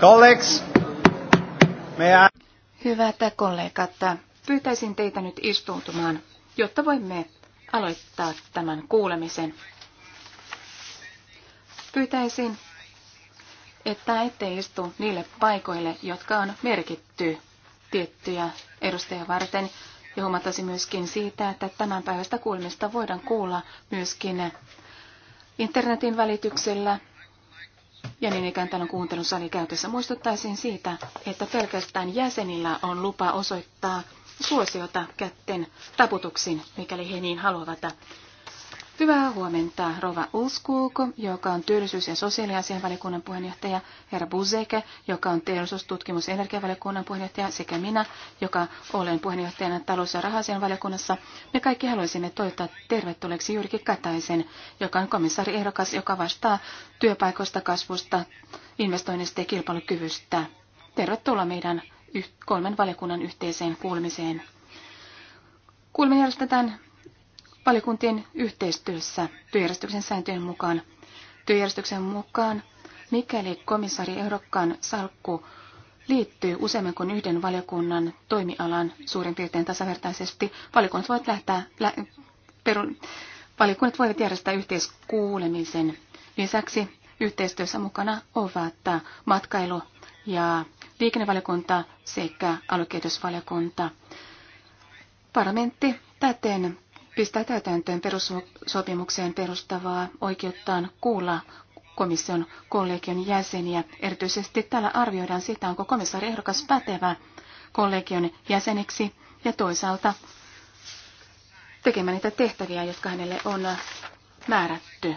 Colleagues, Hyvät kollegat, pyytäisin teitä nyt istuutumaan, jotta voimme aloittaa tämän kuulemisen. Pyytäisin, että ette istu niille paikoille, jotka on merkitty tiettyjä edustajia varten. Ja huomattaisin myöskin siitä, että tämän päivästä kuulemista voidaan kuulla myöskin internetin välityksellä ja niin ikään tämän kuuntelun sali käytössä muistuttaisin siitä, että pelkästään jäsenillä on lupa osoittaa suosiota kätten taputuksin, mikäli he niin haluavat. Hyvää huomenta, Rova Ulskuuko, joka on työllisyys- ja sosiaaliasianvaliokunnan puheenjohtaja, herra Buzeke, joka on teollisuustutkimus- ja energiavaliokunnan puheenjohtaja, sekä minä, joka olen puheenjohtajana talous- ja rahasianvaliokunnassa. Me kaikki haluaisimme toivottaa tervetulleeksi Jyrki Kataisen, joka on komissaariehdokas, joka vastaa työpaikoista, kasvusta, investoinnista ja kilpailukyvystä. Tervetuloa meidän kolmen valiokunnan yhteiseen kuulemiseen. Kuulemme järjestetään valikuntien yhteistyössä työjärjestyksen sääntöjen mukaan. Työjärjestyksen mukaan, mikäli komissaari ehdokkaan salkku liittyy useamman kuin yhden valiokunnan toimialan suurin piirtein tasavertaisesti, valiokunnat voivat, lähtää, lä, peru, valiokunnat voivat järjestää yhteiskuulemisen. Lisäksi yhteistyössä mukana ovat matkailu- ja liikennevaliokunta sekä aluekehitysvaliokunta. Parlamentti täten pistää täytäntöön perussopimukseen perustavaa oikeuttaan kuulla komission kollegion jäseniä. Erityisesti täällä arvioidaan sitä, onko komissaari ehdokas pätevä kollegion jäseneksi ja toisaalta tekemään niitä tehtäviä, jotka hänelle on määrätty.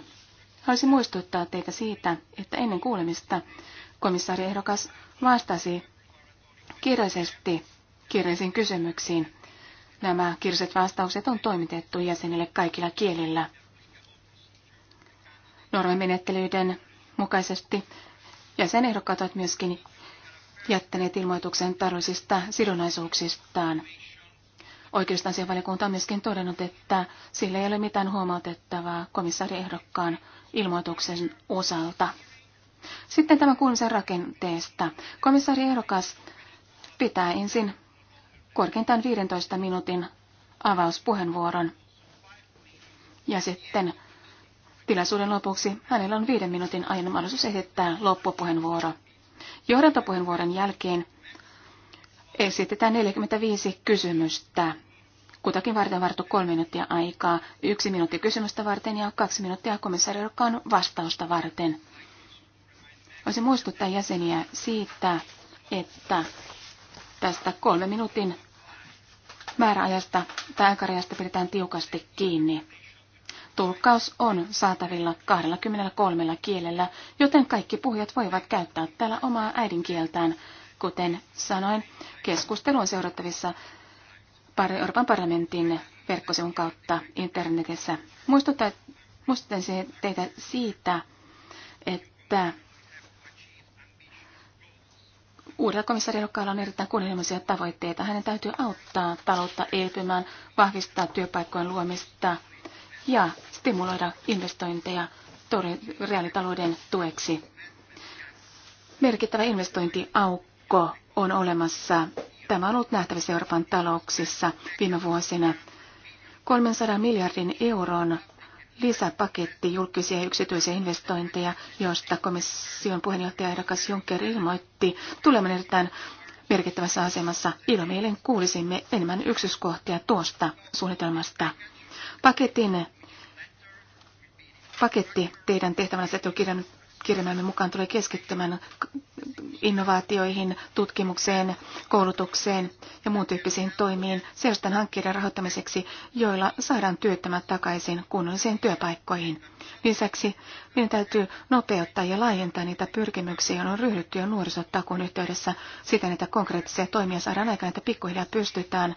Haluaisin muistuttaa teitä siitä, että ennen kuulemista komissaari ehdokas vastasi kirjallisesti kirjallisiin kysymyksiin Nämä kirjalliset vastaukset on toimitettu jäsenille kaikilla kielillä. Normimenettelyiden mukaisesti jäsenehdokkaat ovat myöskin jättäneet ilmoituksen taloudellisista sidonnaisuuksistaan. Oikeustansiovaliokunta on myöskin todennut, että sillä ei ole mitään huomautettavaa komissaariehdokkaan ilmoituksen osalta. Sitten tämä kuulumisen rakenteesta. Komissaariehdokas pitää ensin korkeintaan 15 minuutin avauspuheenvuoron. Ja sitten tilaisuuden lopuksi hänellä on viiden minuutin ajan mahdollisuus esittää loppupuheenvuoro. Johdantopuheenvuoron jälkeen esitetään 45 kysymystä. Kutakin varten vartu kolme minuuttia aikaa, yksi minuutti kysymystä varten ja kaksi minuuttia komissaariorkaan vastausta varten. Voisin muistuttaa jäseniä siitä, että tästä kolme minuutin määräajasta tai aikarajasta pidetään tiukasti kiinni. Tulkkaus on saatavilla 23 kielellä, joten kaikki puhujat voivat käyttää täällä omaa äidinkieltään. Kuten sanoin, keskustelu on seurattavissa Euroopan parlamentin verkkosivun kautta internetissä. Muistutan teitä siitä, että Uudella komissaariehdokkaalla on erittäin kunnianhimoisia tavoitteita. Hänen täytyy auttaa taloutta elpymään, vahvistaa työpaikkojen luomista ja stimuloida investointeja reaalitalouden tueksi. Merkittävä investointiaukko on olemassa. Tämä on ollut nähtävissä Euroopan talouksissa viime vuosina. 300 miljardin euron lisäpaketti julkisia ja yksityisiä investointeja, josta komission puheenjohtaja ehdokas Juncker ilmoitti tulevan erittäin merkittävässä asemassa. Ilomielen kuulisimme enemmän yksityiskohtia tuosta suunnitelmasta. Paketin, paketti teidän tehtävänä se kirjan, mukaan tulee keskittymään innovaatioihin, tutkimukseen, koulutukseen ja muun tyyppisiin toimiin sellaisten hankkeiden rahoittamiseksi, joilla saadaan työttömät takaisin kunnollisiin työpaikkoihin. Lisäksi meidän täytyy nopeuttaa ja laajentaa niitä pyrkimyksiä, joilla on ryhdytty jo nuorisotakuun yhteydessä siten, että konkreettisia toimia saadaan aikaan, että pikkuhiljaa pystytään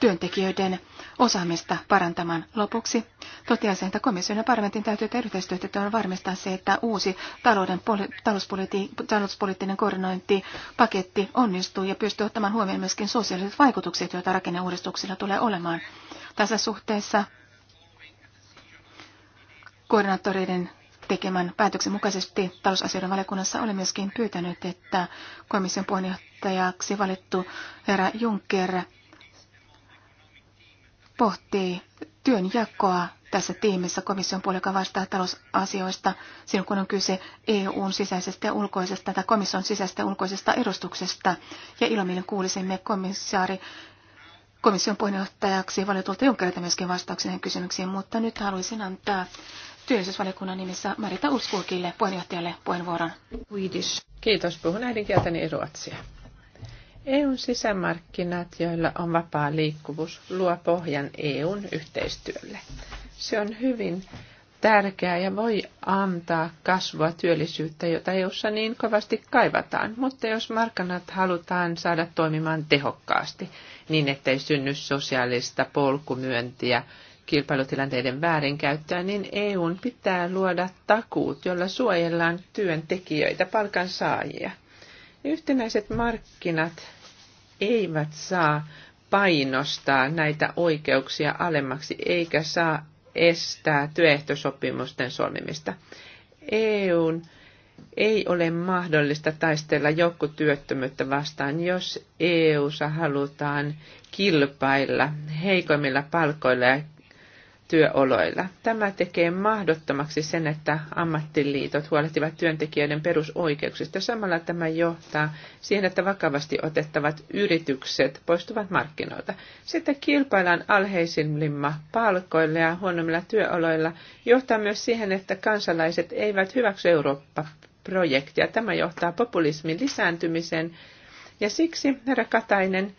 työntekijöiden osaamista parantamaan. Lopuksi toteaisin, että komission ja parlamentin täytyy tehdä yhteistyötä varmistaa se, että uusi talouden, talouspoliittinen poliittinen koordinointipaketti onnistuu ja pystyy ottamaan huomioon myöskin sosiaaliset vaikutukset, joita rakenneuudistuksilla tulee olemaan. Tässä suhteessa koordinaattoreiden tekemän päätöksen mukaisesti talousasioiden valiokunnassa oli myöskin pyytänyt, että komission puheenjohtajaksi valittu herra Juncker pohtii työnjakoa tässä tiimissä komission puolella, joka vastaa talousasioista silloin, kun on kyse EUn sisäisestä ja ulkoisesta tai komission sisäisestä ja ulkoisesta edustuksesta. Ja ilomielin kuulisimme komissaari komission puheenjohtajaksi valiotulta Junckerilta myöskin vastauksen kysymyksiin, mutta nyt haluaisin antaa työllisyysvaliokunnan nimissä Marita Ulskuukille puheenjohtajalle puheenvuoron. Kiitos. Puhun äidinkieltäni ruotsia. EUn sisämarkkinat, joilla on vapaa liikkuvuus, luo pohjan EUn yhteistyölle. Se on hyvin tärkeää ja voi antaa kasvua työllisyyttä, jota EUssa niin kovasti kaivataan. Mutta jos markkinat halutaan saada toimimaan tehokkaasti, niin ettei synny sosiaalista polkumyöntiä, kilpailutilanteiden väärinkäyttöä, niin EUn pitää luoda takuut, joilla suojellaan työntekijöitä, palkansaajia. Yhtenäiset markkinat eivät saa painostaa näitä oikeuksia alemmaksi eikä saa estää työehtosopimusten solmimista. EUn ei ole mahdollista taistella joku työttömyyttä vastaan, jos EUssa halutaan kilpailla heikoimmilla palkoilla ja työoloilla. Tämä tekee mahdottomaksi sen, että ammattiliitot huolehtivat työntekijöiden perusoikeuksista. Samalla tämä johtaa siihen, että vakavasti otettavat yritykset poistuvat markkinoilta. Sitten kilpaillaan alheisimmilla palkoilla ja huonommilla työoloilla johtaa myös siihen, että kansalaiset eivät hyväksy Eurooppa-projektia. Tämä johtaa populismin lisääntymiseen ja siksi, herra Katainen,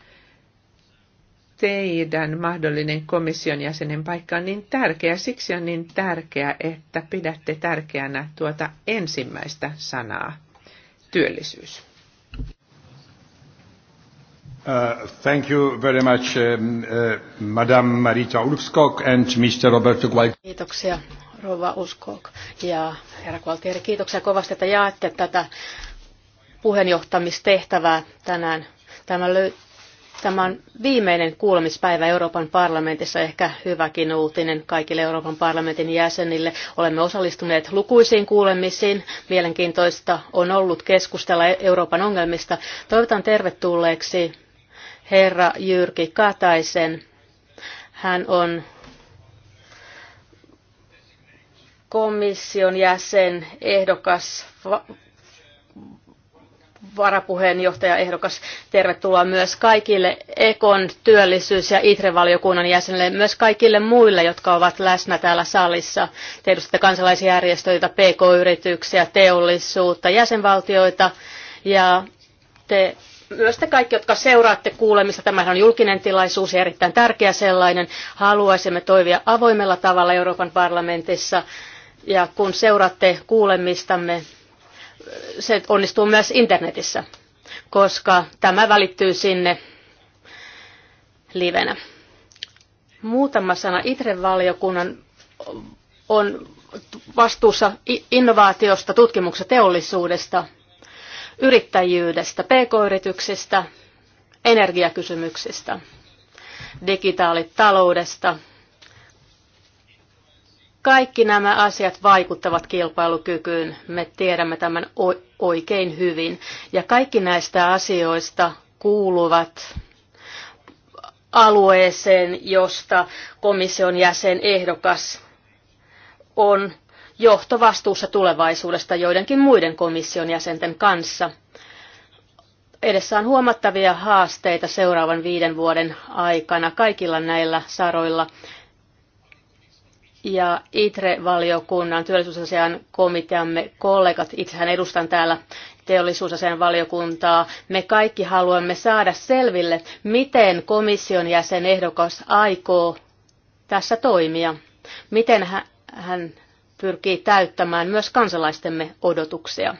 teidän mahdollinen komission jäsenen paikka on niin tärkeä. Siksi on niin tärkeää, että pidätte tärkeänä tuota ensimmäistä sanaa, työllisyys. Uh, thank you very much, um, uh, Madame Marita Ulfskog and Mr. Roberto Gual. Kiitoksia, Rova Uskok ja herra Gualtieri. Kiitoksia kovasti, että jaatte tätä puheenjohtamistehtävää tänään. Tämä löytyy Tämä on viimeinen kuulemispäivä Euroopan parlamentissa, ehkä hyväkin uutinen kaikille Euroopan parlamentin jäsenille. Olemme osallistuneet lukuisiin kuulemisiin. Mielenkiintoista on ollut keskustella Euroopan ongelmista. Toivotan tervetulleeksi herra Jyrki Kataisen. Hän on komission jäsen, ehdokas varapuheenjohtaja Tervetuloa myös kaikille Ekon työllisyys- ja ITRE-valiokunnan jäsenille, myös kaikille muille, jotka ovat läsnä täällä salissa. Te edustatte kansalaisjärjestöitä, PK-yrityksiä, teollisuutta, jäsenvaltioita ja te myös te kaikki, jotka seuraatte kuulemista, tämä on julkinen tilaisuus ja erittäin tärkeä sellainen. Haluaisimme toivia avoimella tavalla Euroopan parlamentissa. Ja kun seuraatte kuulemistamme, se onnistuu myös internetissä, koska tämä välittyy sinne livenä. Muutama sana itre valiokunnan on vastuussa innovaatiosta, tutkimuksesta, teollisuudesta, yrittäjyydestä, pk-yrityksistä, energiakysymyksistä, digitaalitaloudesta, kaikki nämä asiat vaikuttavat kilpailukykyyn. Me tiedämme tämän oikein hyvin. Ja kaikki näistä asioista kuuluvat alueeseen, josta komission jäsen ehdokas on johtovastuussa tulevaisuudesta joidenkin muiden komission jäsenten kanssa. Edessä on huomattavia haasteita seuraavan viiden vuoden aikana kaikilla näillä saroilla ja ITRE-valiokunnan työllisyysasian komiteamme kollegat, itsehän edustan täällä teollisuusasian valiokuntaa, me kaikki haluamme saada selville, miten komission jäsen ehdokas aikoo tässä toimia, miten hän pyrkii täyttämään myös kansalaistemme odotuksia.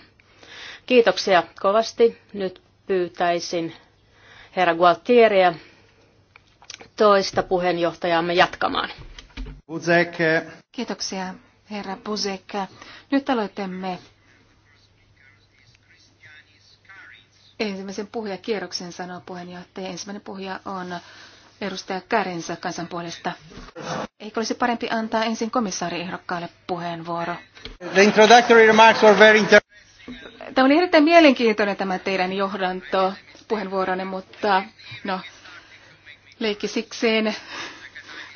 Kiitoksia kovasti. Nyt pyytäisin herra Gualtieriä toista puheenjohtajamme jatkamaan. Buzek. Kiitoksia, herra Buzek. Nyt aloitamme ensimmäisen puhujakierroksen, sanoo puheenjohtaja. Ensimmäinen puhuja on edustaja Kärensä kansan puolesta. Eikö olisi parempi antaa ensin komissaariehdokkaalle puheenvuoro? The introductory remarks were very Tämä oli erittäin mielenkiintoinen tämä teidän johdanto puheenvuoronne, mutta no, leikki sikseen.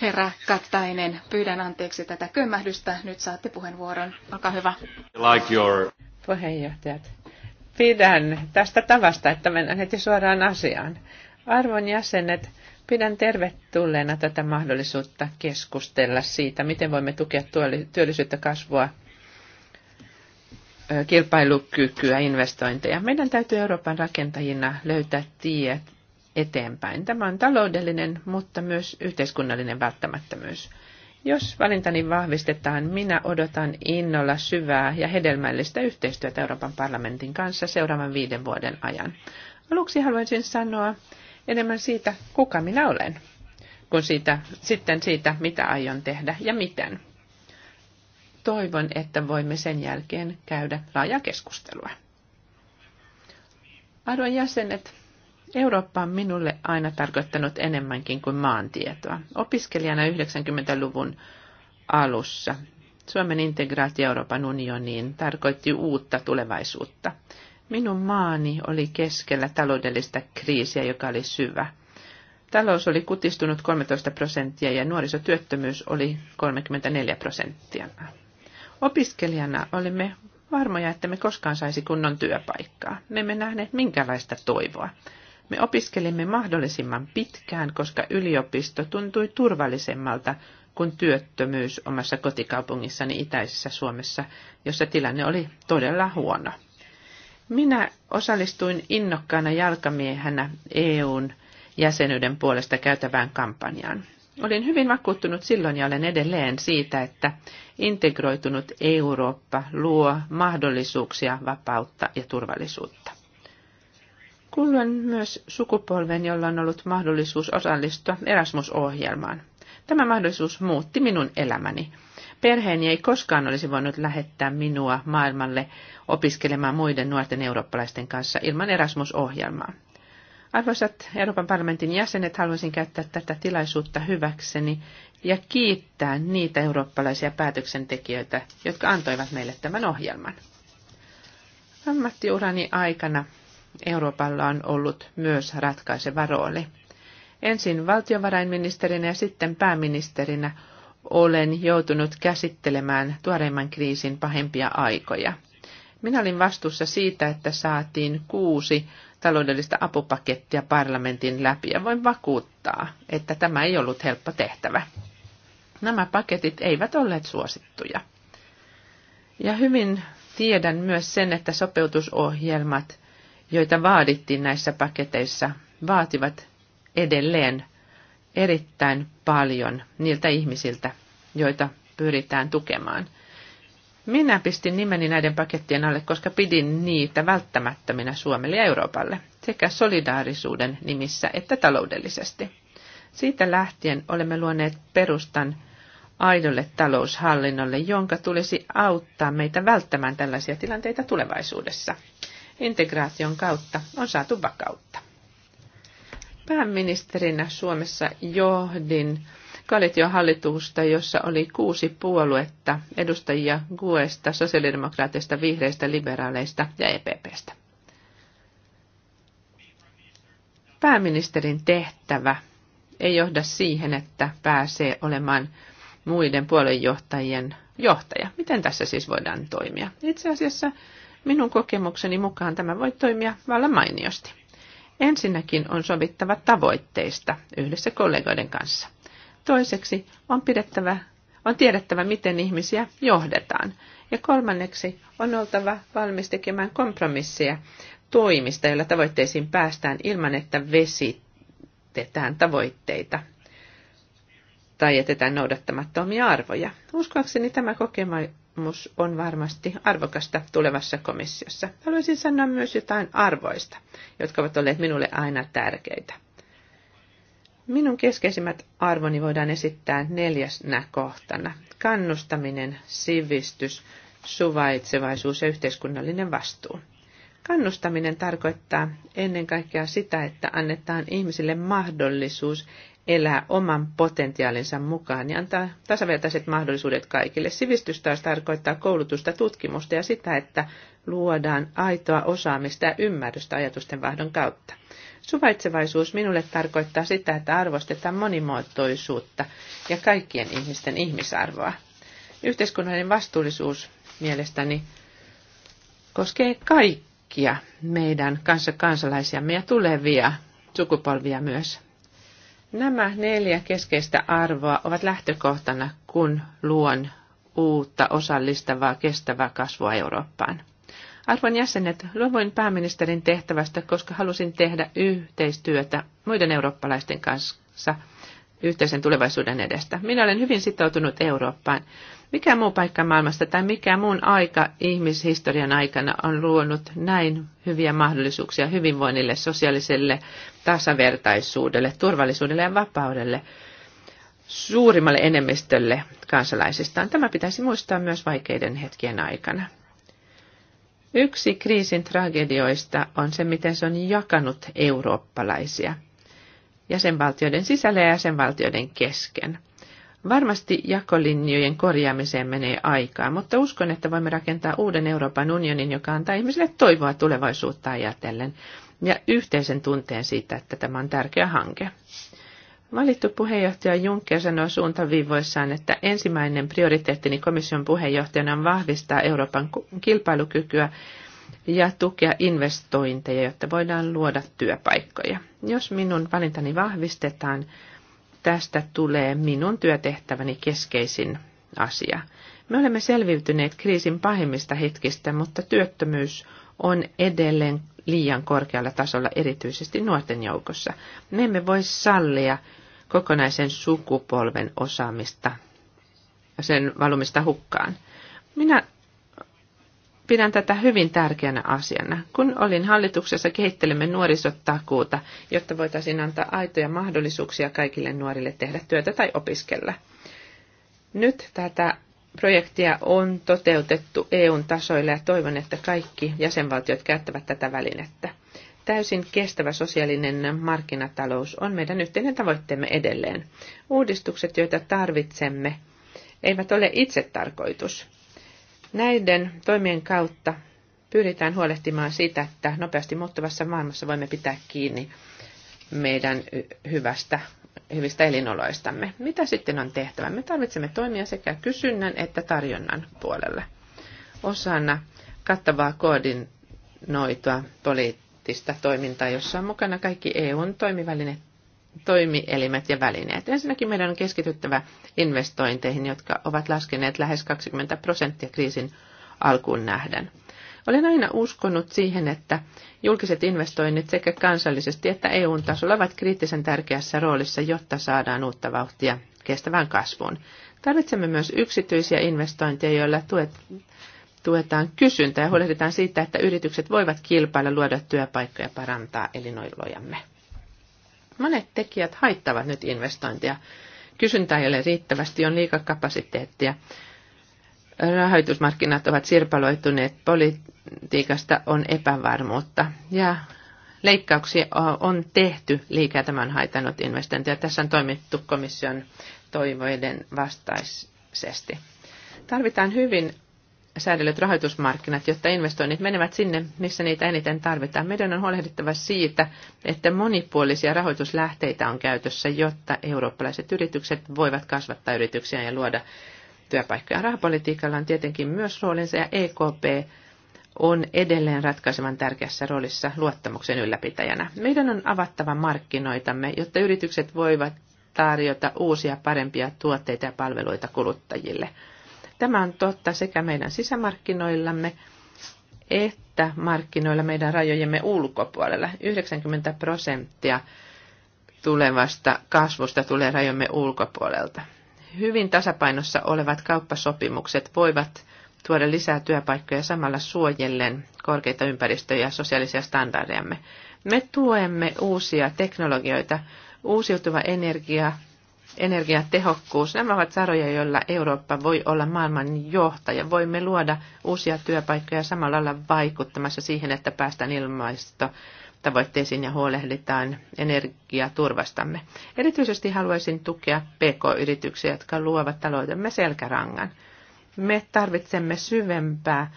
Herra Kattainen, pyydän anteeksi tätä kömmähdystä. Nyt saatte puheenvuoron. Olkaa hyvä. Like your... Puheenjohtajat, pidän tästä tavasta, että mennään heti suoraan asiaan. Arvon jäsenet, pidän tervetulleena tätä mahdollisuutta keskustella siitä, miten voimme tukea työllisyyttä, kasvua, kilpailukykyä, investointeja. Meidän täytyy Euroopan rakentajina löytää tiet eteenpäin. Tämä on taloudellinen, mutta myös yhteiskunnallinen välttämättömyys. Jos valintani vahvistetaan, minä odotan innolla syvää ja hedelmällistä yhteistyötä Euroopan parlamentin kanssa seuraavan viiden vuoden ajan. Aluksi haluaisin sanoa enemmän siitä, kuka minä olen, kuin siitä, sitten siitä, mitä aion tehdä ja miten. Toivon, että voimme sen jälkeen käydä laajaa keskustelua. Arvon jäsenet, Eurooppa on minulle aina tarkoittanut enemmänkin kuin maantietoa. Opiskelijana 90-luvun alussa Suomen integraatio Euroopan unioniin tarkoitti uutta tulevaisuutta. Minun maani oli keskellä taloudellista kriisiä, joka oli syvä. Talous oli kutistunut 13 prosenttia ja nuorisotyöttömyys oli 34 prosenttia. Opiskelijana olimme varmoja, että me koskaan saisi kunnon työpaikkaa. Me emme nähneet minkälaista toivoa. Me opiskelimme mahdollisimman pitkään, koska yliopisto tuntui turvallisemmalta kuin työttömyys omassa kotikaupungissani itäisessä Suomessa, jossa tilanne oli todella huono. Minä osallistuin innokkaana jalkamiehenä EUn jäsenyyden puolesta käytävään kampanjaan. Olin hyvin vakuuttunut silloin ja olen edelleen siitä, että integroitunut Eurooppa luo mahdollisuuksia, vapautta ja turvallisuutta. Kuulun myös sukupolven, jolla on ollut mahdollisuus osallistua Erasmus-ohjelmaan. Tämä mahdollisuus muutti minun elämäni. Perheeni ei koskaan olisi voinut lähettää minua maailmalle opiskelemaan muiden nuorten eurooppalaisten kanssa ilman Erasmus-ohjelmaa. Arvoisat Euroopan parlamentin jäsenet, haluaisin käyttää tätä tilaisuutta hyväkseni ja kiittää niitä eurooppalaisia päätöksentekijöitä, jotka antoivat meille tämän ohjelman. Ammattiurani aikana Euroopalla on ollut myös ratkaiseva rooli. Ensin valtiovarainministerinä ja sitten pääministerinä olen joutunut käsittelemään tuoreimman kriisin pahempia aikoja. Minä olin vastuussa siitä, että saatiin kuusi taloudellista apupakettia parlamentin läpi ja voin vakuuttaa, että tämä ei ollut helppo tehtävä. Nämä paketit eivät olleet suosittuja. Ja hyvin tiedän myös sen, että sopeutusohjelmat joita vaadittiin näissä paketeissa, vaativat edelleen erittäin paljon niiltä ihmisiltä, joita pyritään tukemaan. Minä pistin nimeni näiden pakettien alle, koska pidin niitä välttämättöminä Suomelle ja Euroopalle, sekä solidaarisuuden nimissä että taloudellisesti. Siitä lähtien olemme luoneet perustan aidolle taloushallinnolle, jonka tulisi auttaa meitä välttämään tällaisia tilanteita tulevaisuudessa integraation kautta on saatu vakautta. Pääministerinä Suomessa johdin koalitiohallitusta, jossa oli kuusi puoluetta, edustajia GUEsta, sosiaalidemokraateista, vihreistä, liberaaleista ja EPPstä. Pääministerin tehtävä ei johda siihen, että pääsee olemaan muiden puoluejohtajien johtaja. Miten tässä siis voidaan toimia? Itse asiassa Minun kokemukseni mukaan tämä voi toimia vallan mainiosti. Ensinnäkin on sovittava tavoitteista yhdessä kollegoiden kanssa. Toiseksi on, pidettävä, on tiedettävä, miten ihmisiä johdetaan. Ja kolmanneksi on oltava valmis tekemään kompromisseja toimista, joilla tavoitteisiin päästään ilman, että vesitetään tavoitteita tai jätetään noudattamattomia arvoja. Uskoakseni tämä kokema, kokemus on varmasti arvokasta tulevassa komissiossa. Haluaisin sanoa myös jotain arvoista, jotka ovat olleet minulle aina tärkeitä. Minun keskeisimmät arvoni voidaan esittää neljäsnä kohtana. Kannustaminen, sivistys, suvaitsevaisuus ja yhteiskunnallinen vastuu. Kannustaminen tarkoittaa ennen kaikkea sitä, että annetaan ihmisille mahdollisuus elää oman potentiaalinsa mukaan ja antaa tasavertaiset mahdollisuudet kaikille. Sivistys taas tarkoittaa koulutusta, tutkimusta ja sitä, että luodaan aitoa osaamista ja ymmärrystä ajatusten vaihdon kautta. Suvaitsevaisuus minulle tarkoittaa sitä, että arvostetaan monimuotoisuutta ja kaikkien ihmisten ihmisarvoa. Yhteiskunnallinen vastuullisuus mielestäni koskee kaikkia meidän kanssa kansalaisiamme ja tulevia sukupolvia myös. Nämä neljä keskeistä arvoa ovat lähtökohtana, kun luon uutta osallistavaa kestävää kasvua Eurooppaan. Arvon jäsenet, luovuin pääministerin tehtävästä, koska halusin tehdä yhteistyötä muiden eurooppalaisten kanssa yhteisen tulevaisuuden edestä. Minä olen hyvin sitoutunut Eurooppaan mikä muu paikka maailmasta tai mikä muun aika ihmishistorian aikana on luonut näin hyviä mahdollisuuksia hyvinvoinnille, sosiaaliselle tasavertaisuudelle, turvallisuudelle ja vapaudelle suurimmalle enemmistölle kansalaisistaan? Tämä pitäisi muistaa myös vaikeiden hetkien aikana. Yksi kriisin tragedioista on se, miten se on jakanut eurooppalaisia jäsenvaltioiden sisällä ja jäsenvaltioiden kesken – Varmasti jakolinjojen korjaamiseen menee aikaa, mutta uskon, että voimme rakentaa uuden Euroopan unionin, joka antaa ihmisille toivoa tulevaisuutta ajatellen ja yhteisen tunteen siitä, että tämä on tärkeä hanke. Valittu puheenjohtaja Juncker sanoi suuntaviivoissaan, että ensimmäinen prioriteettini komission puheenjohtajana on vahvistaa Euroopan kilpailukykyä ja tukea investointeja, jotta voidaan luoda työpaikkoja. Jos minun valintani vahvistetaan, Tästä tulee minun työtehtäväni keskeisin asia. Me olemme selviytyneet kriisin pahimmista hetkistä, mutta työttömyys on edelleen liian korkealla tasolla, erityisesti nuorten joukossa. Me emme voi sallia kokonaisen sukupolven osaamista, sen valumista hukkaan. Minä Pidän tätä hyvin tärkeänä asiana. Kun olin hallituksessa, kehittelemme nuorisotakuuta, jotta voitaisiin antaa aitoja mahdollisuuksia kaikille nuorille tehdä työtä tai opiskella. Nyt tätä projektia on toteutettu EUn tasoilla ja toivon, että kaikki jäsenvaltiot käyttävät tätä välinettä. Täysin kestävä sosiaalinen markkinatalous on meidän yhteinen tavoitteemme edelleen. Uudistukset, joita tarvitsemme, eivät ole itse tarkoitus Näiden toimien kautta pyritään huolehtimaan siitä, että nopeasti muuttuvassa maailmassa voimme pitää kiinni meidän hyvästä, hyvistä elinoloistamme. Mitä sitten on tehtävä? Me tarvitsemme toimia sekä kysynnän että tarjonnan puolelle. Osana kattavaa koordinoitua poliittista toimintaa, jossa on mukana kaikki EUn toimivälineet toimielimet ja välineet. Ensinnäkin meidän on keskityttävä investointeihin, jotka ovat laskeneet lähes 20 prosenttia kriisin alkuun nähden. Olen aina uskonut siihen, että julkiset investoinnit sekä kansallisesti että eu tasolla ovat kriittisen tärkeässä roolissa, jotta saadaan uutta vauhtia kestävään kasvuun. Tarvitsemme myös yksityisiä investointeja, joilla tuet, tuetaan kysyntää ja huolehditaan siitä, että yritykset voivat kilpailla, luoda työpaikkoja ja parantaa elinolojamme. Monet tekijät haittavat nyt investointia. Kysyntä ei ole riittävästi, on liikakapasiteettia. Rahoitusmarkkinat ovat sirpaloituneet, politiikasta on epävarmuutta ja leikkauksia on tehty liikaa tämän haitannut investointia. Tässä on toimittu komission toivoiden vastaisesti. Tarvitaan hyvin säädellyt rahoitusmarkkinat, jotta investoinnit menevät sinne, missä niitä eniten tarvitaan. Meidän on huolehdittava siitä, että monipuolisia rahoituslähteitä on käytössä, jotta eurooppalaiset yritykset voivat kasvattaa yrityksiä ja luoda työpaikkoja. Rahapolitiikalla on tietenkin myös roolinsa ja EKP on edelleen ratkaisevan tärkeässä roolissa luottamuksen ylläpitäjänä. Meidän on avattava markkinoitamme, jotta yritykset voivat tarjota uusia parempia tuotteita ja palveluita kuluttajille – Tämä on totta sekä meidän sisämarkkinoillamme että markkinoilla meidän rajojemme ulkopuolella. 90 prosenttia tulevasta kasvusta tulee rajojemme ulkopuolelta. Hyvin tasapainossa olevat kauppasopimukset voivat tuoda lisää työpaikkoja samalla suojellen korkeita ympäristöjä ja sosiaalisia standardejamme. Me tuemme uusia teknologioita. Uusiutuva energia, energiatehokkuus. Nämä ovat saroja, joilla Eurooppa voi olla maailman johtaja. Voimme luoda uusia työpaikkoja samalla olla vaikuttamassa siihen, että päästään ilmaisto tavoitteisiin ja huolehditaan energiaturvastamme. Erityisesti haluaisin tukea PK-yrityksiä, jotka luovat taloutemme selkärangan. Me tarvitsemme syvempää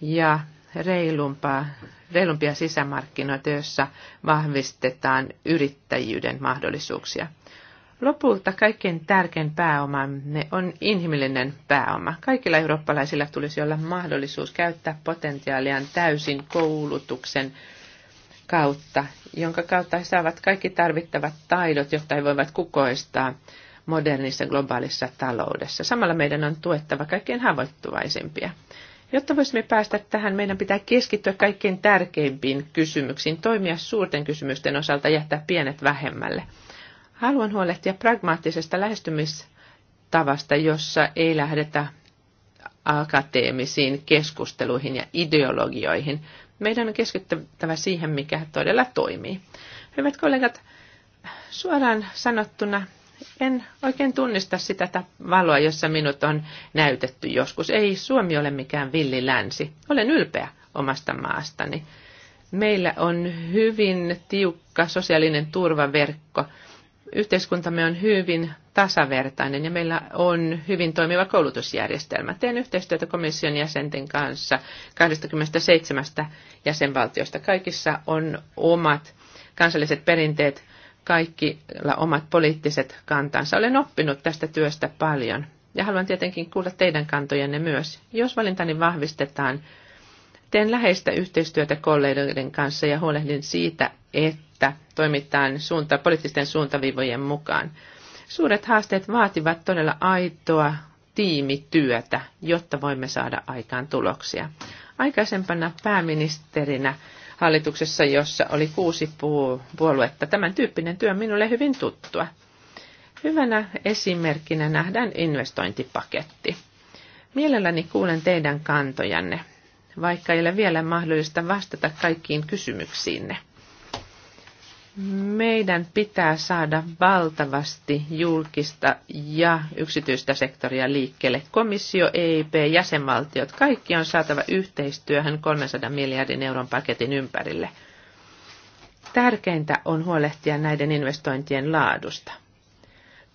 ja reilumpaa, reilumpia sisämarkkinoita, joissa vahvistetaan yrittäjyyden mahdollisuuksia – Lopulta kaikkein tärkein pääomamme on inhimillinen pääoma. Kaikilla eurooppalaisilla tulisi olla mahdollisuus käyttää potentiaaliaan täysin koulutuksen kautta, jonka kautta he saavat kaikki tarvittavat taidot, jotta he voivat kukoistaa modernissa globaalissa taloudessa. Samalla meidän on tuettava kaikkein haavoittuvaisimpia. Jotta voisimme päästä tähän, meidän pitää keskittyä kaikkein tärkeimpiin kysymyksiin, toimia suurten kysymysten osalta ja jättää pienet vähemmälle. Haluan huolehtia pragmaattisesta lähestymistavasta, jossa ei lähdetä akateemisiin keskusteluihin ja ideologioihin. Meidän on keskittävä siihen, mikä todella toimii. Hyvät kollegat, suoraan sanottuna en oikein tunnista sitä valoa, jossa minut on näytetty joskus. Ei Suomi ole mikään villi länsi. Olen ylpeä omasta maastani. Meillä on hyvin tiukka sosiaalinen turvaverkko yhteiskuntamme on hyvin tasavertainen ja meillä on hyvin toimiva koulutusjärjestelmä. Teen yhteistyötä komission jäsenten kanssa 27 jäsenvaltiosta. Kaikissa on omat kansalliset perinteet, kaikilla omat poliittiset kantansa. Olen oppinut tästä työstä paljon ja haluan tietenkin kuulla teidän kantojenne myös. Jos valintani vahvistetaan, Teen läheistä yhteistyötä kollegoiden kanssa ja huolehdin siitä, että toimitaan suunta, poliittisten suuntaviivojen mukaan. Suuret haasteet vaativat todella aitoa tiimityötä, jotta voimme saada aikaan tuloksia. Aikaisempana pääministerinä hallituksessa, jossa oli kuusi puoluetta, tämän tyyppinen työ on minulle hyvin tuttua. Hyvänä esimerkkinä nähdään investointipaketti. Mielelläni kuulen teidän kantojanne vaikka ei ole vielä mahdollista vastata kaikkiin kysymyksiinne. Meidän pitää saada valtavasti julkista ja yksityistä sektoria liikkeelle. Komissio, EIP, jäsenvaltiot, kaikki on saatava yhteistyöhön 300 miljardin euron paketin ympärille. Tärkeintä on huolehtia näiden investointien laadusta.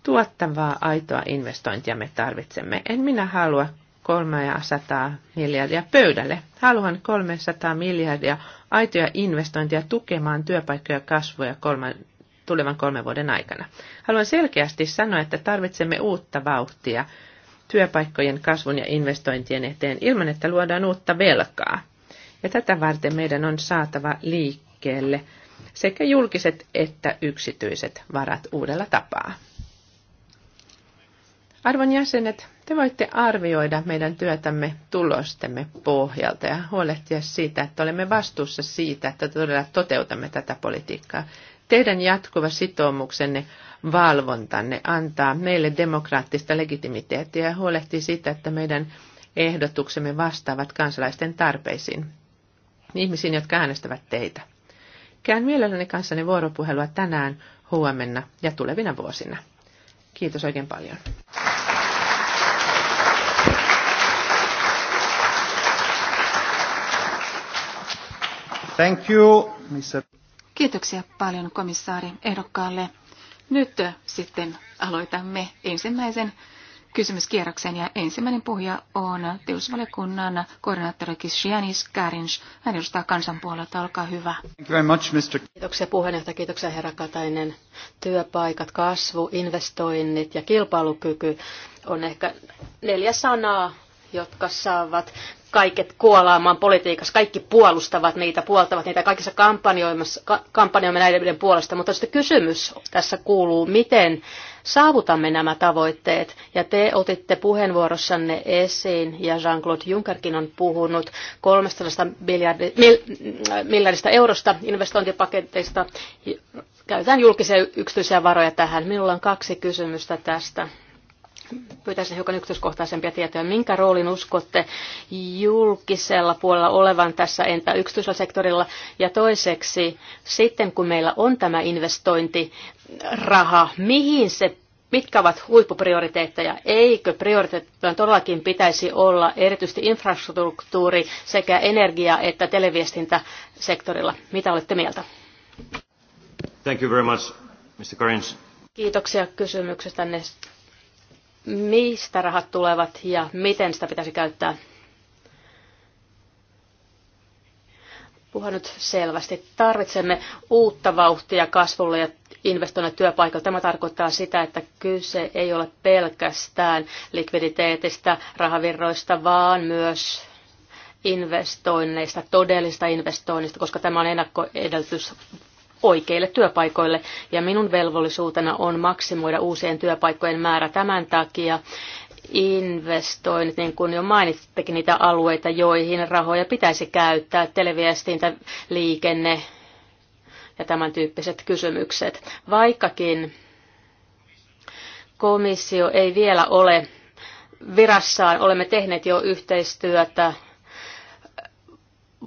Tuottavaa, aitoa investointia me tarvitsemme. En minä halua 300 miljardia pöydälle. Haluan 300 miljardia aitoja investointeja tukemaan työpaikkoja kasvua kolman, tulevan kolmen vuoden aikana. Haluan selkeästi sanoa, että tarvitsemme uutta vauhtia työpaikkojen kasvun ja investointien eteen ilman, että luodaan uutta velkaa. Ja tätä varten meidän on saatava liikkeelle sekä julkiset että yksityiset varat uudella tapaa. Arvon jäsenet, te voitte arvioida meidän työtämme tulostemme pohjalta ja huolehtia siitä, että olemme vastuussa siitä, että todella toteutamme tätä politiikkaa. Teidän jatkuva sitoumuksenne, valvontanne antaa meille demokraattista legitimiteettiä ja huolehtii siitä, että meidän ehdotuksemme vastaavat kansalaisten tarpeisiin, ihmisiin, jotka äänestävät teitä. Käyn mielelläni kanssani vuoropuhelua tänään, huomenna ja tulevina vuosina. Kiitos oikein paljon. Thank you, Mr. Kiitoksia paljon komissaari ehdokkaalle. Nyt sitten aloitamme ensimmäisen kysymyskierroksen ja ensimmäinen puhuja on teollisuusvaliokunnan koordinaattori Kishianis Kärins. Hän edustaa kansanpuolelta. Olkaa hyvä. Thank you very much, Mr. Kiitoksia puheenjohtaja, kiitoksia herra Katainen. Työpaikat, kasvu, investoinnit ja kilpailukyky on ehkä neljä sanaa, jotka saavat kaiket kuolaamaan politiikassa. Kaikki puolustavat niitä, puoltavat niitä kaikissa kampanjoimme näiden puolesta. Mutta sitten kysymys tässä kuuluu, miten saavutamme nämä tavoitteet. Ja te otitte puheenvuorossanne esiin, ja Jean-Claude Junckerkin on puhunut 300 miljardi, mil, miljardista eurosta investointipaketeista. Käytetään julkisia yksityisiä varoja tähän. Minulla on kaksi kysymystä tästä pyytäisin hiukan yksityiskohtaisempia tietoja. Minkä roolin uskotte julkisella puolella olevan tässä, entä äh, yksityisellä sektorilla? Ja toiseksi, sitten kun meillä on tämä investointiraha, mihin se mitkä ovat huippuprioriteetteja? Eikö prioriteetteja todellakin pitäisi olla erityisesti infrastruktuuri sekä energia- että televiestintäsektorilla? Mitä olette mieltä? Thank you very much, Mr. Kiitoksia kysymyksestänne mistä rahat tulevat ja miten sitä pitäisi käyttää. Puhun nyt selvästi. Tarvitsemme uutta vauhtia kasvulle ja investoinnit työpaikalle. Tämä tarkoittaa sitä, että kyse ei ole pelkästään likviditeetistä, rahavirroista, vaan myös investoinneista, todellista investoinnista, koska tämä on ennakkoedellytys oikeille työpaikoille. Ja minun velvollisuutena on maksimoida uusien työpaikkojen määrä tämän takia investoinnit, niin kuin jo mainitsittekin niitä alueita, joihin rahoja pitäisi käyttää, televiestintä, liikenne ja tämän tyyppiset kysymykset. Vaikkakin komissio ei vielä ole virassaan, olemme tehneet jo yhteistyötä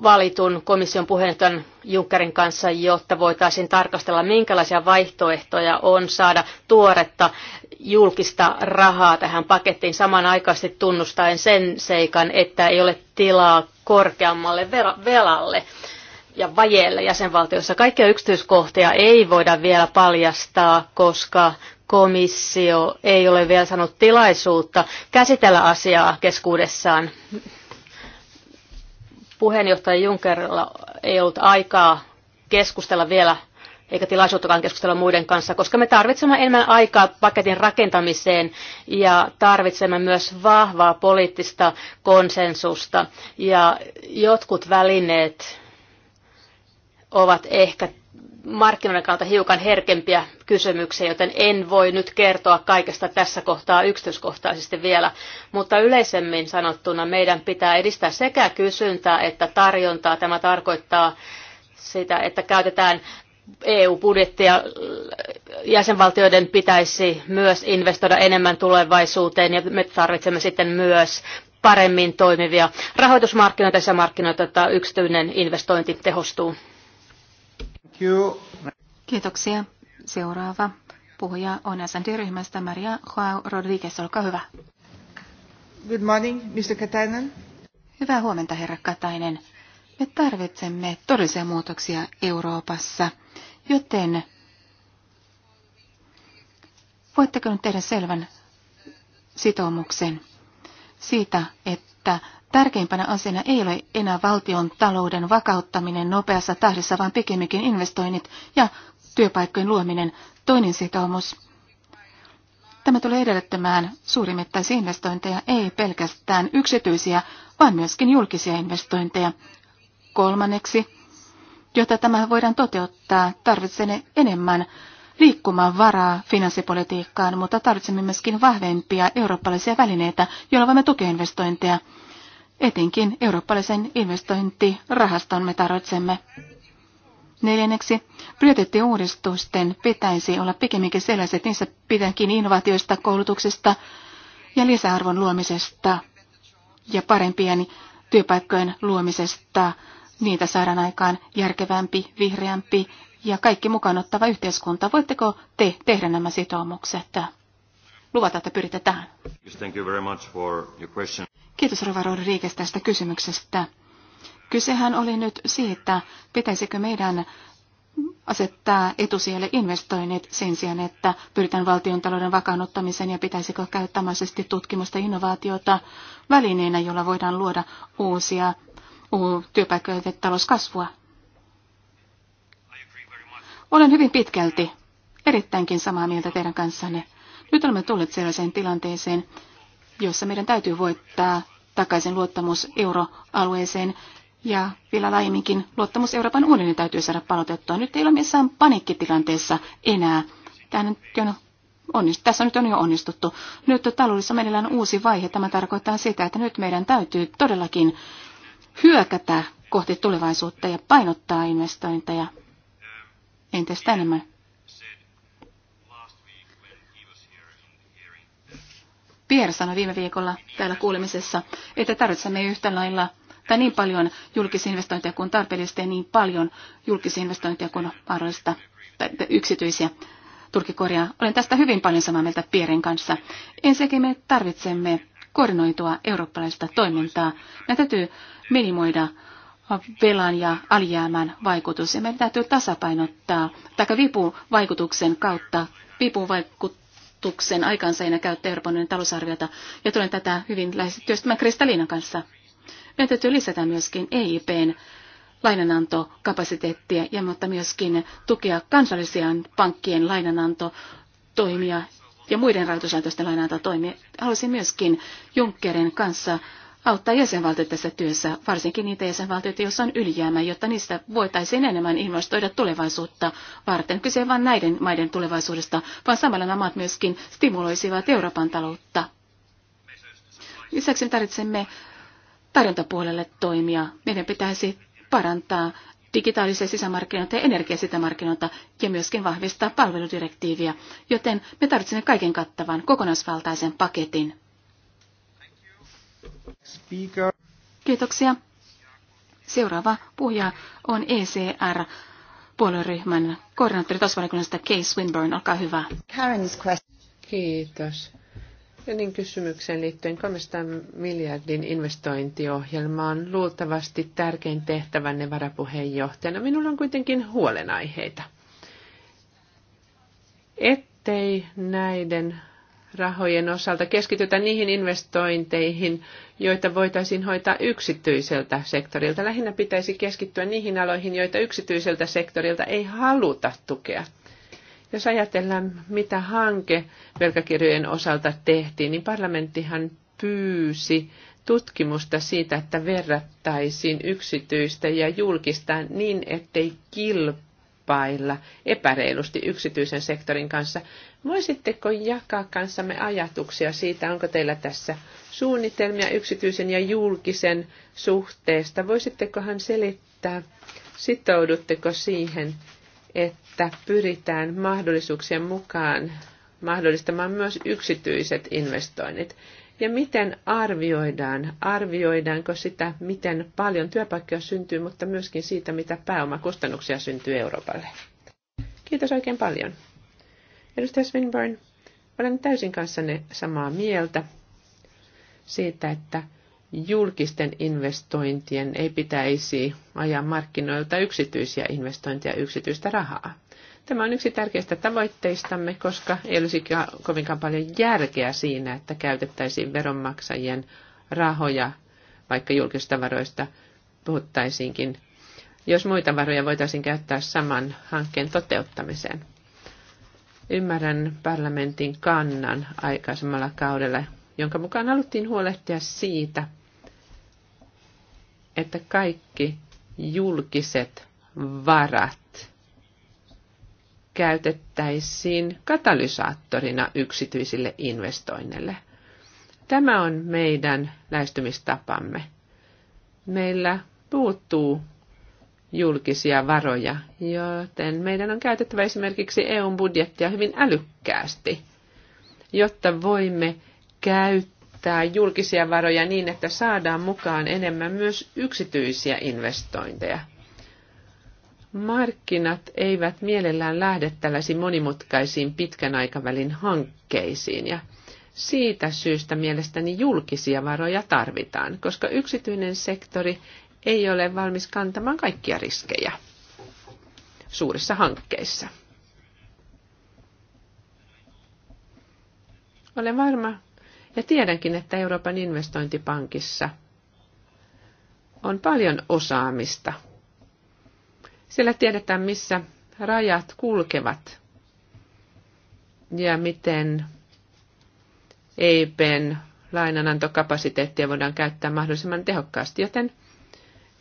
valitun komission puheenjohtajan Junckerin kanssa, jotta voitaisiin tarkastella, minkälaisia vaihtoehtoja on saada tuoretta julkista rahaa tähän pakettiin samanaikaisesti tunnustaen sen seikan, että ei ole tilaa korkeammalle velalle ja vajeelle jäsenvaltiossa. Kaikkia yksityiskohtia ei voida vielä paljastaa, koska komissio ei ole vielä saanut tilaisuutta käsitellä asiaa keskuudessaan puheenjohtaja Junckerilla ei ollut aikaa keskustella vielä eikä tilaisuuttakaan keskustella muiden kanssa, koska me tarvitsemme enemmän aikaa paketin rakentamiseen ja tarvitsemme myös vahvaa poliittista konsensusta. Ja jotkut välineet ovat ehkä markkinoiden kannalta hiukan herkempiä kysymyksiä, joten en voi nyt kertoa kaikesta tässä kohtaa yksityiskohtaisesti vielä. Mutta yleisemmin sanottuna meidän pitää edistää sekä kysyntää että tarjontaa. Tämä tarkoittaa sitä, että käytetään EU-budjettia. Jäsenvaltioiden pitäisi myös investoida enemmän tulevaisuuteen ja me tarvitsemme sitten myös paremmin toimivia rahoitusmarkkinoita ja markkinoita, että yksityinen investointi tehostuu. Kiitoksia. Seuraava puhuja on SND-ryhmästä Maria Joao Rodriguez. Olkaa hyvä. Good morning, Mr. Katainen. Hyvää huomenta, herra Katainen. Me tarvitsemme todellisia muutoksia Euroopassa, joten voitteko nyt tehdä selvän sitoumuksen siitä, että Tärkeimpänä asiana ei ole enää valtion talouden vakauttaminen nopeassa tahdissa, vaan pikemminkin investoinnit ja työpaikkojen luominen. Toinen sitoumus. Tämä tulee edellyttämään suurimittaisia investointeja, ei pelkästään yksityisiä, vaan myöskin julkisia investointeja. Kolmanneksi, jotta tämä voidaan toteuttaa, tarvitsemme enemmän liikkumaan varaa finanssipolitiikkaan, mutta tarvitsemme myöskin vahvempia eurooppalaisia välineitä, joilla voimme tukea investointeja. Etenkin eurooppalaisen investointirahaston me tarvitsemme. Neljänneksi, prioriteettiuudistusten pitäisi olla pikemminkin sellaiset, niissä pitääkin innovaatioista, koulutuksesta ja lisäarvon luomisesta ja parempien työpaikkojen luomisesta. Niitä saadaan aikaan järkevämpi, vihreämpi ja kaikki mukaan ottava yhteiskunta. Voitteko te tehdä nämä sitoumukset? luvata, että pyritte tähän. Kiitos Rova Rodriguez tästä kysymyksestä. Kysehän oli nyt siitä, pitäisikö meidän asettaa etusijalle investoinnit sen sijaan, että pyritään valtion talouden vakaannuttamiseen ja pitäisikö käyttämäisesti tutkimusta innovaatiota välineenä, jolla voidaan luoda uusia työpaikkoja ja talouskasvua. Olen hyvin pitkälti erittäinkin samaa mieltä teidän kanssanne. Nyt olemme tulleet sellaiseen tilanteeseen, jossa meidän täytyy voittaa takaisin luottamus euroalueeseen ja vielä laajemminkin luottamus Euroopan unionin täytyy saada palautettua. Nyt ei ole missään paniikkitilanteessa enää. Tähän on onnist- tässä nyt on jo onnistuttu. Nyt taloudessa meillä on uusi vaihe. Tämä tarkoittaa sitä, että nyt meidän täytyy todellakin hyökätä kohti tulevaisuutta ja painottaa investointeja entistä enemmän. Pierre sanoi viime viikolla täällä kuulemisessa, että tarvitsemme yhtä lailla tai niin paljon julkisia investointeja kuin tarpeellista ja niin paljon julkisia investointeja kuin mahdollista tai yksityisiä. Turkki korjaa. Olen tästä hyvin paljon samaa mieltä Pierin kanssa. Ensinnäkin me tarvitsemme koordinoitua eurooppalaista toimintaa. Meidän täytyy minimoida velan ja alijäämän vaikutus. Ja meidän täytyy tasapainottaa, tai vipuvaikutuksen kautta, vipuvaikutuksen vaikutuksen aikaansaajana käyttää Euroopan unionin talousarviota, ja tulen tätä hyvin läheisesti työstämään Kristaliinan kanssa. Meidän täytyy lisätä myöskin EIPn lainanantokapasiteettia ja mutta myöskin tukea kansallisia pankkien lainanantotoimia ja muiden rahoituslaitosten lainanantotoimia. Haluaisin myöskin Junckerin kanssa auttaa jäsenvaltioita tässä työssä, varsinkin niitä jäsenvaltioita, joissa on ylijäämä, jotta niistä voitaisiin enemmän investoida tulevaisuutta varten. Kyse ei vain näiden maiden tulevaisuudesta, vaan samalla nämä maat myöskin stimuloisivat Euroopan taloutta. Lisäksi me tarvitsemme tarjontapuolelle toimia. Meidän pitäisi parantaa digitaalisia sisämarkkinoita ja energiasitämarkkinoita ja myöskin vahvistaa palveludirektiiviä, joten me tarvitsemme kaiken kattavan kokonaisvaltaisen paketin. Speaker. Kiitoksia. Seuraava puhuja on ECR puolueryhmän koordinaattori tasa Kay Swinburne. Olkaa hyvä. Karen's question. Kiitos. Enin kysymykseen liittyen 300 miljardin investointiohjelmaan luultavasti tärkein tehtävänne varapuheenjohtajana. Minulla on kuitenkin huolenaiheita. Ettei näiden rahojen osalta keskitytä niihin investointeihin, joita voitaisiin hoitaa yksityiseltä sektorilta. Lähinnä pitäisi keskittyä niihin aloihin, joita yksityiseltä sektorilta ei haluta tukea. Jos ajatellaan, mitä hanke velkakirjojen osalta tehtiin, niin parlamenttihan pyysi tutkimusta siitä, että verrattaisiin yksityistä ja julkista niin, ettei kilpailla epäreilusti yksityisen sektorin kanssa. Voisitteko jakaa kanssamme ajatuksia siitä, onko teillä tässä suunnitelmia yksityisen ja julkisen suhteesta? Voisittekohan selittää, sitoudutteko siihen, että pyritään mahdollisuuksien mukaan mahdollistamaan myös yksityiset investoinnit? Ja miten arvioidaan? Arvioidaanko sitä, miten paljon työpaikkoja syntyy, mutta myöskin siitä, mitä pääomakustannuksia syntyy Euroopalle? Kiitos oikein paljon. Edustaja Swinburne, olen täysin kanssanne samaa mieltä siitä, että julkisten investointien ei pitäisi ajaa markkinoilta yksityisiä investointeja yksityistä rahaa. Tämä on yksi tärkeistä tavoitteistamme, koska ei olisi kovinkaan paljon järkeä siinä, että käytettäisiin veronmaksajien rahoja, vaikka julkisista varoista puhuttaisiinkin, jos muita varoja voitaisiin käyttää saman hankkeen toteuttamiseen. Ymmärrän parlamentin kannan aikaisemmalla kaudella, jonka mukaan haluttiin huolehtia siitä, että kaikki julkiset varat käytettäisiin katalysaattorina yksityisille investoinneille. Tämä on meidän lähestymistapamme. Meillä puuttuu julkisia varoja, joten meidän on käytettävä esimerkiksi EUn budjettia hyvin älykkäästi, jotta voimme käyttää julkisia varoja niin, että saadaan mukaan enemmän myös yksityisiä investointeja. Markkinat eivät mielellään lähde tällaisiin monimutkaisiin pitkän aikavälin hankkeisiin ja siitä syystä mielestäni julkisia varoja tarvitaan, koska yksityinen sektori ei ole valmis kantamaan kaikkia riskejä suurissa hankkeissa. Olen varma ja tiedänkin, että Euroopan investointipankissa on paljon osaamista. Siellä tiedetään, missä rajat kulkevat ja miten EIPn lainanantokapasiteettia voidaan käyttää mahdollisimman tehokkaasti, joten –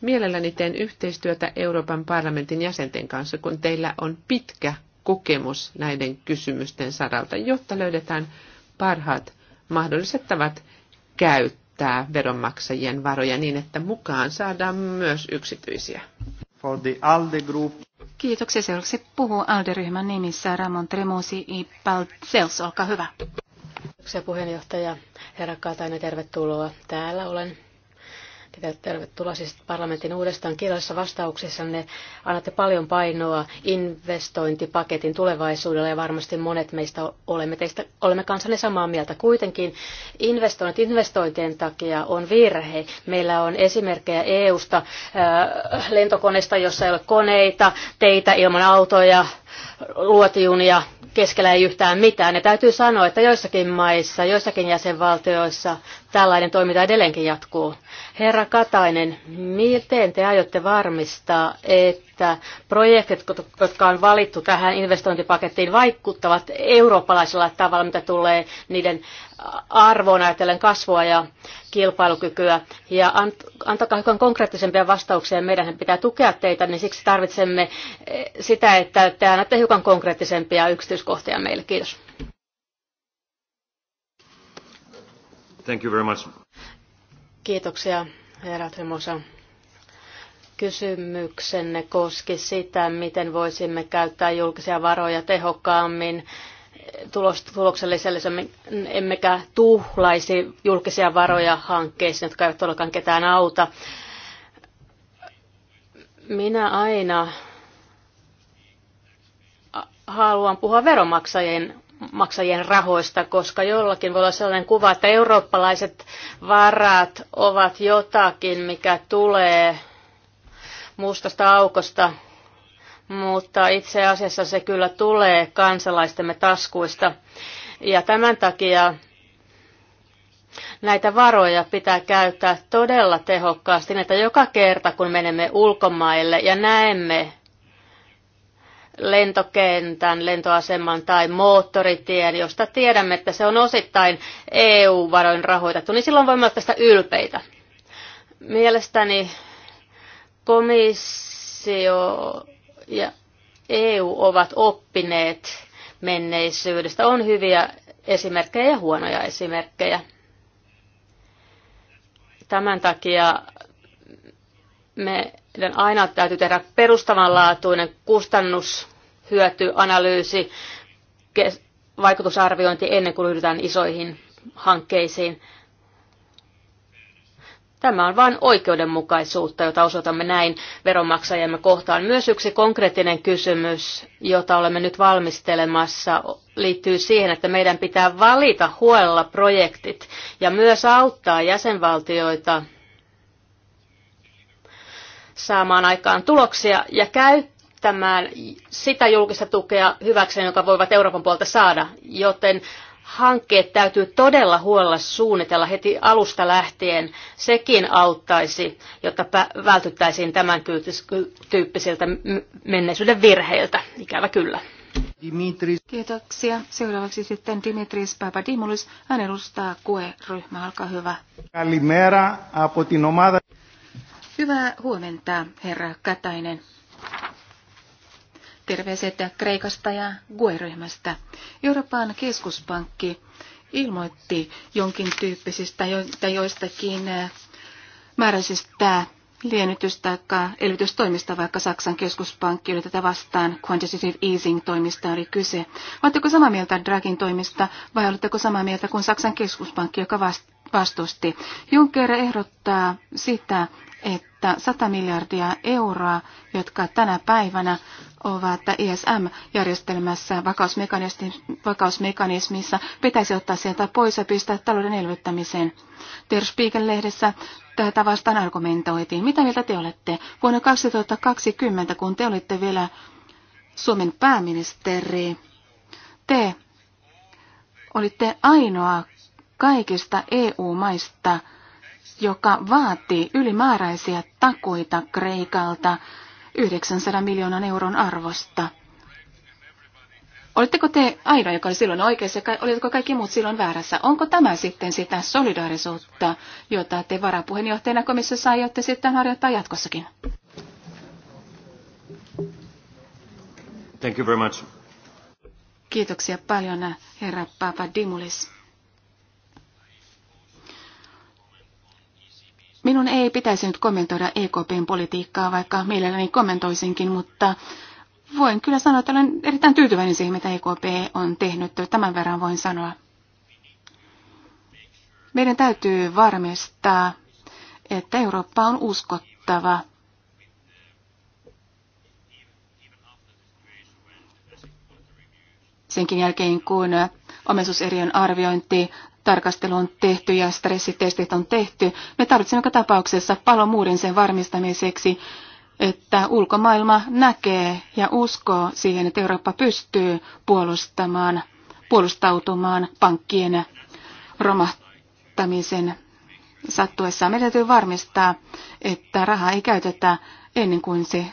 Mielelläni teen yhteistyötä Euroopan parlamentin jäsenten kanssa, kun teillä on pitkä kokemus näiden kysymysten saralta, jotta löydetään parhaat mahdolliset tavat käyttää veronmaksajien varoja niin, että mukaan saadaan myös yksityisiä. For the ALDE group. Kiitoksia. Seuraavaksi puhuu ALDE-ryhmän nimissä Ramon Tremosi i Paltsels. Olkaa hyvä. Kiitoksia puheenjohtaja. Herra Katainen, tervetuloa. Täällä olen Tervetuloa siis parlamentin uudestaan kirjallisessa vastauksessa. Ne annatte paljon painoa investointipaketin tulevaisuudelle ja varmasti monet meistä olemme, teistä, olemme kanssanne samaa mieltä. Kuitenkin investoinnit investointien takia on virhe. Meillä on esimerkkejä EU-sta äh, lentokoneesta, jossa ei ole koneita, teitä ilman autoja, luotijunia keskellä ei yhtään mitään. Ja täytyy sanoa, että joissakin maissa, joissakin jäsenvaltioissa tällainen toiminta edelleenkin jatkuu. Herra Katainen, miten te aiotte varmistaa, että että projektit, jotka on valittu tähän investointipakettiin, vaikuttavat eurooppalaisella tavalla, mitä tulee niiden arvoon ajatellen kasvua ja kilpailukykyä. Ja antakaa hiukan konkreettisempia vastauksia. Meidän pitää tukea teitä, niin siksi tarvitsemme eh, sitä, että te annatte hiukan konkreettisempia yksityiskohtia meille. Kiitos. Thank you very much. Kiitoksia, herra Tremosa. Kysymyksenne koski sitä, miten voisimme käyttää julkisia varoja tehokkaammin tuloksellisemmin, emmekä tuhlaisi julkisia varoja hankkeisiin, jotka eivät todellakaan ketään auta. Minä aina haluan puhua veromaksajien maksajien rahoista, koska jollakin voi olla sellainen kuva, että eurooppalaiset varat ovat jotakin, mikä tulee mustasta aukosta, mutta itse asiassa se kyllä tulee kansalaistemme taskuista. Ja tämän takia näitä varoja pitää käyttää todella tehokkaasti, niin että joka kerta kun menemme ulkomaille ja näemme lentokentän, lentoaseman tai moottoritien, josta tiedämme, että se on osittain EU-varoin rahoitettu, niin silloin voimme olla tästä ylpeitä. Mielestäni Komissio ja EU ovat oppineet menneisyydestä. On hyviä esimerkkejä ja huonoja esimerkkejä. Tämän takia meidän aina täytyy tehdä perustavanlaatuinen kustannushyötyanalyysi, vaikutusarviointi ennen kuin ryhdytään isoihin hankkeisiin. Tämä on vain oikeudenmukaisuutta, jota osoitamme näin veronmaksajamme kohtaan. Myös yksi konkreettinen kysymys, jota olemme nyt valmistelemassa, liittyy siihen, että meidän pitää valita huolella projektit ja myös auttaa jäsenvaltioita saamaan aikaan tuloksia ja käyttämään sitä julkista tukea hyväkseen, joka voivat Euroopan puolta saada. Joten hankkeet täytyy todella huolella suunnitella heti alusta lähtien. Sekin auttaisi, jotta vältyttäisiin tämän tyyppisiltä menneisyyden virheiltä. Ikävä kyllä. Dimitris. Kiitoksia. Seuraavaksi sitten Dimitris Papadimoulis. Hän edustaa QE-ryhmä. Olkaa hyvä. Hyvää huomenta, herra Katainen. Terveiset Kreikasta ja GUE-ryhmästä. Euroopan keskuspankki ilmoitti jonkin tyyppisistä tai joistakin äh, määräisistä lienytystä, tai elvytystoimista, vaikka Saksan keskuspankki oli tätä vastaan, quantitative easing-toimista oli kyse. Oletteko samaa mieltä Dragin toimista vai oletteko samaa mieltä kuin Saksan keskuspankki, joka vastusti? Juncker ehdottaa sitä, että 100 miljardia euroa, jotka tänä päivänä ovat ESM-järjestelmässä, vakausmekanismissa, pitäisi ottaa sieltä pois ja pistää talouden elvyttämiseen. Der Spiegel-lehdessä tätä vastaan argumentoitiin. Mitä mieltä te olette? Vuonna 2020, kun te olitte vielä Suomen pääministeri, te olitte ainoa kaikista EU-maista, joka vaatii ylimääräisiä takuita Kreikalta 900 miljoonan euron arvosta. Oletteko te ainoa, joka oli silloin oikeassa, ja olitko kaikki muut silloin väärässä? Onko tämä sitten sitä solidaarisuutta, jota te varapuheenjohtajana komissiossa aiotte sitten harjoittaa jatkossakin? Thank you very much. Kiitoksia paljon, herra Papa Dimulis. Minun ei pitäisi nyt kommentoida EKPn politiikkaa, vaikka mielelläni kommentoisinkin, mutta voin kyllä sanoa, että olen erittäin tyytyväinen siihen, mitä EKP on tehnyt. Tämän verran voin sanoa. Meidän täytyy varmistaa, että Eurooppa on uskottava. Senkin jälkeen, kun omaisuuserien arviointi tarkastelu on tehty ja stressitestit on tehty. Me tarvitsemme joka tapauksessa palomuurin sen varmistamiseksi, että ulkomaailma näkee ja uskoo siihen, että Eurooppa pystyy puolustamaan, puolustautumaan pankkien romahtamisen sattuessa. Meidän täytyy varmistaa, että rahaa ei käytetä ennen kuin se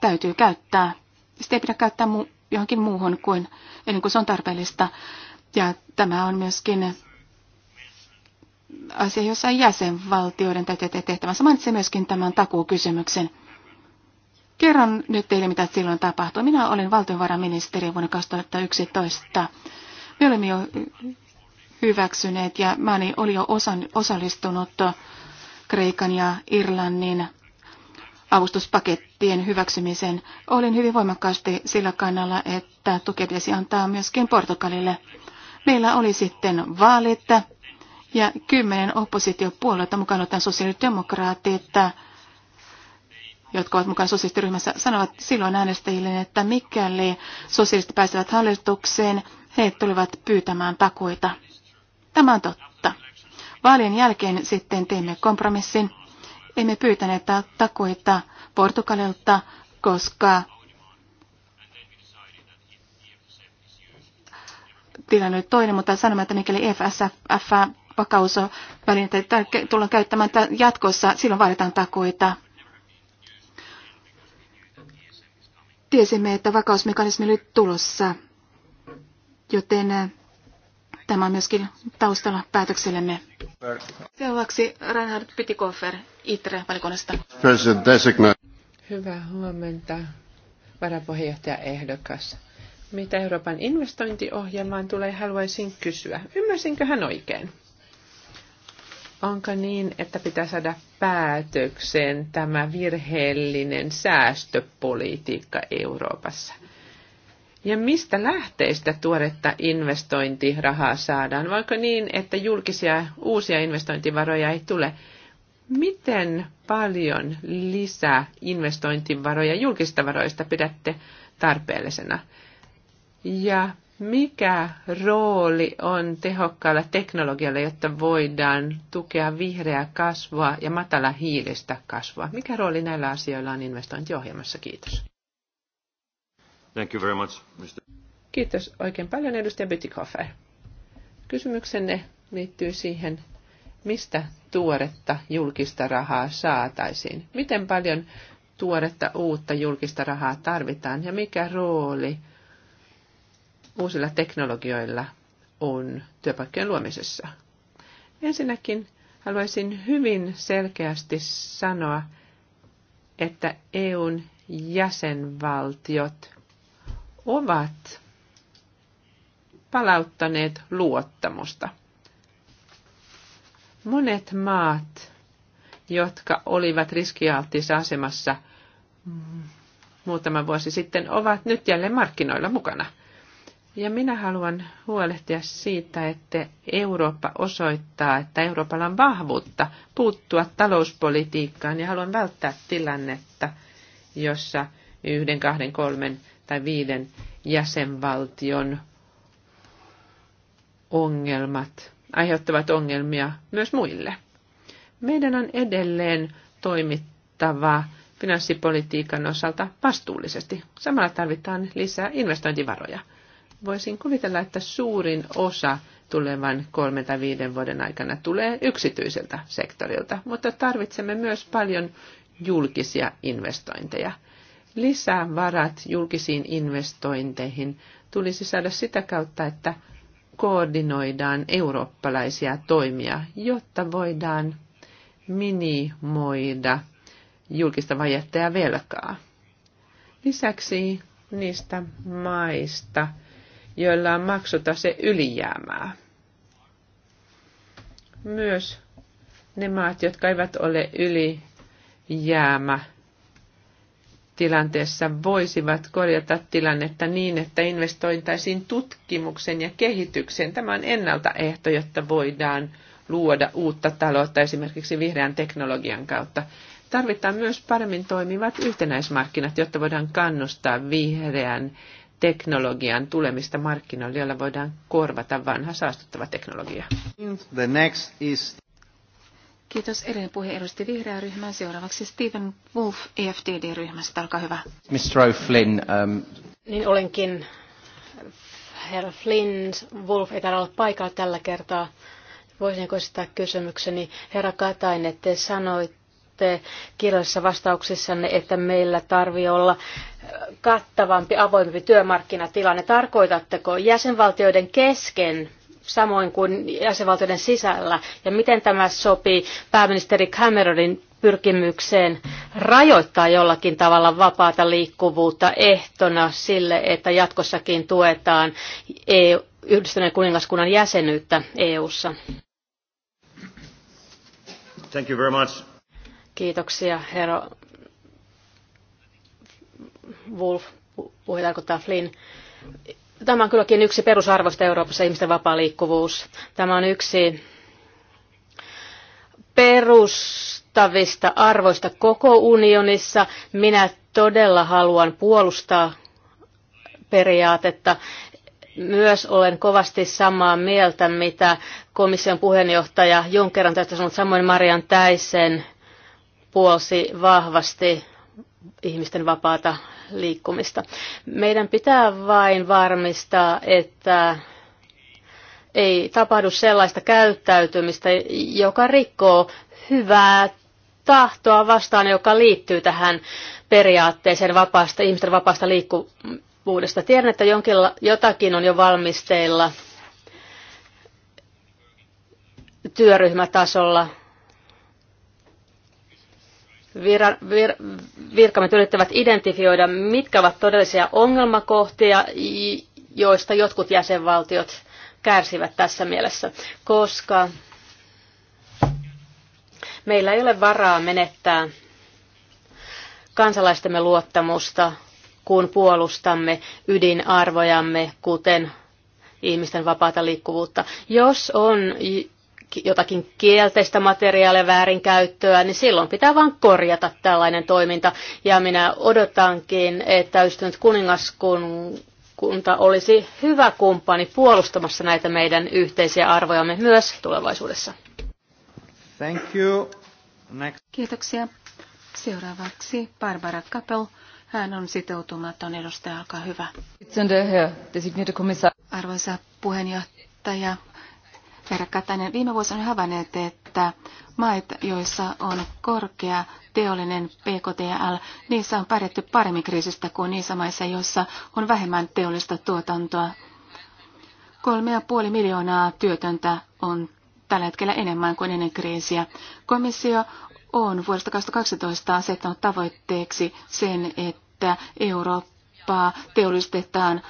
täytyy käyttää. Sitä ei pidä käyttää mu- johonkin muuhun kuin ennen kuin se on tarpeellista. Ja tämä on myöskin asia, jossa jäsenvaltioiden täytyy tehdä tehtävänsä. Mainitsin myöskin tämän takuukysymyksen. Kerron nyt teille, mitä silloin tapahtui. Minä olin valtiovarainministeri vuonna 2011. Me olimme jo hyväksyneet ja mä oli jo osan, osallistunut Kreikan ja Irlannin avustuspakettien hyväksymisen. Olin hyvin voimakkaasti sillä kannalla, että tukea pitäisi antaa myöskin Portugalille. Meillä oli sitten vaalit ja kymmenen oppositiopuolueita mukaan ottaen sosiaalidemokraatit, jotka ovat mukaan sosialistiryhmässä, sanovat silloin äänestäjille, että mikäli sosialistit pääsevät hallitukseen, he tulevat pyytämään takuita. Tämä on totta. Vaalien jälkeen sitten teimme kompromissin. Emme pyytäneet takuita Portugalilta, koska tilanne oli toinen, mutta sanomme, että mikäli FSF vakausvälineitä tullaan käyttämään jatkossa, silloin vaaditaan takuita. Tiesimme, että vakausmekanismi oli tulossa, joten äh, tämä on myöskin taustalla päätöksellemme. Seuraavaksi Reinhard Pitikoffer, itre valikunnasta. Hyvää huomenta, varapuheenjohtaja ehdokas. Mitä Euroopan investointiohjelmaan tulee, haluaisin kysyä. Ymmärsinkö hän oikein? Onko niin, että pitää saada päätökseen tämä virheellinen säästöpolitiikka Euroopassa? Ja mistä lähteistä tuoretta investointirahaa saadaan? Voiko niin, että julkisia uusia investointivaroja ei tule? Miten paljon lisää investointivaroja julkista varoista pidätte tarpeellisena? Ja mikä rooli on tehokkaalla teknologialla, jotta voidaan tukea vihreää kasvua ja matala hiilistä kasvua? Mikä rooli näillä asioilla on investointiohjelmassa? Kiitos. Thank you very much, Mr. Kiitos oikein paljon, edustaja Bytikofer. Kysymyksenne liittyy siihen, mistä tuoretta julkista rahaa saataisiin. Miten paljon tuoretta uutta julkista rahaa tarvitaan ja mikä rooli – uusilla teknologioilla on työpaikkojen luomisessa? Ensinnäkin haluaisin hyvin selkeästi sanoa, että EUn jäsenvaltiot ovat palauttaneet luottamusta. Monet maat, jotka olivat riskialttiissa asemassa muutama vuosi sitten, ovat nyt jälleen markkinoilla mukana. Ja minä haluan huolehtia siitä, että Eurooppa osoittaa, että Euroopalla on vahvuutta puuttua talouspolitiikkaan ja haluan välttää tilannetta, jossa yhden, kahden, kolmen tai viiden jäsenvaltion ongelmat aiheuttavat ongelmia myös muille. Meidän on edelleen toimittava finanssipolitiikan osalta vastuullisesti. Samalla tarvitaan lisää investointivaroja – voisin kuvitella, että suurin osa tulevan kolmen tai viiden vuoden aikana tulee yksityiseltä sektorilta, mutta tarvitsemme myös paljon julkisia investointeja. Lisää varat julkisiin investointeihin tulisi saada sitä kautta, että koordinoidaan eurooppalaisia toimia, jotta voidaan minimoida julkista vajetta ja velkaa. Lisäksi niistä maista, joilla on maksutase ylijäämää. Myös ne maat, jotka eivät ole ylijäämä tilanteessa, voisivat korjata tilannetta niin, että investointaisiin tutkimukseen ja kehitykseen. Tämä on ennaltaehto, jotta voidaan luoda uutta taloutta esimerkiksi vihreän teknologian kautta. Tarvitaan myös paremmin toimivat yhtenäismarkkinat, jotta voidaan kannustaa vihreän teknologian tulemista markkinoille, jolla voidaan korvata vanha saastuttava teknologia. The next is... Kiitos. Edellinen puhe edusti vihreää ryhmää. Seuraavaksi Stephen Wolf EFTD-ryhmästä. Olkaa hyvä. Mr. O'Flynn. Um... Niin olenkin herra Flynn. Wolf ei tarvitse olla paikalla tällä kertaa. Voisinko esittää kysymykseni? Herra Katainen, te sanoitte, sanotte kirjallisessa vastauksessanne, että meillä tarvii olla kattavampi, avoimempi työmarkkinatilanne. Tarkoitatteko jäsenvaltioiden kesken samoin kuin jäsenvaltioiden sisällä, ja miten tämä sopii pääministeri Cameronin pyrkimykseen rajoittaa jollakin tavalla vapaata liikkuvuutta ehtona sille, että jatkossakin tuetaan EU, yhdistyneen kuningaskunnan jäsenyyttä EU:ssa. Thank you very much. Kiitoksia, herra Wolf, puhutaanko tämä Flynn. Tämä on kylläkin yksi perusarvoista Euroopassa, ihmisten vapaa liikkuvuus. Tämä on yksi perustavista arvoista koko unionissa. Minä todella haluan puolustaa periaatetta. Myös olen kovasti samaa mieltä, mitä komission puheenjohtaja Junckeran tästä sanonut, samoin Marian Täisen puolsi vahvasti ihmisten vapaata liikkumista. Meidän pitää vain varmistaa, että ei tapahdu sellaista käyttäytymistä, joka rikkoo hyvää tahtoa vastaan, joka liittyy tähän periaatteeseen vapaasta, ihmisten vapaasta liikkuvuudesta. Tiedän, että jonkinla, jotakin on jo valmisteilla työryhmätasolla vir, vir, virkamme yrittävät identifioida, mitkä ovat todellisia ongelmakohtia, joista jotkut jäsenvaltiot kärsivät tässä mielessä, koska meillä ei ole varaa menettää kansalaistemme luottamusta, kun puolustamme ydinarvojamme, kuten ihmisten vapaata liikkuvuutta. Jos on jotakin kielteistä materiaalia väärinkäyttöä, niin silloin pitää vain korjata tällainen toiminta. Ja minä odotankin, että yhdistynyt kuningaskunta olisi hyvä kumppani puolustamassa näitä meidän yhteisiä arvojamme myös tulevaisuudessa. Thank you. Next. Kiitoksia. Seuraavaksi Barbara Kappel. Hän on sitoutumaton edustaja, alkaa hyvä. Arvoisa puheenjohtaja, Herra Katainen, viime vuosina on havainneet, että maat, joissa on korkea teollinen PKTL, niissä on pärjätty paremmin kriisistä kuin niissä maissa, joissa on vähemmän teollista tuotantoa. Kolme ja puoli miljoonaa työtöntä on tällä hetkellä enemmän kuin ennen kriisiä. Komissio on vuodesta 2012 asettanut tavoitteeksi sen, että Eurooppaa teollistetaan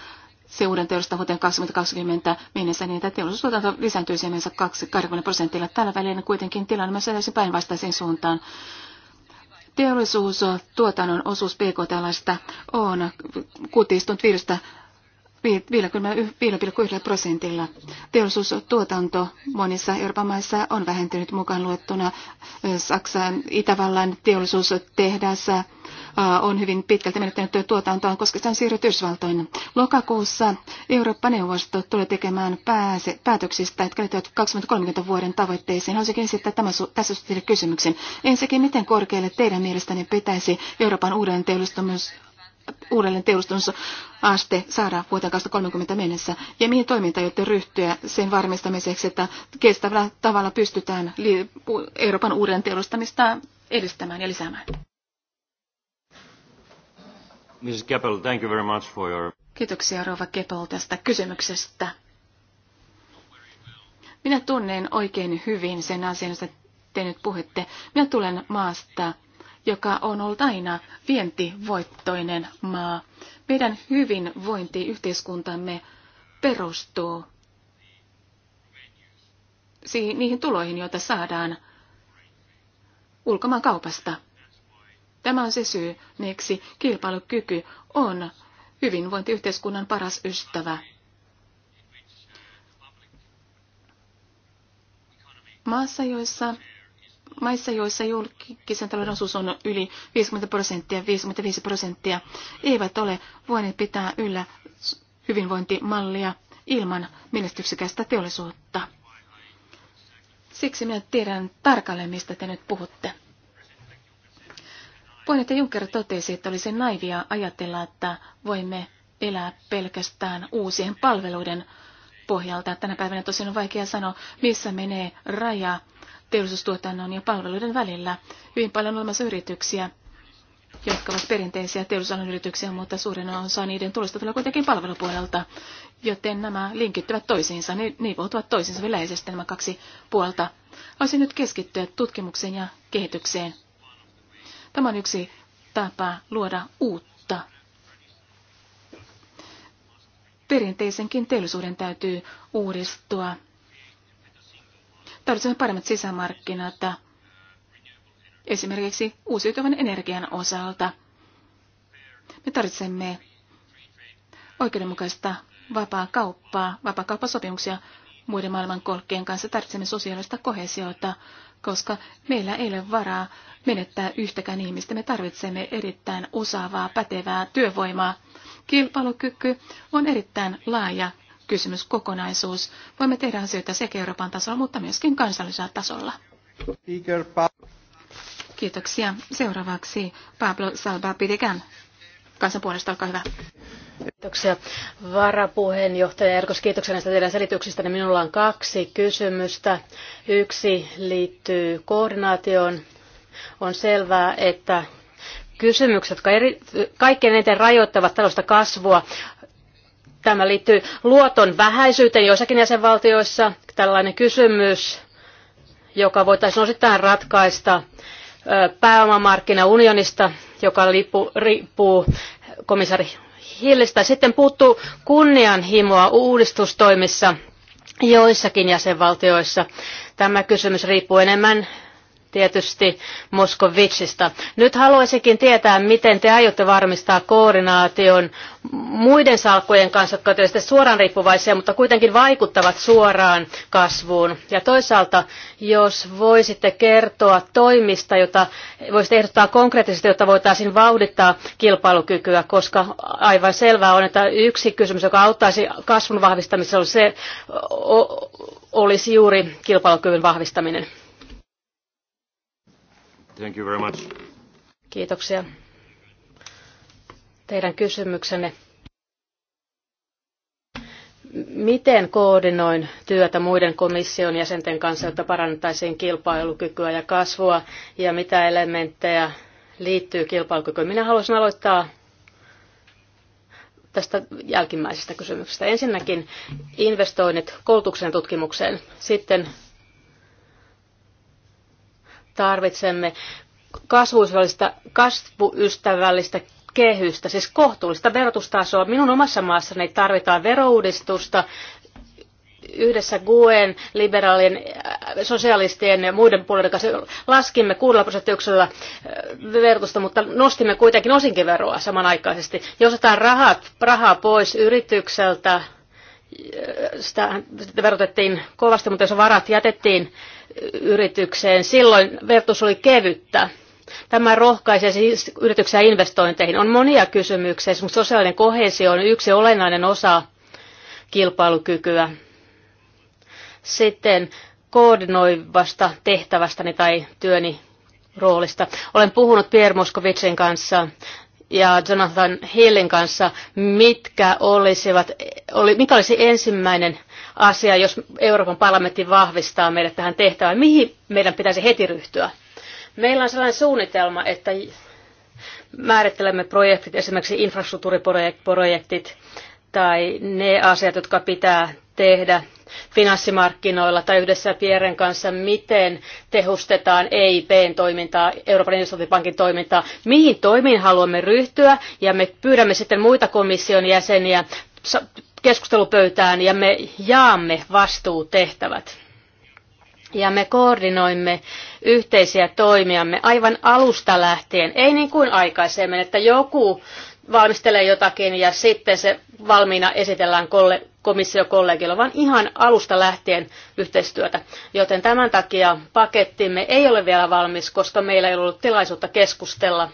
se uuden teollisuutta vuoteen 2020 mennessä niin, että teollisuustuotanto lisääntyisi yleensä 20 prosentilla. Tällä välillä, kuitenkin tilanne myös edes päinvastaisiin suuntaan. Teollisuustuotannon osuus bkt tällaista on kutistunut 5 5,1 prosentilla. Teollisuustuotanto monissa Euroopan maissa on vähentynyt mukaan luettuna. Saksan Itävallan teollisuustehdas äh, on hyvin pitkälti menettänyt tuotantoa, koska se on siirrytty Yhdysvaltoihin. Lokakuussa Eurooppa-neuvosto tulee tekemään pääse, päätöksistä, jotka liittyvät 2030 vuoden tavoitteisiin. Haluaisinkin esittää tämän, tässä teille kysymyksen. Ensinnäkin, miten korkealle teidän mielestänne pitäisi Euroopan uuden teollistumisen uudelleen aste saadaan vuoteen 2030 mennessä ja mihin toimintaan joiden ryhtyä sen varmistamiseksi, että kestävällä tavalla pystytään Euroopan uudelleen teurustamista edistämään ja lisäämään. Mrs. Keppel, thank you very much for your... Kiitoksia Rova Keppel tästä kysymyksestä. Minä tunnen oikein hyvin sen asian, josta te nyt puhutte. Minä tulen maasta, joka on ollut aina vientivoittoinen maa. Meidän hyvinvointiyhteiskuntamme perustuu niihin tuloihin, joita saadaan ulkomaan kaupasta. Tämä on se syy, miksi kilpailukyky on hyvinvointiyhteiskunnan paras ystävä. Maassa, joissa maissa, joissa julkisen talouden osuus on yli 50 prosenttia, 55 prosenttia, eivät ole voineet pitää yllä hyvinvointimallia ilman menestyksekästä teollisuutta. Siksi minä tiedän tarkalleen, mistä te nyt puhutte. Puheenjohtaja Juncker totesi, että olisi naivia ajatella, että voimme elää pelkästään uusien palveluiden pohjalta. Tänä päivänä tosiaan on vaikea sanoa, missä menee raja teollisuustuotannon ja palveluiden välillä. Hyvin paljon on olemassa yrityksiä, jotka ovat perinteisiä teollisuusalan yrityksiä, mutta suurin osa niiden tulosta tulee kuitenkin palvelupuolelta, joten nämä linkittyvät toisiinsa, niin, ne nivoutuvat toisiinsa yleisesti nämä kaksi puolta. Olisin nyt keskittyä tutkimukseen ja kehitykseen. Tämä on yksi tapa luoda uutta. Perinteisenkin teollisuuden täytyy uudistua Tarvitsemme paremmat sisämarkkinat esimerkiksi uusiutuvan energian osalta. Me tarvitsemme oikeudenmukaista vapaa kauppaa, vapaa kauppasopimuksia muiden maailman kolkkien kanssa. Tarvitsemme sosiaalista kohesiota, koska meillä ei ole varaa menettää yhtäkään ihmistä. Me tarvitsemme erittäin osaavaa, pätevää työvoimaa. Kilpailukyky on erittäin laaja kysymyskokonaisuus. Voimme tehdä asioita sekä Euroopan tasolla, mutta myöskin kansallisella tasolla. Kiitoksia. Seuraavaksi Pablo Salba Pidigan. Kansan puolesta, olkaa hyvä. Kiitoksia varapuheenjohtaja Erkos. Kiitoksia näistä teidän selityksistä. Minulla on kaksi kysymystä. Yksi liittyy koordinaatioon. On selvää, että kysymykset, jotka eri, kaikkein eniten rajoittavat tällaista kasvua, Tämä liittyy luoton vähäisyyteen joissakin jäsenvaltioissa. Tällainen kysymys, joka voitaisiin osittain ratkaista pääomamarkkinaunionista, joka liippu, riippuu komissaari Hillistä. Sitten puuttuu kunnianhimoa uudistustoimissa joissakin jäsenvaltioissa. Tämä kysymys riippuu enemmän tietysti Moskovitsista. Nyt haluaisinkin tietää, miten te aiotte varmistaa koordinaation muiden salkkojen kanssa, jotka ovat suoraan riippuvaisia, mutta kuitenkin vaikuttavat suoraan kasvuun. Ja toisaalta, jos voisitte kertoa toimista, jota voisitte ehdottaa konkreettisesti, jotta voitaisiin vauhdittaa kilpailukykyä, koska aivan selvää on, että yksi kysymys, joka auttaisi kasvun vahvistamisessa, se, olisi juuri kilpailukyvyn vahvistaminen. Thank you very much. Kiitoksia. Teidän kysymyksenne. Miten koordinoin työtä muiden komission jäsenten kanssa, jotta parannettaisiin kilpailukykyä ja kasvua, ja mitä elementtejä liittyy kilpailukykyyn? Minä haluaisin aloittaa tästä jälkimmäisestä kysymyksestä. Ensinnäkin investoinnit koulutuksen tutkimukseen, sitten Tarvitsemme kasvuystävällistä, kasvuystävällistä kehystä, siis kohtuullista verotustasoa. Minun omassa maassani tarvitaan verouudistusta, yhdessä GUEn, liberaalien, äh, sosialistien ja muiden puolueiden kanssa laskimme 6 prosenttiyksellä äh, verotusta, mutta nostimme kuitenkin osinkin veroa samanaikaisesti. Jos otetaan rahat, rahaa pois yritykseltä, äh, sitä verotettiin kovasti, mutta jos varat jätettiin yritykseen. Silloin verotus oli kevyttä. Tämä rohkaisee siis yrityksiä investointeihin. On monia kysymyksiä, esimerkiksi sosiaalinen kohesio on yksi olennainen osa kilpailukykyä. Sitten koordinoivasta tehtävästäni tai työni roolista. Olen puhunut Pierre Moskovitsin kanssa ja Jonathan Hillin kanssa, mitkä olisivat, oli, mikä olisi ensimmäinen asia, jos Euroopan parlamentti vahvistaa meidät tähän tehtävään. Mihin meidän pitäisi heti ryhtyä? Meillä on sellainen suunnitelma, että määrittelemme projektit, esimerkiksi infrastruktuuriprojektit tai ne asiat, jotka pitää tehdä finanssimarkkinoilla tai yhdessä Pierren kanssa, miten tehostetaan EIPn toimintaa, Euroopan investointipankin toimintaa, mihin toimiin haluamme ryhtyä ja me pyydämme sitten muita komission jäseniä keskustelupöytään ja me jaamme vastuutehtävät. Ja me koordinoimme yhteisiä toimiamme aivan alusta lähtien, ei niin kuin aikaisemmin, että joku valmistelee jotakin ja sitten se valmiina esitellään komissiokollegilla, vaan ihan alusta lähtien yhteistyötä. Joten tämän takia pakettimme ei ole vielä valmis, koska meillä ei ollut tilaisuutta keskustella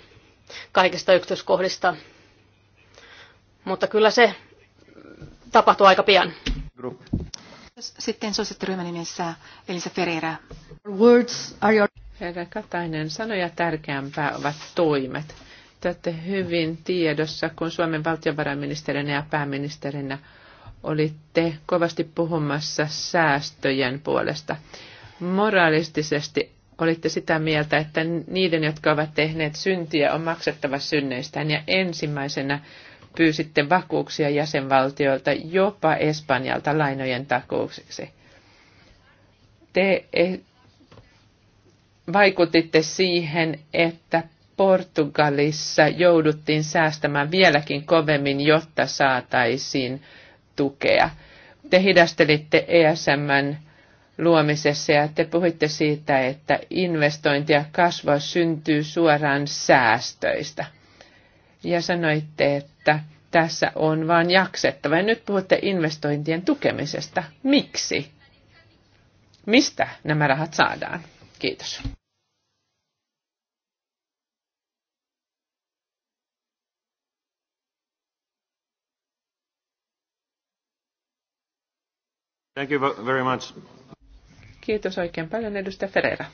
kaikista yksityiskohdista. Mutta kyllä se tapahtua aika pian. Group. Sitten suositturyhmän nimessä Elisa Ferreira. Words are your... Herra Katainen, sanoja tärkeämpää ovat toimet. Te olette hyvin tiedossa, kun Suomen valtiovarainministerinä ja pääministerinä olitte kovasti puhumassa säästöjen puolesta. Moraalistisesti olitte sitä mieltä, että niiden, jotka ovat tehneet syntiä, on maksettava synneistään. Ja ensimmäisenä pyysitte vakuuksia jäsenvaltioilta, jopa Espanjalta lainojen takuukseksi. Te e- vaikutitte siihen, että Portugalissa jouduttiin säästämään vieläkin kovemmin, jotta saataisiin tukea. Te hidastelitte ESMn luomisessa ja te puhuitte siitä, että investointi ja kasvua syntyy suoraan säästöistä. Ja sanoitte, että että tässä on vain jaksettava. Ja nyt puhutte investointien tukemisesta. Miksi? Mistä nämä rahat saadaan? Kiitos. Thank you very much. Kiitos oikein paljon, edustaja Ferreira.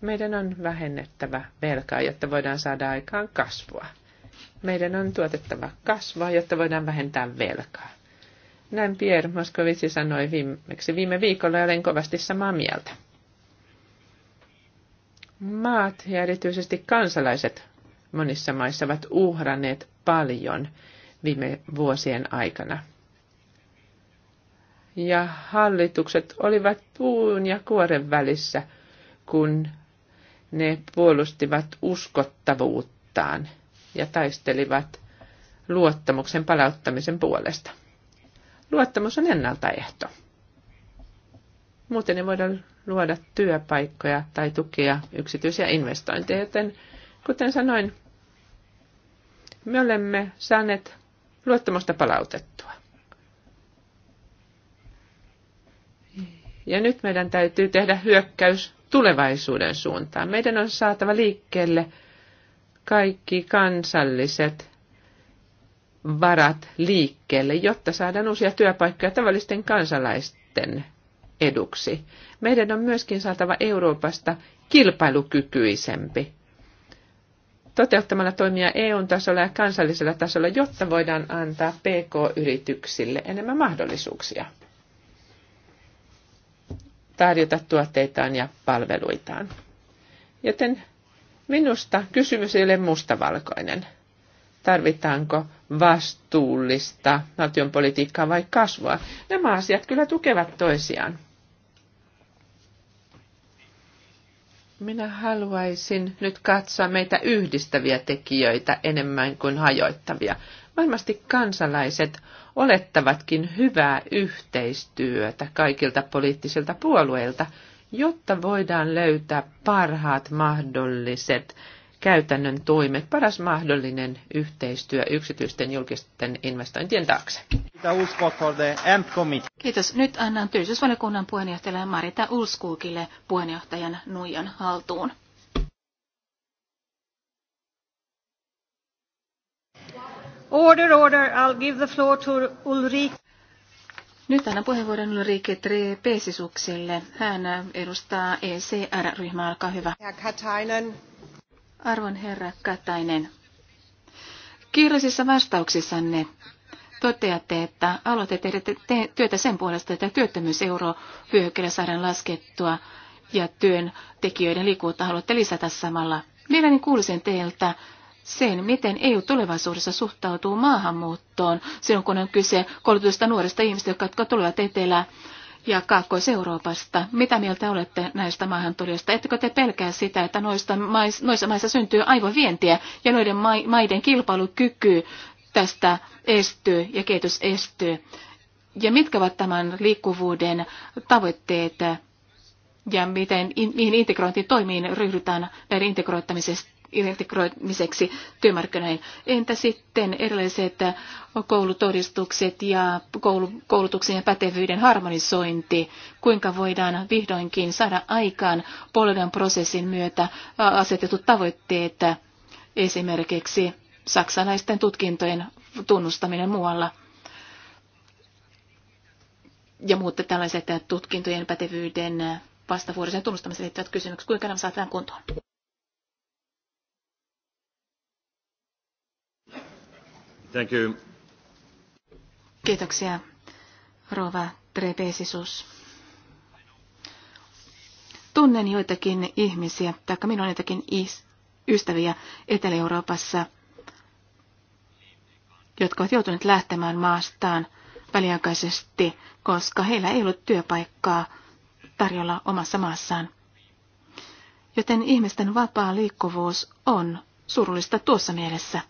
Meidän on vähennettävä velkaa, jotta voidaan saada aikaan kasvua. Meidän on tuotettava kasvua, jotta voidaan vähentää velkaa. Näin Pierre Moskovitsi sanoi viimeksi viime viikolla ja olen kovasti samaa mieltä. Maat ja erityisesti kansalaiset monissa maissa ovat uhranneet paljon viime vuosien aikana. Ja hallitukset olivat puun ja kuoren välissä, kun ne puolustivat uskottavuuttaan ja taistelivat luottamuksen palauttamisen puolesta. Luottamus on ennaltaehto. Muuten ei voida luoda työpaikkoja tai tukea yksityisiä investointeja, joten kuten sanoin, me olemme saaneet luottamusta palautettua. Ja nyt meidän täytyy tehdä hyökkäys tulevaisuuden suuntaan. Meidän on saatava liikkeelle kaikki kansalliset varat liikkeelle, jotta saadaan uusia työpaikkoja tavallisten kansalaisten eduksi. Meidän on myöskin saatava Euroopasta kilpailukykyisempi toteuttamalla toimia EU-tasolla ja kansallisella tasolla, jotta voidaan antaa PK-yrityksille enemmän mahdollisuuksia tarjota tuotteitaan ja palveluitaan. Joten minusta kysymys ei ole mustavalkoinen. Tarvitaanko vastuullista valtion politiikkaa vai kasvua? Nämä asiat kyllä tukevat toisiaan. Minä haluaisin nyt katsoa meitä yhdistäviä tekijöitä enemmän kuin hajoittavia. Varmasti kansalaiset olettavatkin hyvää yhteistyötä kaikilta poliittisilta puolueilta, jotta voidaan löytää parhaat mahdolliset käytännön toimet, paras mahdollinen yhteistyö yksityisten julkisten investointien taakse. Kiitos. Nyt annan työllisyysvaliokunnan puheenjohtajalle Marita Ulskuukille puheenjohtajan nuijan haltuun. Order, order. I'll give the floor to Ulrike. Nyt annan puheenvuoron Ulrike Trepesisukselle. Hän edustaa ECR-ryhmää. Olkaa hyvä. Herr Katainen. Arvon herra Katainen. Kirjallisissa vastauksissanne toteatte, että aloitte tehdä työtä sen puolesta, että työttömyyseuro vyöhykkeellä saadaan laskettua ja työntekijöiden liikkuvuutta haluatte lisätä samalla. Mielelläni kuulisin teiltä sen, miten EU tulevaisuudessa suhtautuu maahanmuuttoon silloin, kun on kyse koulutusta nuorista ihmistä, jotka tulevat etelä- ja Kaakkois-Euroopasta. Mitä mieltä olette näistä maahantulijoista? Ettekö te pelkää sitä, että noista mais, noissa maissa syntyy vientiä ja noiden maiden kilpailukyky tästä estyy ja kehitys estyy? Ja mitkä ovat tämän liikkuvuuden tavoitteet ja miten, mihin integrointitoimiin ryhdytään näiden integroittamisesta? integroimiseksi työmarkkinoihin. Entä sitten erilaiset koulutodistukset ja koulutuksen ja pätevyyden harmonisointi? Kuinka voidaan vihdoinkin saada aikaan polven prosessin myötä asetetut tavoitteet, esimerkiksi saksalaisten tutkintojen tunnustaminen muualla? Ja muutte tällaiset tutkintojen pätevyyden vastavuoroisen tunnustamiseen liittyvät kysymykset, kuinka nämä saadaan kuntoon? Thank you. Kiitoksia, Rova Trebesisus. Tunnen joitakin ihmisiä, tai minun on joitakin ystäviä Etelä-Euroopassa, jotka ovat joutuneet lähtemään maastaan väliaikaisesti, koska heillä ei ollut työpaikkaa tarjolla omassa maassaan. Joten ihmisten vapaa liikkuvuus on surullista tuossa mielessä.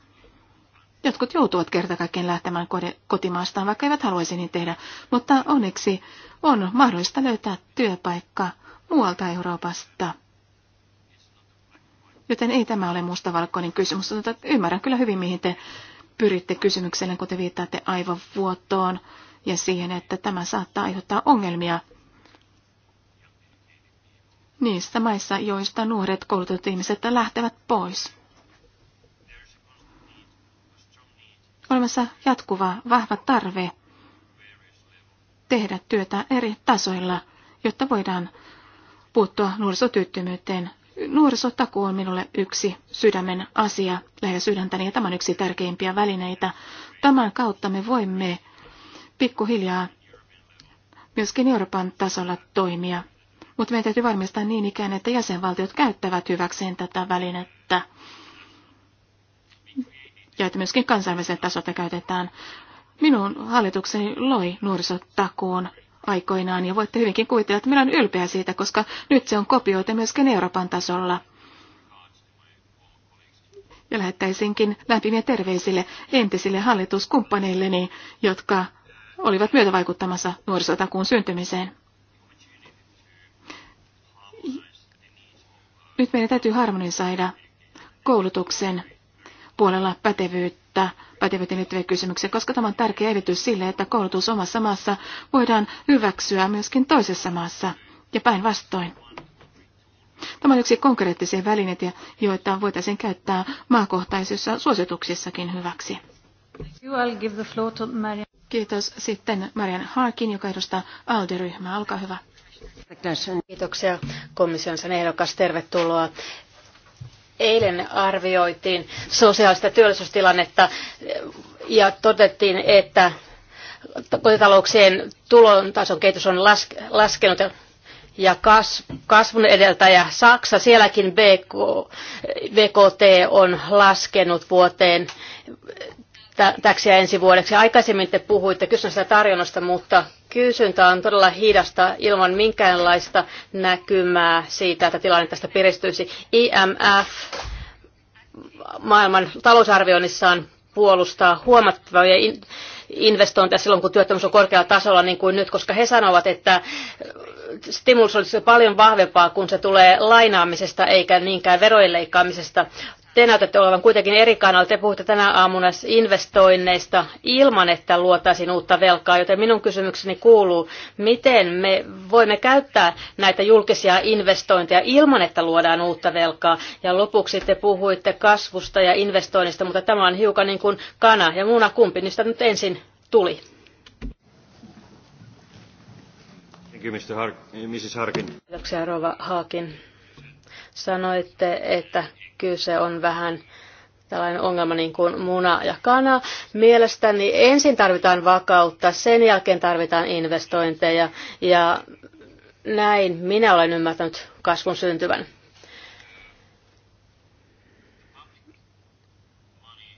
Jotkut joutuvat kerta kaikkien lähtemään kotimaastaan, vaikka eivät haluaisi niin tehdä, mutta onneksi on mahdollista löytää työpaikka muualta Euroopasta. Joten ei tämä ole mustavalkoinen kysymys, mutta ymmärrän kyllä hyvin, mihin te pyritte kysymykselle, kun te viittaatte aivovuotoon ja siihen, että tämä saattaa aiheuttaa ongelmia niissä maissa, joista nuoret koulutetut ihmiset lähtevät pois. olemassa jatkuva vahva tarve tehdä työtä eri tasoilla, jotta voidaan puuttua nuorisotyöttömyyteen. Nuorisotaku on minulle yksi sydämen asia, lähellä sydäntäni, ja tämä on yksi tärkeimpiä välineitä. Tämän kautta me voimme pikkuhiljaa myöskin Euroopan tasolla toimia. Mutta meidän täytyy varmistaa niin ikään, että jäsenvaltiot käyttävät hyväkseen tätä välinettä ja että myöskin kansainvälisellä tasolta käytetään. Minun hallitukseni loi nuorisotakuun aikoinaan ja voitte hyvinkin kuvitella, että minä olen ylpeä siitä, koska nyt se on kopioitu myöskin Euroopan tasolla. Ja lähettäisinkin lämpimiä terveisille entisille hallituskumppaneilleni, jotka olivat myötävaikuttamassa nuorisotakuun syntymiseen. Nyt meidän täytyy harmonisoida koulutuksen puolella pätevyyttä, pätevyyteen liittyviä kysymyksiä, koska tämä on tärkeä edellytys sille, että koulutus omassa maassa voidaan hyväksyä myöskin toisessa maassa ja päinvastoin. Tämä on yksi konkreettisia välineitä, joita voitaisiin käyttää maakohtaisissa suosituksissakin hyväksi. Kiitos sitten Marian Harkin, joka edustaa ALDE-ryhmää. Olkaa hyvä. Kiitoksia komission ehdokas. Tervetuloa Eilen arvioitiin sosiaalista työllisyystilannetta eh, ja todettiin, että kotitalouksien tulon tason kehitys on laskenut ja kasvun edeltäjä Saksa, sielläkin BK, BKT on laskenut vuoteen ja ensi vuodeksi. Aikaisemmin te puhuitte kysynnästä tarjonnasta, mutta kysyntä on todella hidasta ilman minkäänlaista näkymää siitä, että tilanne tästä piristyisi. IMF maailman talousarvioinnissaan puolustaa huomattavia investointeja silloin, kun työttömyys on korkealla tasolla, niin kuin nyt, koska he sanovat, että stimulus olisi paljon vahvempaa, kun se tulee lainaamisesta eikä niinkään verojen leikkaamisesta te näytätte olevan kuitenkin eri kannalla. Te puhutte tänä aamuna investoinneista ilman, että luotaisiin uutta velkaa, joten minun kysymykseni kuuluu, miten me voimme käyttää näitä julkisia investointeja ilman, että luodaan uutta velkaa. Ja lopuksi te puhuitte kasvusta ja investoinnista, mutta tämä on hiukan niin kuin kana ja muuna kumpi, niistä nyt ensin tuli. Thank you, Mr. Mrs. Harkin. Kiitoksia, Rova Haakin. Sanoitte, että kyse on vähän tällainen ongelma niin kuin muna ja kana. Mielestäni ensin tarvitaan vakautta, sen jälkeen tarvitaan investointeja ja näin minä olen ymmärtänyt kasvun syntyvän.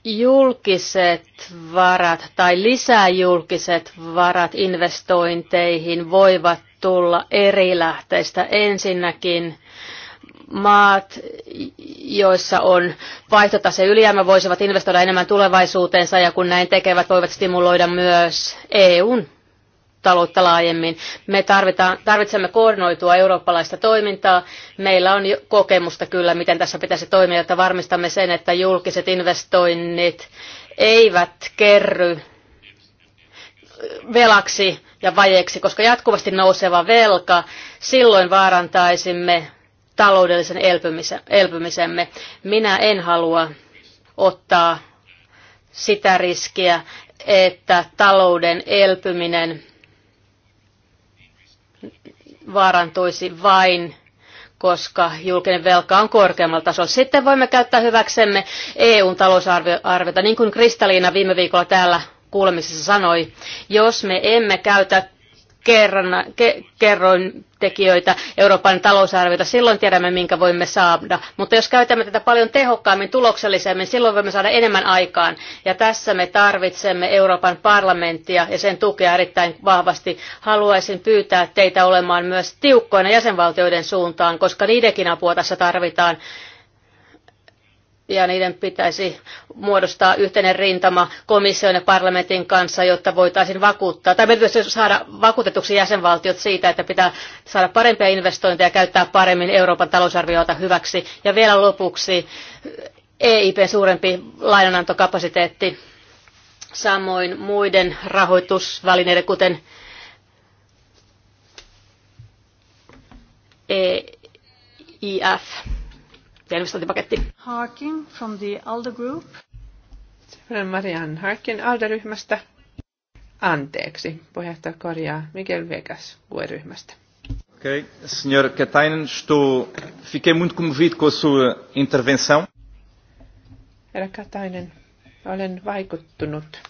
julkiset varat tai lisää julkiset varat investointeihin voivat tulla eri lähteistä. Ensinnäkin maat, joissa on vaihtotase ylijäämä, voisivat investoida enemmän tulevaisuuteensa ja kun näin tekevät, voivat stimuloida myös EUn taloutta laajemmin. Me tarvitaan, tarvitsemme koordinoitua eurooppalaista toimintaa. Meillä on kokemusta kyllä, miten tässä pitäisi toimia, jotta varmistamme sen, että julkiset investoinnit eivät kerry velaksi ja vajeeksi, koska jatkuvasti nouseva velka, silloin vaarantaisimme taloudellisen elpymisemme. Minä en halua ottaa sitä riskiä, että talouden elpyminen vaarantuisi vain koska julkinen velka on korkeammalla tasolla. Sitten voimme käyttää hyväksemme EUn talousarviota, niin kuin Kristaliina viime viikolla täällä kuulemisessa sanoi, jos me emme käytä kerran, ke, kerroin tekijöitä Euroopan talousarviota, silloin tiedämme, minkä voimme saada. Mutta jos käytämme tätä paljon tehokkaammin, tuloksellisemmin, silloin voimme saada enemmän aikaan. Ja tässä me tarvitsemme Euroopan parlamenttia ja sen tukea erittäin vahvasti. Haluaisin pyytää teitä olemaan myös tiukkoina jäsenvaltioiden suuntaan, koska niidenkin apua tässä tarvitaan ja niiden pitäisi muodostaa yhteinen rintama komission ja parlamentin kanssa, jotta voitaisiin vakuuttaa, tai pitäisi saada vakuutetuksi jäsenvaltiot siitä, että pitää saada parempia investointeja ja käyttää paremmin Euroopan talousarviota hyväksi. Ja vielä lopuksi EiP suurempi lainanantokapasiteetti, samoin muiden rahoitusvälineiden, kuten EIF ja Harkin from the ALDE Group. Sitten Marian Harkin ALDE-ryhmästä. Anteeksi, puheenjohtaja korjaa Miguel Vegas UE-ryhmästä. Ok, Sr. Katainen, estou... fiquei muito comovido com a sua intervenção. Herra Katainen, olen vaikuttunut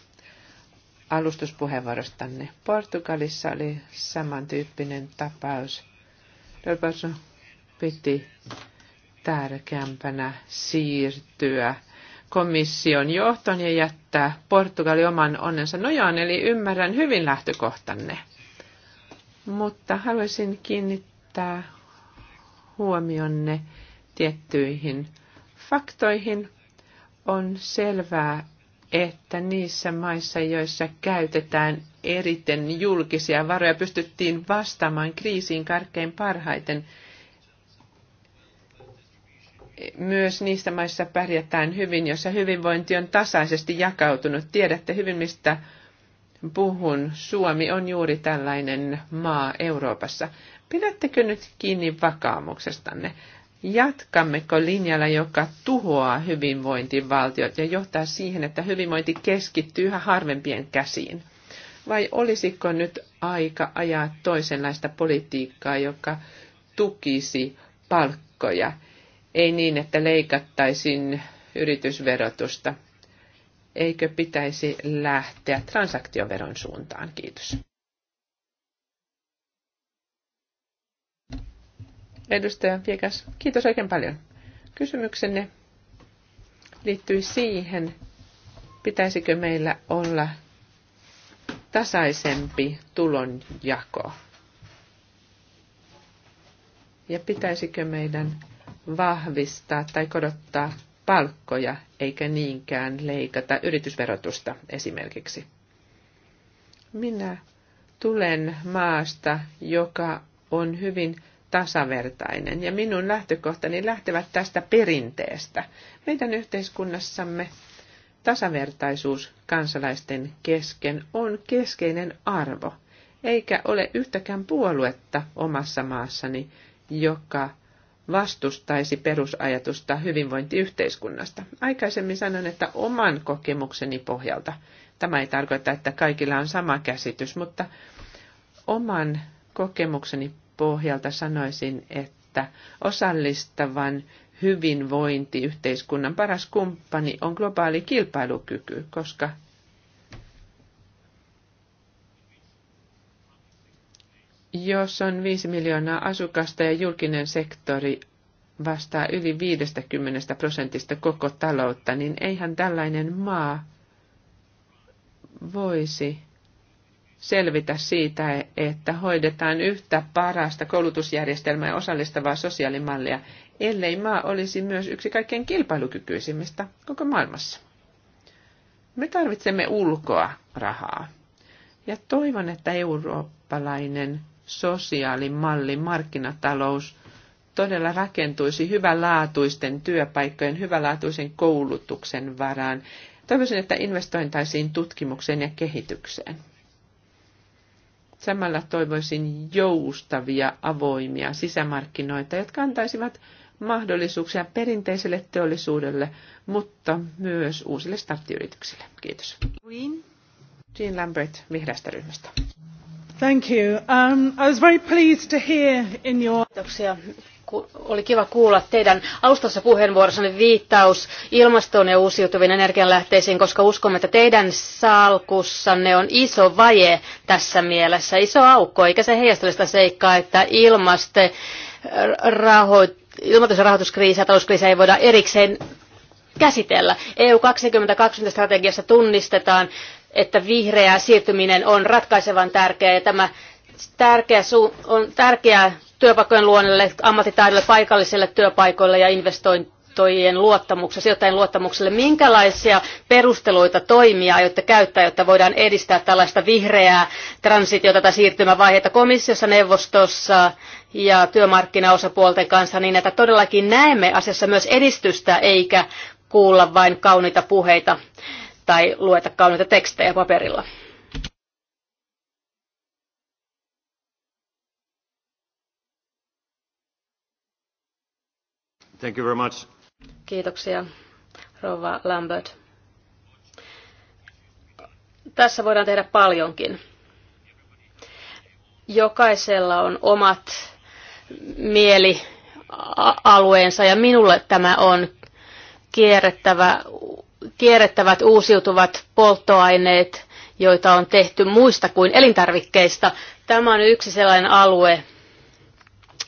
alustuspuheenvuorostanne. Portugalissa oli samantyyppinen tapaus. Delbaso piti tärkeämpänä siirtyä komission johtoon ja jättää Portugali oman onnensa nojaan, eli ymmärrän hyvin lähtökohtanne. Mutta haluaisin kiinnittää huomionne tiettyihin faktoihin. On selvää, että niissä maissa, joissa käytetään eriten julkisia varoja, pystyttiin vastaamaan kriisiin karkein parhaiten – myös niissä maissa pärjätään hyvin, jossa hyvinvointi on tasaisesti jakautunut. Tiedätte hyvin, mistä puhun. Suomi on juuri tällainen maa Euroopassa. Pidättekö nyt kiinni vakaamuksestanne? Jatkammeko linjalla, joka tuhoaa hyvinvointivaltiot ja johtaa siihen, että hyvinvointi keskittyy yhä harvempien käsiin? Vai olisiko nyt aika ajaa toisenlaista politiikkaa, joka tukisi palkkoja – ei niin, että leikattaisiin yritysverotusta. Eikö pitäisi lähteä transaktioveron suuntaan? Kiitos. Edustaja Viekas, kiitos oikein paljon. Kysymyksenne liittyi siihen, pitäisikö meillä olla tasaisempi tulonjako? Ja pitäisikö meidän vahvistaa tai korottaa palkkoja eikä niinkään leikata yritysverotusta esimerkiksi. Minä tulen maasta, joka on hyvin tasavertainen ja minun lähtökohtani lähtevät tästä perinteestä. Meidän yhteiskunnassamme tasavertaisuus kansalaisten kesken on keskeinen arvo, eikä ole yhtäkään puoluetta omassa maassani, joka vastustaisi perusajatusta hyvinvointiyhteiskunnasta. Aikaisemmin sanoin, että oman kokemukseni pohjalta, tämä ei tarkoita, että kaikilla on sama käsitys, mutta oman kokemukseni pohjalta sanoisin, että osallistavan hyvinvointiyhteiskunnan paras kumppani on globaali kilpailukyky, koska jos on 5 miljoonaa asukasta ja julkinen sektori vastaa yli 50 prosentista koko taloutta, niin eihän tällainen maa voisi selvitä siitä, että hoidetaan yhtä parasta koulutusjärjestelmää ja osallistavaa sosiaalimallia, ellei maa olisi myös yksi kaikkein kilpailukykyisimmistä koko maailmassa. Me tarvitsemme ulkoa rahaa. Ja toivon, että eurooppalainen sosiaalimalli, markkinatalous todella rakentuisi hyvänlaatuisten työpaikkojen, hyvänlaatuisen koulutuksen varaan. Toivoisin, että investointaisiin tutkimukseen ja kehitykseen. Samalla toivoisin joustavia, avoimia sisämarkkinoita, jotka antaisivat mahdollisuuksia perinteiselle teollisuudelle, mutta myös uusille starttiyrityksille. Kiitos. Green. Jean Lambert vihreästä ryhmästä. Thank you. Um, I was very pleased to hear in your... Kiitoksia. Oli kiva kuulla teidän alustassa puheenvuorossanne viittaus ilmastoon ja uusiutuviin energianlähteisiin, koska uskomme, että teidän salkussanne on iso vaje tässä mielessä, iso aukko, eikä se heijastele sitä seikkaa, että ilmaste, rahoit, ilmoitus- ja rahoituskriisi ja talouskriisi ei voida erikseen käsitellä. EU 2020 strategiassa tunnistetaan että vihreä siirtyminen on ratkaisevan tärkeää ja tämä tärkeä on tärkeää työpaikkojen luonnelle, ammattitaidolle, paikallisille työpaikoille ja investointojen luottamukselle, sijoittajien luottamukselle. Minkälaisia perusteluita toimia aiotte käyttää, jotta voidaan edistää tällaista vihreää transitiota tai siirtymävaihetta komissiossa, neuvostossa ja työmarkkinaosapuolten kanssa niin, että todellakin näemme asiassa myös edistystä eikä kuulla vain kauniita puheita tai lueta kauniita tekstejä paperilla. Thank you very much. Kiitoksia, rouva Lambert. Tässä voidaan tehdä paljonkin. Jokaisella on omat mielialueensa ja minulle tämä on kierrettävä Kierrettävät, uusiutuvat polttoaineet, joita on tehty muista kuin elintarvikkeista. Tämä on yksi sellainen alue,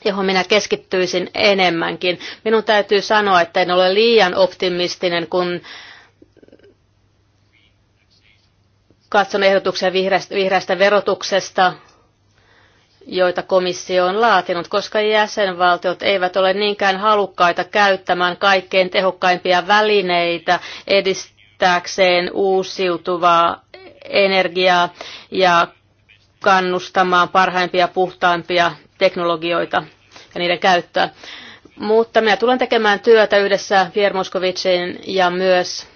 johon minä keskittyisin enemmänkin. Minun täytyy sanoa, että en ole liian optimistinen, kun katson ehdotuksia vihreästä, vihreästä verotuksesta, joita komissio on laatinut, koska jäsenvaltiot eivät ole niinkään halukkaita käyttämään kaikkein tehokkaimpia välineitä edistääkseen uusiutuvaa energiaa ja kannustamaan parhaimpia puhtaimpia teknologioita ja niiden käyttöä. Mutta minä tulen tekemään työtä yhdessä Pierre Moskovicin ja myös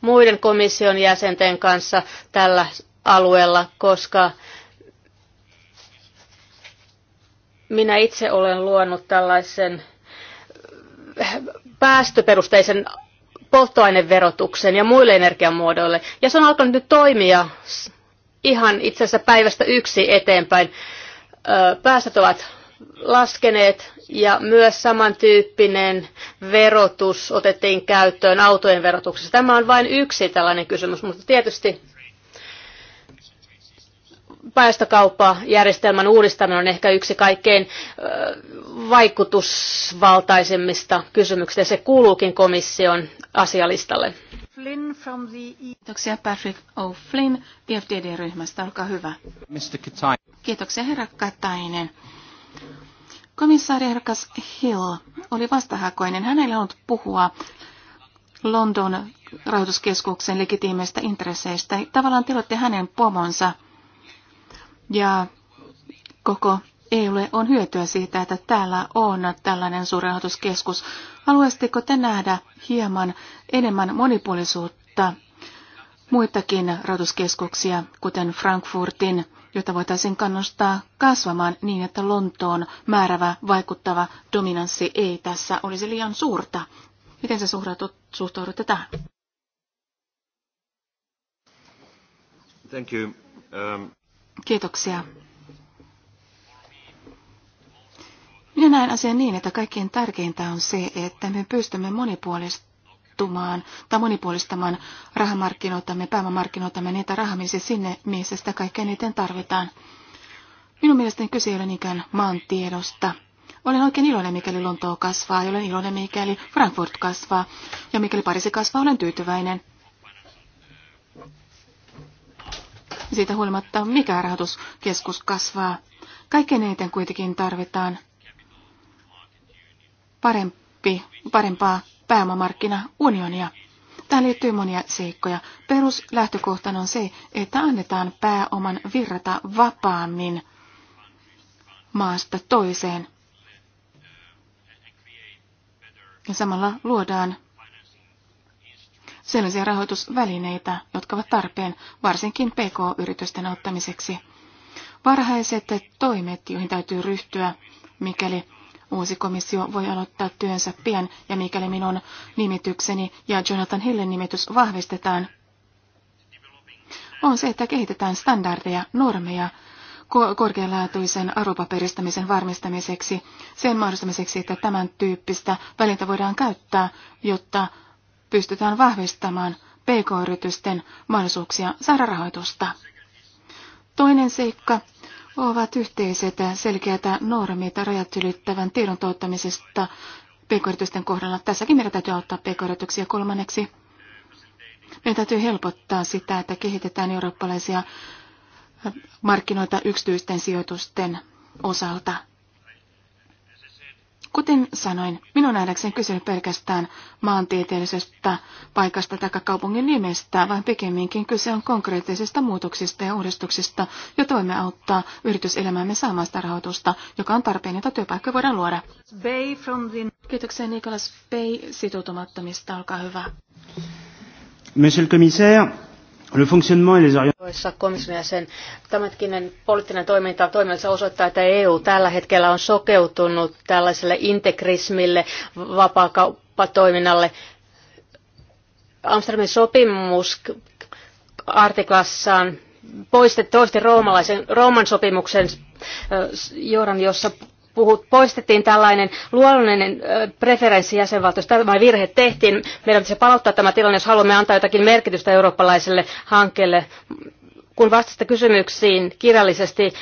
muiden komission jäsenten kanssa tällä alueella, koska Minä itse olen luonut tällaisen päästöperusteisen polttoaineverotuksen ja muille energiamuodoille. Ja se on alkanut nyt toimia ihan itse asiassa päivästä yksi eteenpäin. Päästöt ovat laskeneet ja myös samantyyppinen verotus otettiin käyttöön autojen verotuksessa. Tämä on vain yksi tällainen kysymys, mutta tietysti päästökauppajärjestelmän uudistaminen on ehkä yksi kaikkein vaikutusvaltaisimmista kysymyksistä. Se kuuluukin komission asialistalle. Flynn from the... E- Kiitoksia Patrick O'Flynn EFDD-ryhmästä. Olkaa hyvä. Mr. Kiitoksia herra Katainen. Komissaari Herkas Hill oli vastahakoinen. Hänellä on puhua London rahoituskeskuksen legitiimeistä intresseistä. Tavallaan tilotte hänen pomonsa ja koko EUlle on hyötyä siitä, että täällä on tällainen suurrahoituskeskus. Haluaisitteko te nähdä hieman enemmän monipuolisuutta muitakin rahoituskeskuksia, kuten Frankfurtin, jota voitaisiin kannustaa kasvamaan niin, että Lontoon määrävä vaikuttava dominanssi ei tässä olisi liian suurta. Miten se suhtaudutte tähän? Thank you. Um... Kiitoksia. Minä näen asian niin, että kaikkein tärkeintä on se, että me pystymme monipuolistumaan tai monipuolistamaan rahamarkkinoitamme, pääomamarkkinoitamme niitä rahamisi sinne, missä sitä kaikkein eniten tarvitaan. Minun mielestäni kyse ei ole niinkään maantiedosta. Olen oikein iloinen, mikäli Lontoo kasvaa, ja olen iloinen, mikäli Frankfurt kasvaa, ja mikäli Pariisi kasvaa, olen tyytyväinen. siitä huolimatta, mikä rahoituskeskus kasvaa. Kaikkein eniten kuitenkin tarvitaan parempi, parempaa pääomamarkkinaunionia. Tähän liittyy monia seikkoja. Peruslähtökohtana on se, että annetaan pääoman virrata vapaammin maasta toiseen. Ja samalla luodaan sellaisia rahoitusvälineitä, jotka ovat tarpeen varsinkin PK-yritysten auttamiseksi. Varhaiset toimet, joihin täytyy ryhtyä, mikäli uusi komissio voi aloittaa työnsä pian ja mikäli minun nimitykseni ja Jonathan Hillen nimitys vahvistetaan, on se, että kehitetään standardeja, normeja, korkealaatuisen arvopaperistämisen varmistamiseksi, sen mahdollistamiseksi, että tämän tyyppistä välintä voidaan käyttää, jotta pystytään vahvistamaan pk-yritysten mahdollisuuksia saada rahoitusta. Toinen seikka ovat yhteiset selkeät normit rajat ylittävän tiedon tuottamisesta pk kohdalla. Tässäkin meidän täytyy auttaa pk kolmanneksi. Meidän täytyy helpottaa sitä, että kehitetään eurooppalaisia markkinoita yksityisten sijoitusten osalta. Kuten sanoin, minun nähdäkseni kyse pelkästään maantieteellisestä paikasta tai kaupungin nimestä, vaan pikemminkin kyse on konkreettisista muutoksista ja uudistuksista, joita voimme auttaa yrityselämäämme saamaan sitä rahoitusta, joka on tarpeen, jota työpaikkoja voidaan luoda. the... Kiitoksia Nikolas Bay sitoutumattomista, olkaa hyvä. Monsieur le commissaire, Le fonctionnement et les komission tämätkinen poliittinen toiminta toiminnassa osoittaa, että EU tällä hetkellä on sokeutunut tällaiselle integrismille, vapaakauppatoiminnalle. Amsterdamin sopimus artiklassaan poistettiin toisten roomalaisen, Rooman sopimuksen johdan, jossa puhut, poistettiin tällainen luonnollinen preferenssi jäsenvaltiosta. Tämä virhe tehtiin. Meidän pitäisi palauttaa tämä tilanne, jos haluamme antaa jotakin merkitystä eurooppalaiselle hankkeelle. Kun vastasitte kysymyksiin kirjallisesti,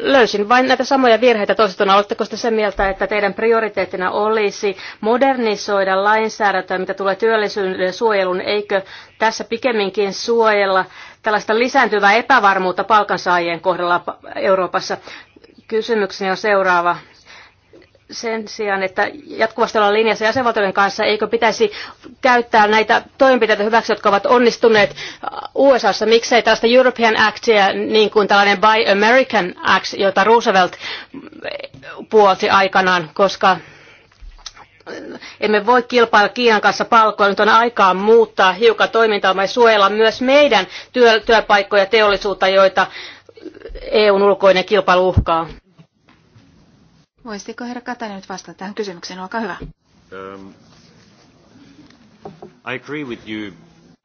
löysin vain näitä samoja virheitä toisaalta. Oletteko sitä sen mieltä, että teidän prioriteettina olisi modernisoida lainsäädäntöä, mitä tulee työllisyyden suojeluun, eikö tässä pikemminkin suojella tällaista lisääntyvää epävarmuutta palkansaajien kohdalla Euroopassa? Kysymykseni on seuraava. Sen sijaan, että jatkuvasti ollaan linjassa jäsenvaltioiden kanssa, eikö pitäisi käyttää näitä toimenpiteitä hyväksi, jotka ovat onnistuneet USAssa? Miksei tällaista European Actia, niin kuin tällainen Buy American Act, jota Roosevelt puolsi aikanaan, koska emme voi kilpailla Kiinan kanssa palkoilla. Nyt on aikaa muuttaa hiukan toimintaa ja suojella myös meidän työ, työpaikkoja ja teollisuutta, joita EUn ulkoinen kilpailu uhkaa. Voisitko herra Katainen nyt vastata tähän kysymykseen? Olkaa hyvä. Um, I agree with you.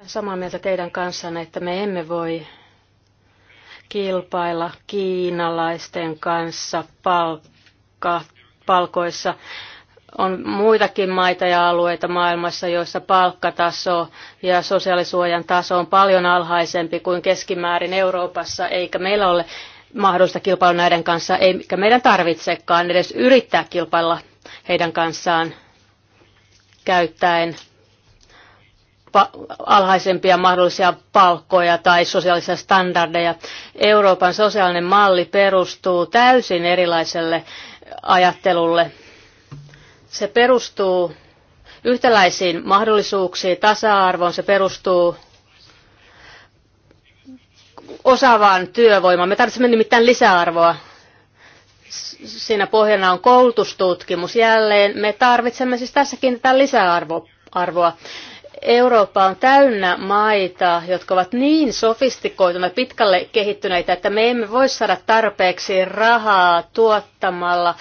Samaa mieltä teidän kanssanne, että me emme voi kilpailla kiinalaisten kanssa palkka, palkoissa on muitakin maita ja alueita maailmassa, joissa palkkataso ja sosiaalisuojan taso on paljon alhaisempi kuin keskimäärin Euroopassa, eikä meillä ole mahdollista kilpailla näiden kanssa, eikä meidän tarvitsekaan edes yrittää kilpailla heidän kanssaan käyttäen alhaisempia mahdollisia palkkoja tai sosiaalisia standardeja. Euroopan sosiaalinen malli perustuu täysin erilaiselle ajattelulle se perustuu yhtäläisiin mahdollisuuksiin, tasa-arvoon, se perustuu osaavaan työvoimaan. Me tarvitsemme nimittäin lisäarvoa. Siinä pohjana on koulutustutkimus jälleen. Me tarvitsemme siis tässäkin tätä lisäarvoa. Eurooppa on täynnä maita, jotka ovat niin sofistikoituneita, pitkälle kehittyneitä, että me emme voi saada tarpeeksi rahaa tuottamalla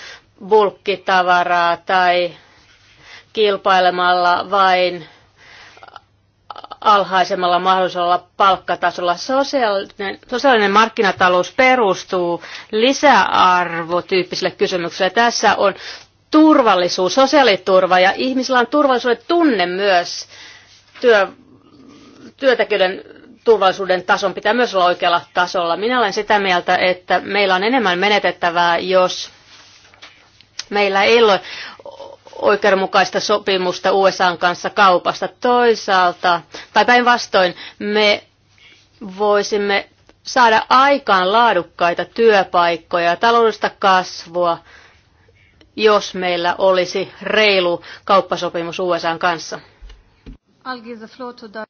bulkkitavaraa tai kilpailemalla vain alhaisemmalla mahdollisella palkkatasolla. Sosiaalinen, sosiaalinen markkinatalous perustuu lisäarvotyyppisille kysymyksille. Tässä on turvallisuus, sosiaaliturva ja ihmisillä on turvallisuuden tunne myös. Työ, työntekijöiden turvallisuuden tason pitää myös olla oikealla tasolla. Minä olen sitä mieltä, että meillä on enemmän menetettävää, jos Meillä ei ole oikeudenmukaista sopimusta USAn kanssa kaupasta. Toisaalta, tai päinvastoin, me voisimme saada aikaan laadukkaita työpaikkoja ja taloudellista kasvua, jos meillä olisi reilu kauppasopimus USAn kanssa.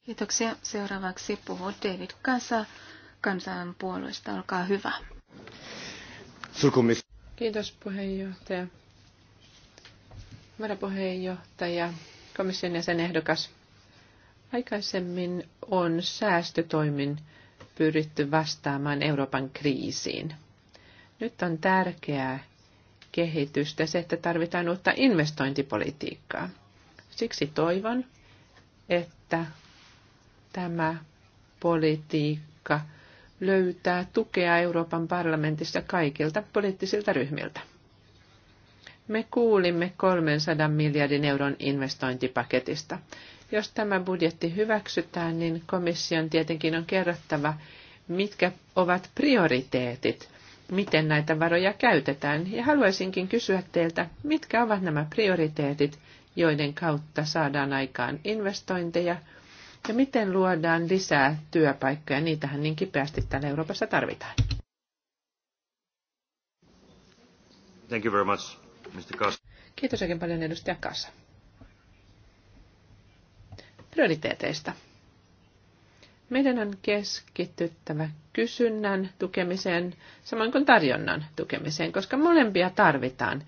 Kiitoksia. Seuraavaksi puhuu David Kansa kansanpuolueesta. Olkaa hyvä. Kiitos puheenjohtaja varapuheenjohtaja, komission jäsen ehdokas. Aikaisemmin on säästötoimin pyritty vastaamaan Euroopan kriisiin. Nyt on tärkeää kehitystä se, että tarvitaan uutta investointipolitiikkaa. Siksi toivon, että tämä politiikka löytää tukea Euroopan parlamentissa kaikilta poliittisilta ryhmiltä. Me kuulimme 300 miljardin euron investointipaketista. Jos tämä budjetti hyväksytään, niin komission tietenkin on kerrottava, mitkä ovat prioriteetit, miten näitä varoja käytetään. Ja haluaisinkin kysyä teiltä, mitkä ovat nämä prioriteetit, joiden kautta saadaan aikaan investointeja ja miten luodaan lisää työpaikkoja. Niitähän niin kipeästi täällä Euroopassa tarvitaan. Thank you very much. Mr. Kass. Kiitos oikein paljon edustaja Kassa. Prioriteeteista. Meidän on keskittyttävä kysynnän tukemiseen, samoin kuin tarjonnan tukemiseen, koska molempia tarvitaan,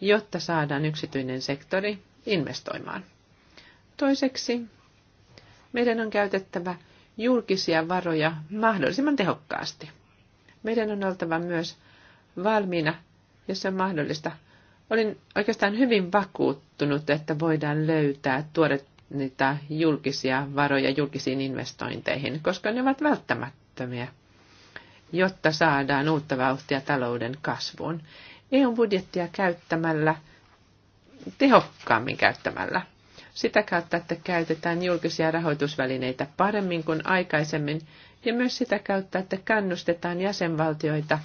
jotta saadaan yksityinen sektori investoimaan. Toiseksi meidän on käytettävä julkisia varoja mahdollisimman tehokkaasti. Meidän on oltava myös valmiina, jos on mahdollista, Olin oikeastaan hyvin vakuuttunut, että voidaan löytää tuoda niitä julkisia varoja julkisiin investointeihin, koska ne ovat välttämättömiä, jotta saadaan uutta vauhtia talouden kasvuun. EU-budjettia käyttämällä, tehokkaammin käyttämällä. Sitä kautta, että käytetään julkisia rahoitusvälineitä paremmin kuin aikaisemmin, ja myös sitä kautta, että kannustetaan jäsenvaltioita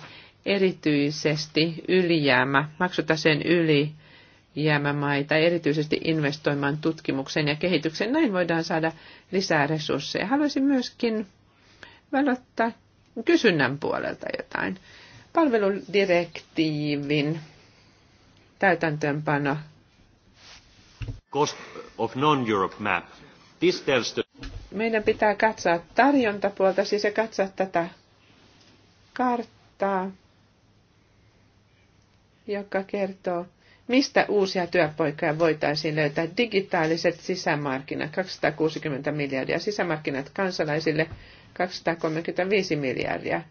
erityisesti ylijäämä, maksutaseen ylijäämämaita, erityisesti investoimaan tutkimukseen ja kehitykseen. Näin voidaan saada lisää resursseja. Haluaisin myöskin valottaa kysynnän puolelta jotain. Palveludirektiivin täytäntöönpano. Cost of non-Europe map. This tells the... Meidän pitää katsoa tarjontapuolta, siis ja katsoa tätä karttaa joka kertoo, mistä uusia työpaikkoja voitaisiin löytää. Digitaaliset sisämarkkinat, 260 miljardia, sisämarkkinat kansalaisille, 235 miljardia,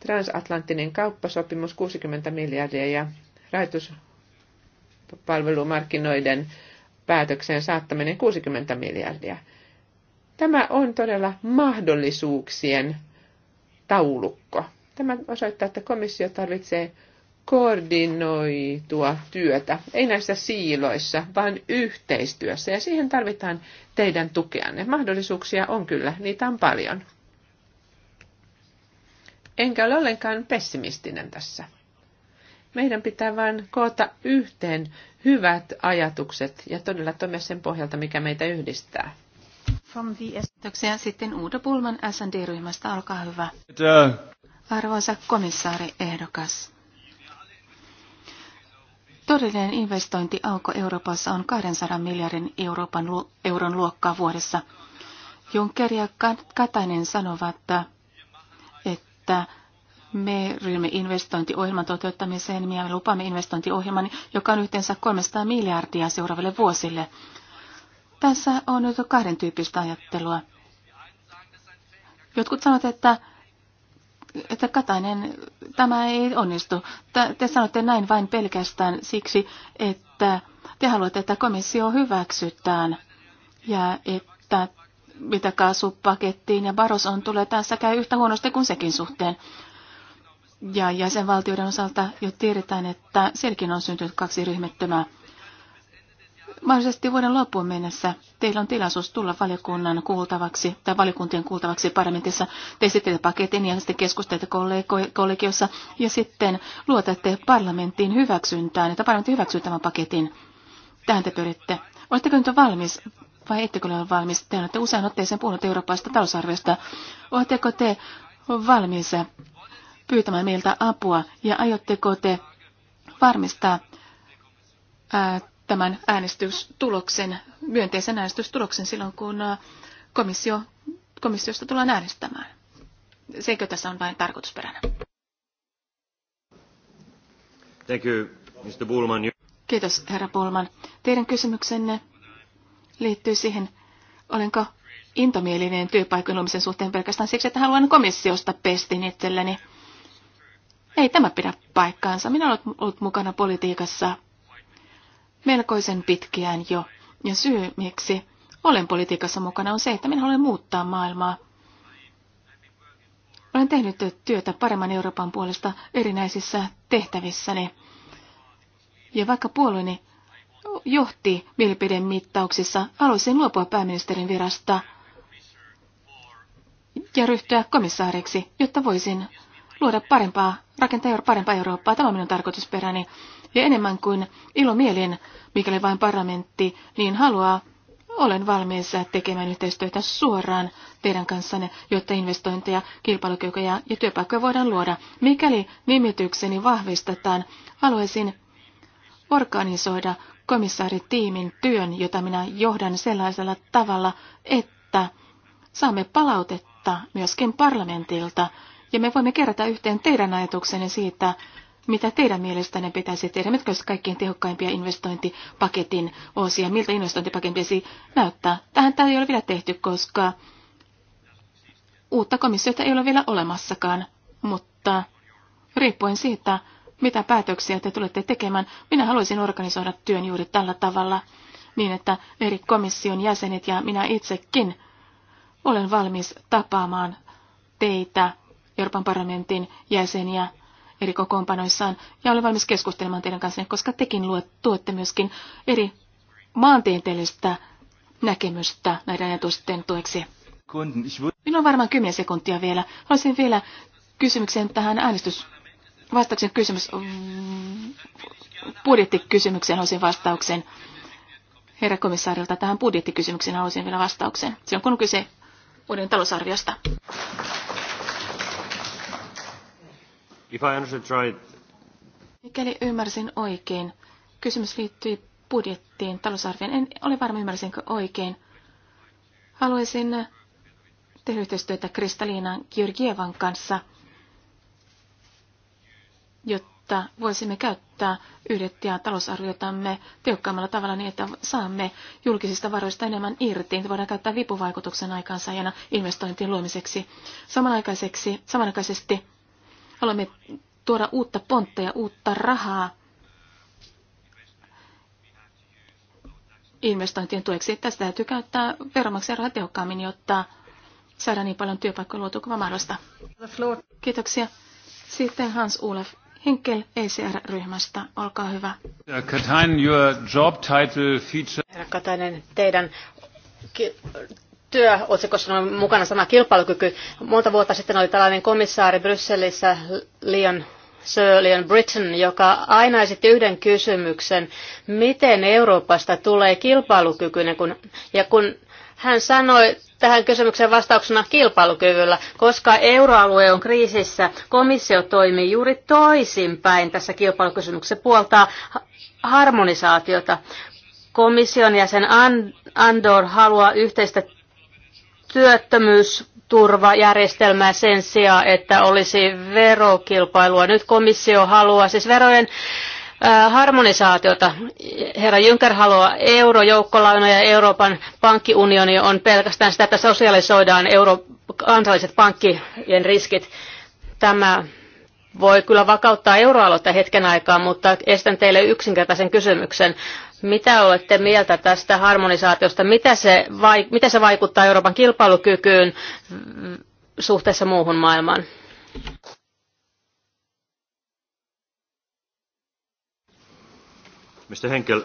transatlanttinen kauppasopimus, 60 miljardia ja rahoituspalvelumarkkinoiden päätökseen saattaminen 60 miljardia. Tämä on todella mahdollisuuksien taulukko. Tämä osoittaa, että komissio tarvitsee koordinoitua työtä, ei näissä siiloissa, vaan yhteistyössä. Ja siihen tarvitaan teidän tukeanne. Mahdollisuuksia on kyllä, niitä on paljon. Enkä ole ollenkaan pessimistinen tässä. Meidän pitää vain koota yhteen hyvät ajatukset ja todella toimia sen pohjalta, mikä meitä yhdistää. From the... Sitten Uudo Pulman SND-ryhmästä, olkaa hyvä. Arvoisa komissaari ehdokas. Todellinen investointiauko Euroopassa on 200 miljardin Euroopan, euron luokkaa vuodessa. Juncker ja Katainen sanovat, että me ryhmme investointiohjelman toteuttamiseen ja me lupamme investointiohjelman, joka on yhteensä 300 miljardia seuraaville vuosille. Tässä on nyt kahden tyyppistä ajattelua. Jotkut sanovat, että että Katainen, tämä ei onnistu. Te sanotte näin vain pelkästään siksi, että te haluatte, että komissio hyväksytään ja että mitä kaasupakettiin ja Baros on tulee tässä käy yhtä huonosti kuin sekin suhteen. Ja jäsenvaltioiden osalta jo tiedetään, että sielläkin on syntynyt kaksi ryhmittymää mahdollisesti vuoden loppuun mennessä teillä on tilaisuus tulla valiokunnan kuultavaksi tai valiokuntien kuultavaksi parlamentissa. Te esittelette paketin ja sitten keskustelette kollegiossa ja sitten luotatte parlamenttiin hyväksyntään, että parlamentti hyväksyy tämän paketin. Tähän te pyritte. Oletteko nyt valmis vai ettekö ole valmis? Te olette usein otteeseen puhunut eurooppalaisesta talousarviosta. Oletteko te valmis pyytämään meiltä apua ja aiotteko te varmistaa, tämän äänestystuloksen, myönteisen äänestystuloksen silloin, kun äh, komissio, komissiosta tullaan äänestämään. Sekö tässä on vain tarkoitusperänä? Thank you, Mr. Bullman. Kiitos, herra Bullman. Teidän kysymyksenne liittyy siihen, olenko intomielinen työpaikan luomisen suhteen pelkästään siksi, että haluan komissiosta pestin itselleni. Ei tämä pidä paikkaansa. Minä olen ollut mukana politiikassa melkoisen pitkään jo. Ja syy, miksi olen politiikassa mukana, on se, että minä haluan muuttaa maailmaa. Olen tehnyt työtä paremman Euroopan puolesta erinäisissä tehtävissäni. Ja vaikka puolueeni johti mielipidemittauksissa, haluaisin luopua pääministerin virasta ja ryhtyä komissaariksi, jotta voisin luoda parempaa, rakentaa parempaa Eurooppaa. Tämä on minun tarkoitusperäni ja enemmän kuin ilomielin, mikäli vain parlamentti niin haluaa, olen valmis tekemään yhteistyötä suoraan teidän kanssanne, jotta investointeja, kilpailukykyjä ja työpaikkoja voidaan luoda. Mikäli nimitykseni vahvistetaan, haluaisin organisoida komissaaritiimin työn, jota minä johdan sellaisella tavalla, että saamme palautetta myöskin parlamentilta, ja me voimme kerätä yhteen teidän ajatuksenne siitä, mitä teidän mielestänne pitäisi tehdä? Mitkä olisivat kaikkein tehokkaimpia investointipaketin osia? Miltä investointipaketti näyttää? Tähän tämä ei ole vielä tehty, koska uutta komissiota ei ole vielä olemassakaan, mutta riippuen siitä, mitä päätöksiä te tulette tekemään, minä haluaisin organisoida työn juuri tällä tavalla, niin että eri komission jäsenet ja minä itsekin olen valmis tapaamaan teitä, Euroopan parlamentin jäseniä eri kokoonpanoissaan ja olen valmis keskustelemaan teidän kanssa, koska tekin tuotte myöskin eri maantieteellistä näkemystä näiden ajatusten tueksi. Minulla on varmaan kymmenen sekuntia vielä. Haluaisin vielä kysymyksen tähän äänestys vastauksen kysymys, budjettikysymykseen haluaisin vastauksen. Herra komissaarilta tähän budjettikysymykseen haluaisin vielä vastauksen. Se on kun kyse uuden talousarviosta. If I understood right... Mikäli ymmärsin oikein, kysymys liittyi budjettiin, talousarvioon. En ole varma, ymmärsinkö oikein. Haluaisin tehdä yhteistyötä Kristaliina Georgievan kanssa, jotta voisimme käyttää yhdettiä talousarviotamme tehokkaammalla tavalla niin, että saamme julkisista varoista enemmän irti. Niitä voidaan käyttää vipuvaikutuksen aikaansaajana investointien luomiseksi. Samanaikaiseksi, samanaikaisesti Haluamme tuoda uutta pontta ja uutta rahaa investointien tueksi. Tästä täytyy käyttää veronmaksajan rahaa tehokkaammin, jotta saadaan niin paljon työpaikkoja luotua kuin mahdollista. Kiitoksia. Sitten hans Olaf Henkel ECR-ryhmästä. Olkaa hyvä. Katainen, your job title feature... Herra Katainen, teidän työotsikossa on mukana sana kilpailukyky. Monta vuotta sitten oli tällainen komissaari Brysselissä, Leon Sir Leon Britton, joka aina esitti yhden kysymyksen, miten Euroopasta tulee kilpailukykyinen, kun, ja kun hän sanoi tähän kysymykseen vastauksena kilpailukyvyllä, koska euroalue on kriisissä, komissio toimii juuri toisinpäin tässä kilpailukysymyksessä, puoltaa harmonisaatiota. Komission jäsen Andor haluaa yhteistä työttömyysturvajärjestelmää sen sijaan, että olisi verokilpailua. Nyt komissio haluaa siis verojen harmonisaatiota. Herra Juncker haluaa eurojoukkolainoja ja Euroopan pankkiunioni on pelkästään sitä, että sosialisoidaan euro, kansalliset pankkien riskit. Tämä voi kyllä vakauttaa euroaluetta hetken aikaa, mutta estän teille yksinkertaisen kysymyksen. Mitä olette mieltä tästä harmonisaatiosta? Mitä se, vaik- mitä se vaikuttaa Euroopan kilpailukykyyn suhteessa muuhun maailmaan? Mr. Henkel,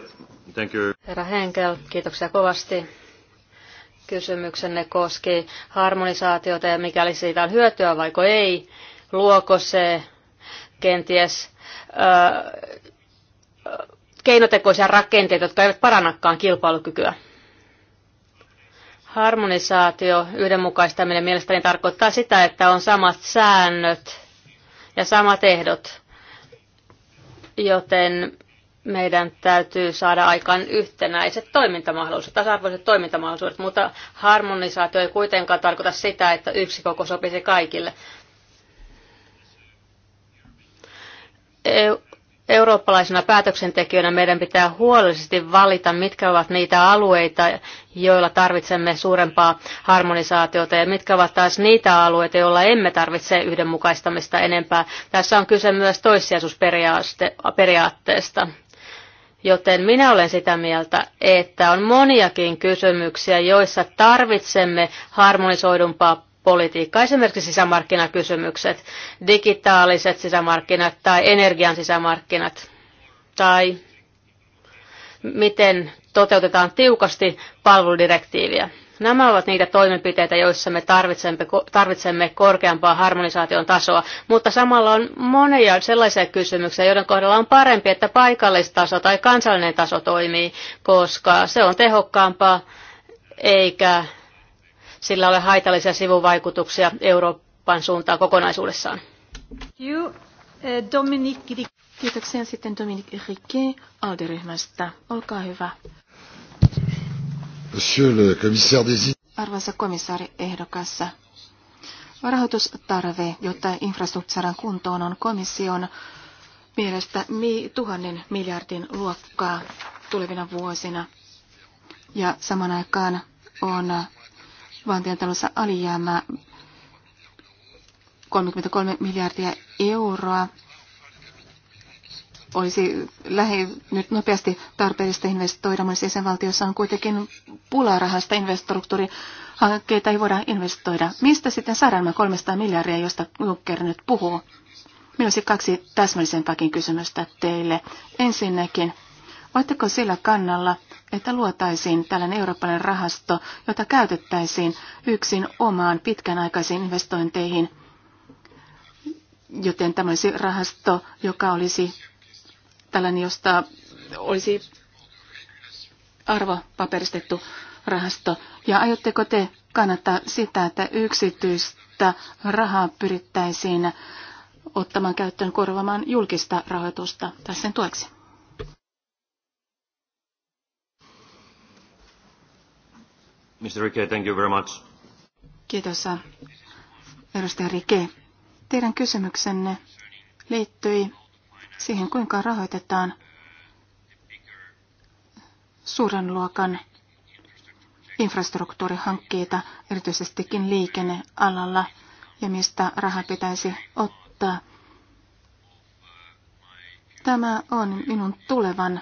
thank you. Herra Henkel, kiitoksia kovasti. Kysymyksenne koski harmonisaatiota ja mikäli siitä on hyötyä vaiko ei, luoko se kenties äh, keinotekoisia rakenteita, jotka eivät parannakaan kilpailukykyä. Harmonisaatio, yhdenmukaistaminen mielestäni tarkoittaa sitä, että on samat säännöt ja samat ehdot, joten meidän täytyy saada aikaan yhtenäiset toimintamahdollisuudet, tasa-arvoiset toimintamahdollisuudet, mutta harmonisaatio ei kuitenkaan tarkoita sitä, että yksi koko sopisi kaikille eurooppalaisena päätöksentekijöinä meidän pitää huolellisesti valita, mitkä ovat niitä alueita, joilla tarvitsemme suurempaa harmonisaatiota ja mitkä ovat taas niitä alueita, joilla emme tarvitse yhdenmukaistamista enempää. Tässä on kyse myös toissijaisuusperiaatteesta. Joten minä olen sitä mieltä, että on moniakin kysymyksiä, joissa tarvitsemme harmonisoidumpaa politiikkaa, esimerkiksi sisämarkkinakysymykset, digitaaliset sisämarkkinat tai energian sisämarkkinat tai miten toteutetaan tiukasti palveludirektiiviä. Nämä ovat niitä toimenpiteitä, joissa me tarvitsemme, tarvitsemme korkeampaa harmonisaation tasoa, mutta samalla on monia sellaisia kysymyksiä, joiden kohdalla on parempi, että paikallistaso tai kansallinen taso toimii, koska se on tehokkaampaa eikä sillä ole haitallisia sivuvaikutuksia Euroopan suuntaan kokonaisuudessaan. Eh, Kiitoksia sitten Dominik Riquet ALDE-ryhmästä. Olkaa hyvä. Arvoisa komissaari ehdokassa. Rahoitustarve, jotta infrastruktuurin kuntoon on komission mielestä tuhannen miljardin luokkaa tulevina vuosina. Ja saman aikaan on valtion talossa alijäämää 33 miljardia euroa olisi lähi nyt nopeasti tarpeellista investoida. Monissa jäsenvaltioissa on kuitenkin pulaa rahasta infrastruktuurihankkeita ei voida investoida. Mistä sitten saadaan nämä 300 miljardia, josta Juncker nyt puhuu? Minulla olisi kaksi täsmällisempääkin kysymystä teille. Ensinnäkin, oletteko sillä kannalla, että luotaisiin tällainen eurooppalainen rahasto, jota käytettäisiin yksin omaan pitkänaikaisiin investointeihin. Joten tämä olisi rahasto, joka olisi tällainen, josta olisi arvopaperistettu rahasto. Ja aiotteko te kannattaa sitä, että yksityistä rahaa pyrittäisiin ottamaan käyttöön korvamaan julkista rahoitusta tässä sen tueksi? edustaja Rike. Teidän kysymyksenne liittyi siihen, kuinka rahoitetaan suuren luokan infrastruktuurihankkeita, erityisestikin liikennealalla, ja mistä raha pitäisi ottaa. Tämä on minun tulevan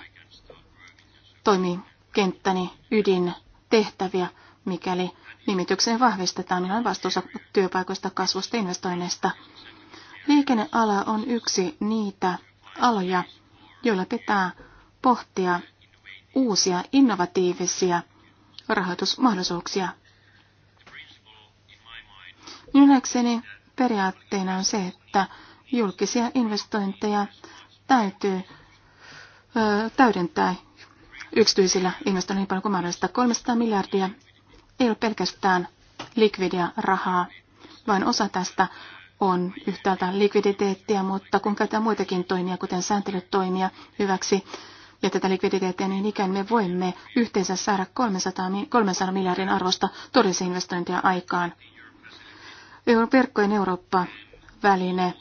toimikenttäni ydintehtäviä. tehtäviä mikäli nimitykseen vahvistetaan. ihan niin vastuussa työpaikoista, kasvusta, investoinneista. Liikenneala on yksi niitä aloja, joilla pitää pohtia uusia innovatiivisia rahoitusmahdollisuuksia. Minun periaatteena on se, että julkisia investointeja täytyy ö, täydentää yksityisillä investoinneilla niin paljon kuin mahdollista. 300 miljardia ei ole pelkästään likvidia rahaa, vaan osa tästä on yhtäältä likviditeettiä, mutta kun käytetään muitakin toimia, kuten sääntelytoimia hyväksi ja tätä likviditeettiä, niin ikään me voimme yhteensä saada 300, 300 miljardin arvosta todellisia investointeja aikaan. Verkkojen Eurooppa-väline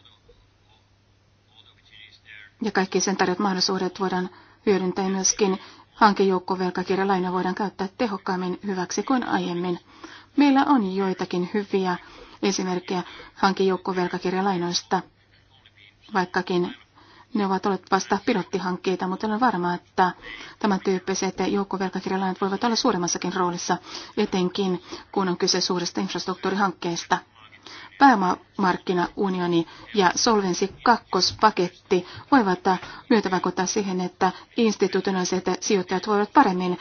ja kaikki sen tarjot mahdollisuudet voidaan hyödyntää myöskin hankejoukkovelkakirjalaina voidaan käyttää tehokkaammin hyväksi kuin aiemmin. Meillä on joitakin hyviä esimerkkejä hankejoukkovelkakirjalainoista, vaikkakin ne ovat olleet vasta pilottihankkeita, mutta olen varma, että tämän tyyppiset joukkovelkakirjalainat voivat olla suuremmassakin roolissa, etenkin kun on kyse suurista infrastruktuurihankkeista. Pääomamarkkinaunioni ja Solvensi 2 paketti voivat myötävaikuttaa siihen, että institutionaaliset sijoittajat voivat paremmin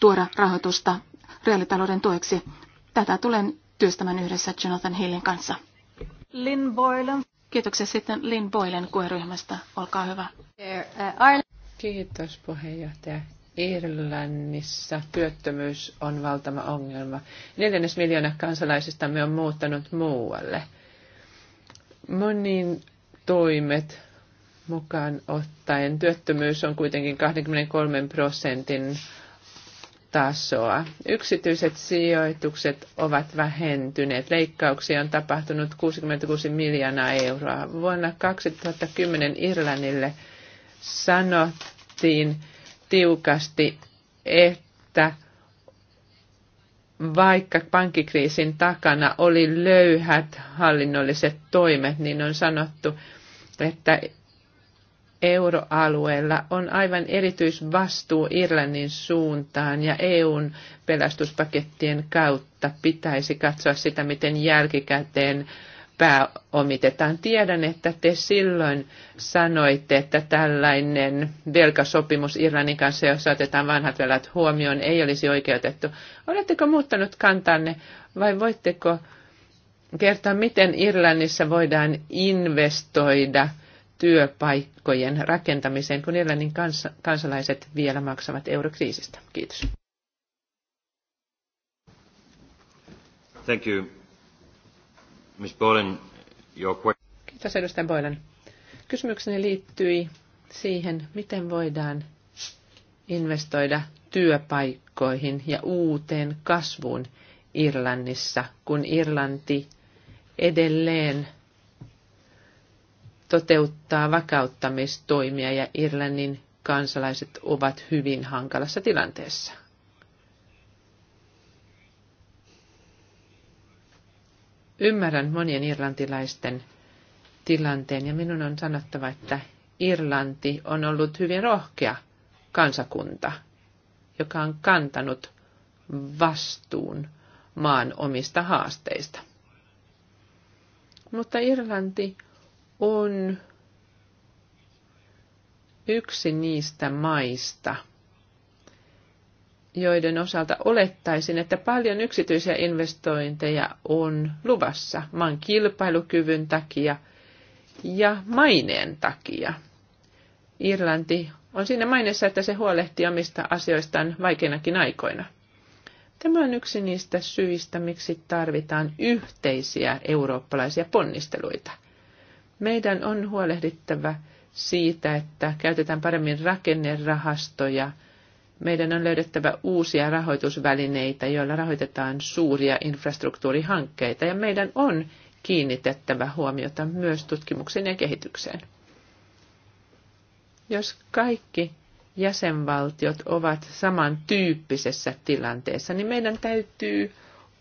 tuoda rahoitusta reaalitalouden tueksi. Tätä tulen työstämään yhdessä Jonathan Hillin kanssa. Lynn Boylan. Kiitoksia sitten Lynn Boylan kueryhmästä. Olkaa hyvä. Kiitos puheenjohtaja. Irlannissa työttömyys on valtava ongelma. Neljännes miljoona kansalaisistamme on muuttanut muualle. Monin toimet mukaan ottaen työttömyys on kuitenkin 23 prosentin tasoa. Yksityiset sijoitukset ovat vähentyneet. Leikkauksia on tapahtunut 66 miljoonaa euroa. Vuonna 2010 Irlannille sanottiin, tiukasti, että vaikka pankkikriisin takana oli löyhät hallinnolliset toimet, niin on sanottu, että euroalueella on aivan erityisvastuu Irlannin suuntaan ja EUn pelastuspakettien kautta pitäisi katsoa sitä, miten jälkikäteen äh, pääomitetaan. Tiedän, että te silloin sanoitte, että tällainen velkasopimus Irlannin kanssa, jossa otetaan vanhat velat huomioon, ei olisi oikeutettu. Oletteko muuttanut kantanne vai voitteko kertoa, miten Irlannissa voidaan investoida työpaikkojen rakentamiseen, kun Irlannin kans- kansalaiset vielä maksavat eurokriisistä? Kiitos. Thank you. Miss Boylan, your question. Kiitos edustaja Boylan. Kysymykseni liittyi siihen, miten voidaan investoida työpaikkoihin ja uuteen kasvuun Irlannissa, kun Irlanti edelleen toteuttaa vakauttamistoimia ja Irlannin kansalaiset ovat hyvin hankalassa tilanteessa. Ymmärrän monien irlantilaisten tilanteen ja minun on sanottava, että Irlanti on ollut hyvin rohkea kansakunta, joka on kantanut vastuun maan omista haasteista. Mutta Irlanti on yksi niistä maista – joiden osalta olettaisin, että paljon yksityisiä investointeja on luvassa maan kilpailukyvyn takia ja maineen takia. Irlanti on siinä mainessa, että se huolehtii omista asioistaan vaikeinakin aikoina. Tämä on yksi niistä syistä, miksi tarvitaan yhteisiä eurooppalaisia ponnisteluita. Meidän on huolehdittava siitä, että käytetään paremmin rakennerahastoja – meidän on löydettävä uusia rahoitusvälineitä, joilla rahoitetaan suuria infrastruktuurihankkeita ja meidän on kiinnitettävä huomiota myös tutkimukseen ja kehitykseen. Jos kaikki jäsenvaltiot ovat samantyyppisessä tilanteessa, niin meidän täytyy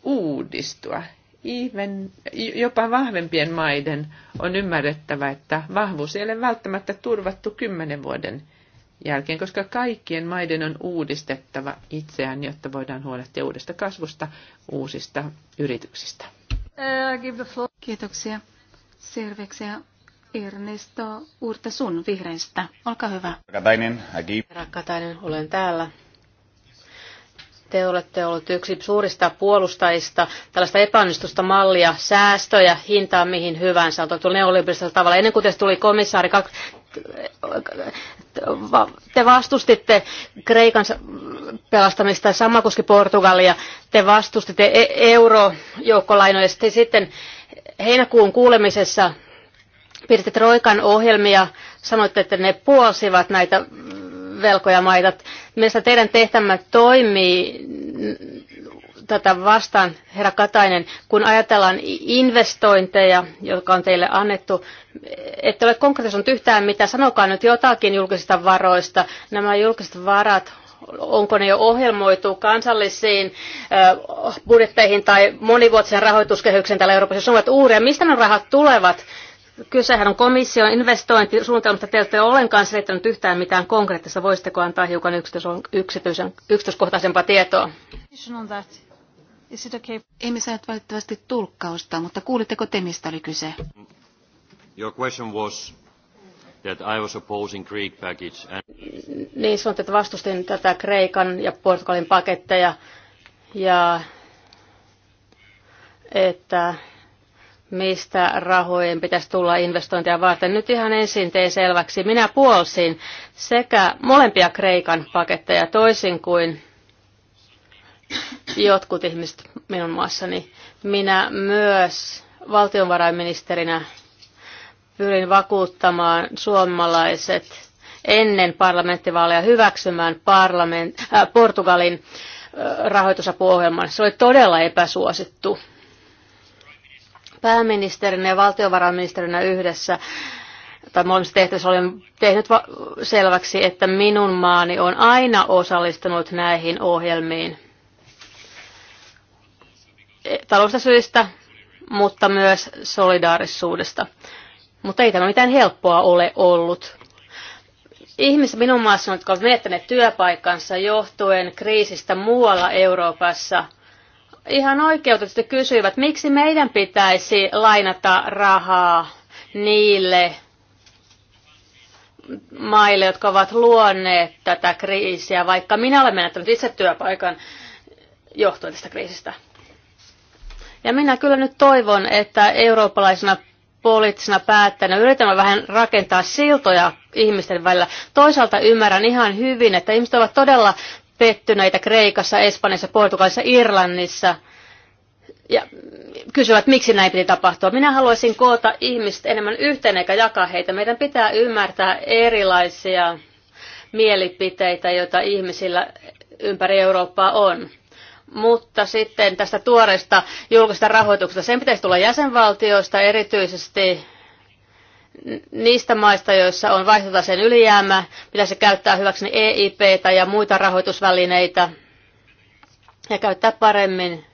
uudistua. Even, jopa vahvempien maiden on ymmärrettävä, että vahvuus ei ole välttämättä turvattu kymmenen vuoden jälkeen, koska kaikkien maiden on uudistettava itseään, jotta voidaan huolehtia uudesta kasvusta, uusista yrityksistä. Kiitoksia. Selveksiä Ernesto Urte sun vihreistä. Olkaa hyvä. Katainen, Katainen, olen täällä. Te olette ollut yksi suurista puolustajista, tällaista epäonnistusta mallia, säästöjä, hintaa mihin hyvänsä. Olette tuotu neoliberalistisella tavalla. Ennen kuin teistä tuli komissaari te vastustitte Kreikan pelastamista, sama koski Portugalia, te vastustitte e- eurojoukkolainoja, sitten, sitten heinäkuun kuulemisessa piditte Troikan ohjelmia, sanoitte, että ne puolsivat näitä velkoja maita. Mielestäni teidän tehtävänne toimii tätä vastaan, herra Katainen, kun ajatellaan investointeja, jotka on teille annettu, että ole konkreettisesti yhtään mitä, sanokaa nyt jotakin julkisista varoista. Nämä julkiset varat, onko ne jo ohjelmoitu kansallisiin budjetteihin tai monivuotisen rahoituskehyksen täällä Euroopassa, jos ovat uuria, mistä ne rahat tulevat? Kysehän on komission investointisuunnitelmasta, te ette ole ollenkaan selittänyt yhtään mitään konkreettista. Voisitteko antaa hiukan yksityiskohtaisempaa tietoa? Is it okay? Emme saa valitettavasti tulkkausta, mutta kuulitteko te, mistä oli kyse? Your question was that I was opposing Greek package and... Niin sanot, että vastustin tätä Kreikan ja Portugalin paketteja ja että mistä rahojen pitäisi tulla investointia varten. Nyt ihan ensin tein selväksi. Minä puolsin sekä molempia Kreikan paketteja toisin kuin jotkut ihmiset minun maassani. Minä myös valtionvarainministerinä pyrin vakuuttamaan suomalaiset ennen parlamenttivaaleja hyväksymään parlament, äh, Portugalin äh, rahoitusapuohjelman. Se oli todella epäsuosittu. Pääministerinä ja valtiovarainministerinä yhdessä tai molemmissa tehtävissä olen tehnyt selväksi, että minun maani on aina osallistunut näihin ohjelmiin taloudellisista syistä, mutta myös solidaarisuudesta. Mutta ei tämä mitään helppoa ole ollut. Ihmiset minun maassa, jotka ovat menettäneet työpaikkansa johtuen kriisistä muualla Euroopassa, ihan oikeutetusti kysyivät, miksi meidän pitäisi lainata rahaa niille maille, jotka ovat luonneet tätä kriisiä, vaikka minä olen menettänyt itse työpaikan johtuen tästä kriisistä. Ja minä kyllä nyt toivon, että eurooppalaisena poliittisena päättäjänä yritämme vähän rakentaa siltoja ihmisten välillä. Toisaalta ymmärrän ihan hyvin, että ihmiset ovat todella pettyneitä Kreikassa, Espanjassa, Portugalissa, Irlannissa ja kysyvät, miksi näin piti tapahtua. Minä haluaisin koota ihmiset enemmän yhteen eikä jakaa heitä. Meidän pitää ymmärtää erilaisia mielipiteitä, joita ihmisillä ympäri Eurooppaa on mutta sitten tästä tuoreesta julkisesta rahoituksesta. Sen pitäisi tulla jäsenvaltioista, erityisesti niistä maista, joissa on vaihtotaseen ylijäämä, pitäisi käyttää hyväksi EIPtä ja muita rahoitusvälineitä ja käyttää paremmin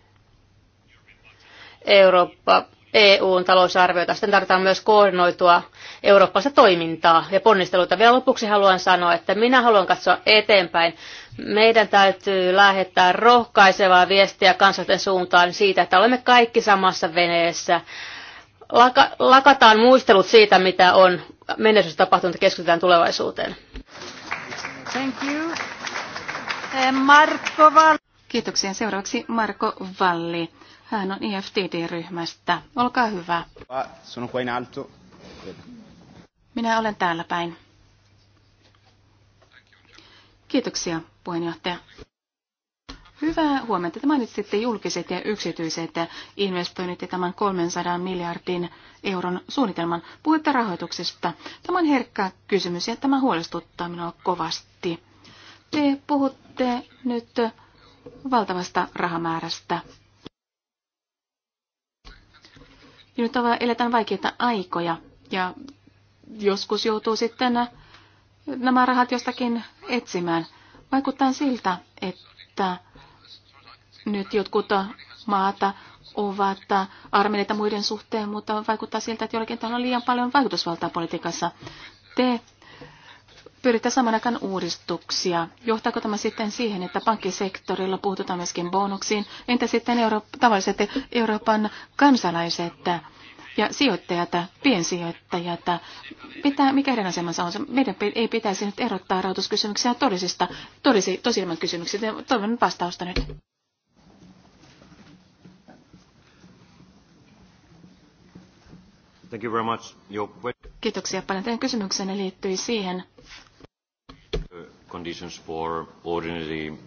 Eurooppa EUn talousarviota. Sitten tarvitaan myös koordinoitua Euroopassa toimintaa ja ponnisteluita. Vielä lopuksi haluan sanoa, että minä haluan katsoa eteenpäin. Meidän täytyy lähettää rohkaisevaa viestiä kansalaisten suuntaan siitä, että olemme kaikki samassa veneessä. Laka- lakataan muistelut siitä, mitä on menneisyys tapahtunut ja keskitytään tulevaisuuteen. Thank you. Eh, Marko Val- Kiitoksia. Seuraavaksi Marko Valli. Hän on IFTD-ryhmästä. E Olkaa hyvä. Sono qua in alto. Minä olen täällä päin. Kiitoksia, puheenjohtaja. Hyvää huomenta. Te mainitsitte julkiset ja yksityiset investoinnit ja tämän 300 miljardin euron suunnitelman. Puhutte rahoituksesta. Tämä on herkkä kysymys ja tämä huolestuttaa minua kovasti. Te puhutte nyt valtavasta rahamäärästä nyt eletään vaikeita aikoja ja joskus joutuu sitten äh, nämä rahat jostakin etsimään. Vaikuttaa siltä, että nyt jotkut maata ovat armeneita muiden suhteen, mutta vaikuttaa siltä, että jollakin taholla on liian paljon vaikutusvaltaa politiikassa. Te pyritään saman aikaan uudistuksia. Johtaako tämä sitten siihen, että pankkisektorilla puututaan myöskin bonuksiin? Entä sitten Euro- tavalliset Euroopan kansalaiset ja sijoittajat, piensijoittajat? Pitää, mikä heidän asemansa on? Meidän ei pitäisi nyt erottaa rahoituskysymyksiä todisista, todisi, tosilman kysymyksistä. Toivon vastausta nyt. Thank you very much. Kiitoksia paljon. Teidän kysymyksenne liittyi siihen, conditions for ordinary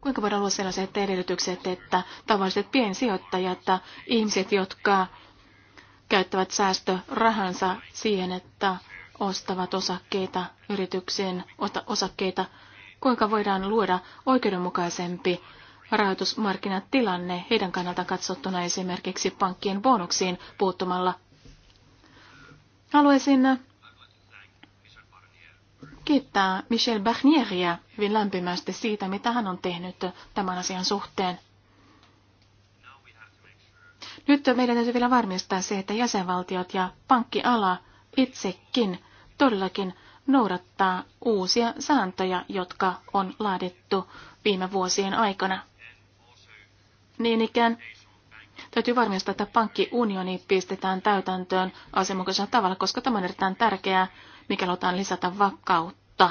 Kuinka voidaan luoda sellaiset edellytykset, että tavalliset piensijoittajat, ihmiset, jotka käyttävät säästörahansa siihen, että ostavat osakkeita yritykseen, osta osakkeita, kuinka voidaan luoda oikeudenmukaisempi rahoitusmarkkinatilanne heidän kannaltaan katsottuna esimerkiksi pankkien bonuksiin puuttumalla. Haluaisin kiittää Michel Barnieria hyvin lämpimästi siitä, mitä hän on tehnyt tämän asian suhteen. Nyt meidän täytyy vielä varmistaa se, että jäsenvaltiot ja pankkiala itsekin todellakin noudattaa uusia sääntöjä, jotka on laadittu viime vuosien aikana. Niin ikään Täytyy varmistaa, että pankkiunioni pistetään täytäntöön asianmukaisella tavalla, koska tämä on erittäin tärkeää, mikä halutaan lisätä vakautta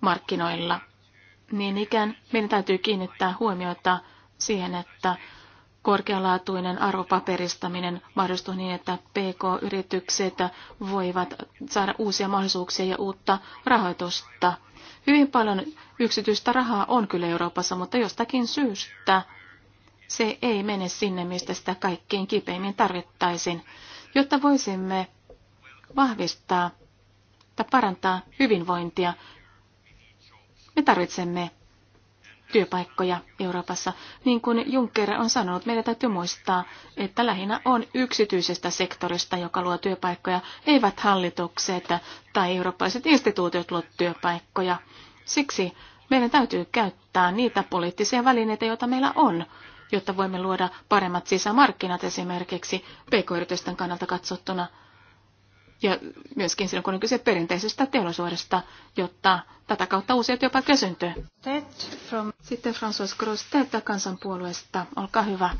markkinoilla. Niin ikään meidän täytyy kiinnittää huomiota siihen, että korkealaatuinen arvopaperistaminen mahdollistuu niin, että PK-yritykset voivat saada uusia mahdollisuuksia ja uutta rahoitusta. Hyvin paljon yksityistä rahaa on kyllä Euroopassa, mutta jostakin syystä se ei mene sinne, mistä sitä kaikkein kipeimmin tarvittaisiin, jotta voisimme vahvistaa tai parantaa hyvinvointia. Me tarvitsemme työpaikkoja Euroopassa. Niin kuin Juncker on sanonut, meidän täytyy muistaa, että lähinnä on yksityisestä sektorista, joka luo työpaikkoja, eivät hallitukset tai eurooppalaiset instituutiot luo työpaikkoja. Siksi meidän täytyy käyttää niitä poliittisia välineitä, joita meillä on jotta voimme luoda paremmat sisämarkkinat esimerkiksi pk-yritysten kannalta katsottuna. Ja myöskin silloin, kun on kyse perinteisestä teollisuudesta, jotta tätä kautta uusia työpaikkoja syntyy. Sitten François Grostet kansanpuolueesta. Olkaa hyvä.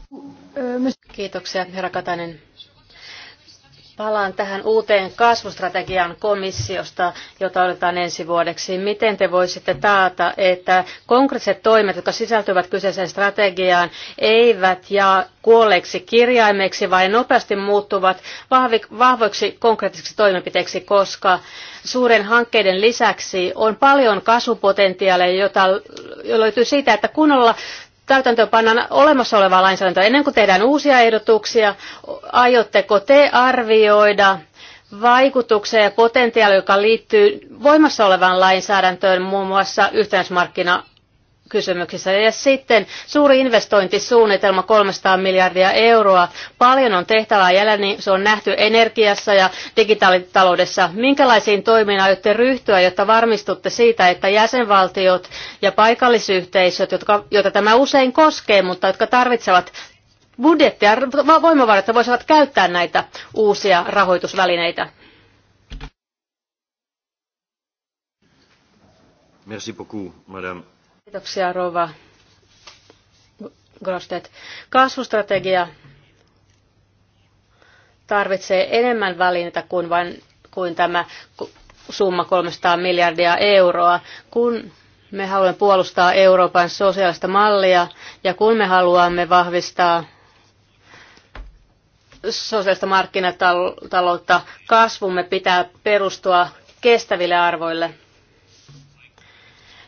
Kiitoksia, herra Katainen. Palaan tähän uuteen kasvustrategian komissiosta, jota odotetaan ensi vuodeksi. Miten te voisitte taata, että konkreettiset toimet, jotka sisältyvät kyseiseen strategiaan, eivät jää kuolleiksi kirjaimeksi vai nopeasti muuttuvat vahvoiksi konkreettisiksi toimenpiteiksi, koska suuren hankkeiden lisäksi on paljon kasvupotentiaalia, jota löytyy siitä, että kunnolla täytäntöönpannaan olemassa olevaa lainsäädäntöä. Ennen kuin tehdään uusia ehdotuksia, aiotteko te arvioida vaikutuksia ja potentiaalia, joka liittyy voimassa olevaan lainsäädäntöön, muun muassa yhtenäismarkkina kysymyksissä. Ja sitten suuri investointisuunnitelma 300 miljardia euroa. Paljon on tehtävää jäljellä, niin se on nähty energiassa ja digitaalitaloudessa. Minkälaisiin toimiin aiotte ryhtyä, jotta varmistutte siitä, että jäsenvaltiot ja paikallisyhteisöt, jotka, joita tämä usein koskee, mutta jotka tarvitsevat budjettia, voimavarat, voisivat käyttää näitä uusia rahoitusvälineitä? Merci beaucoup, madame. Kiitoksia Rova Grosted. Kasvustrategia tarvitsee enemmän välineitä kuin, vain, kuin tämä summa 300 miljardia euroa. Kun me haluamme puolustaa Euroopan sosiaalista mallia ja kun me haluamme vahvistaa sosiaalista markkinataloutta, kasvumme pitää perustua kestäville arvoille.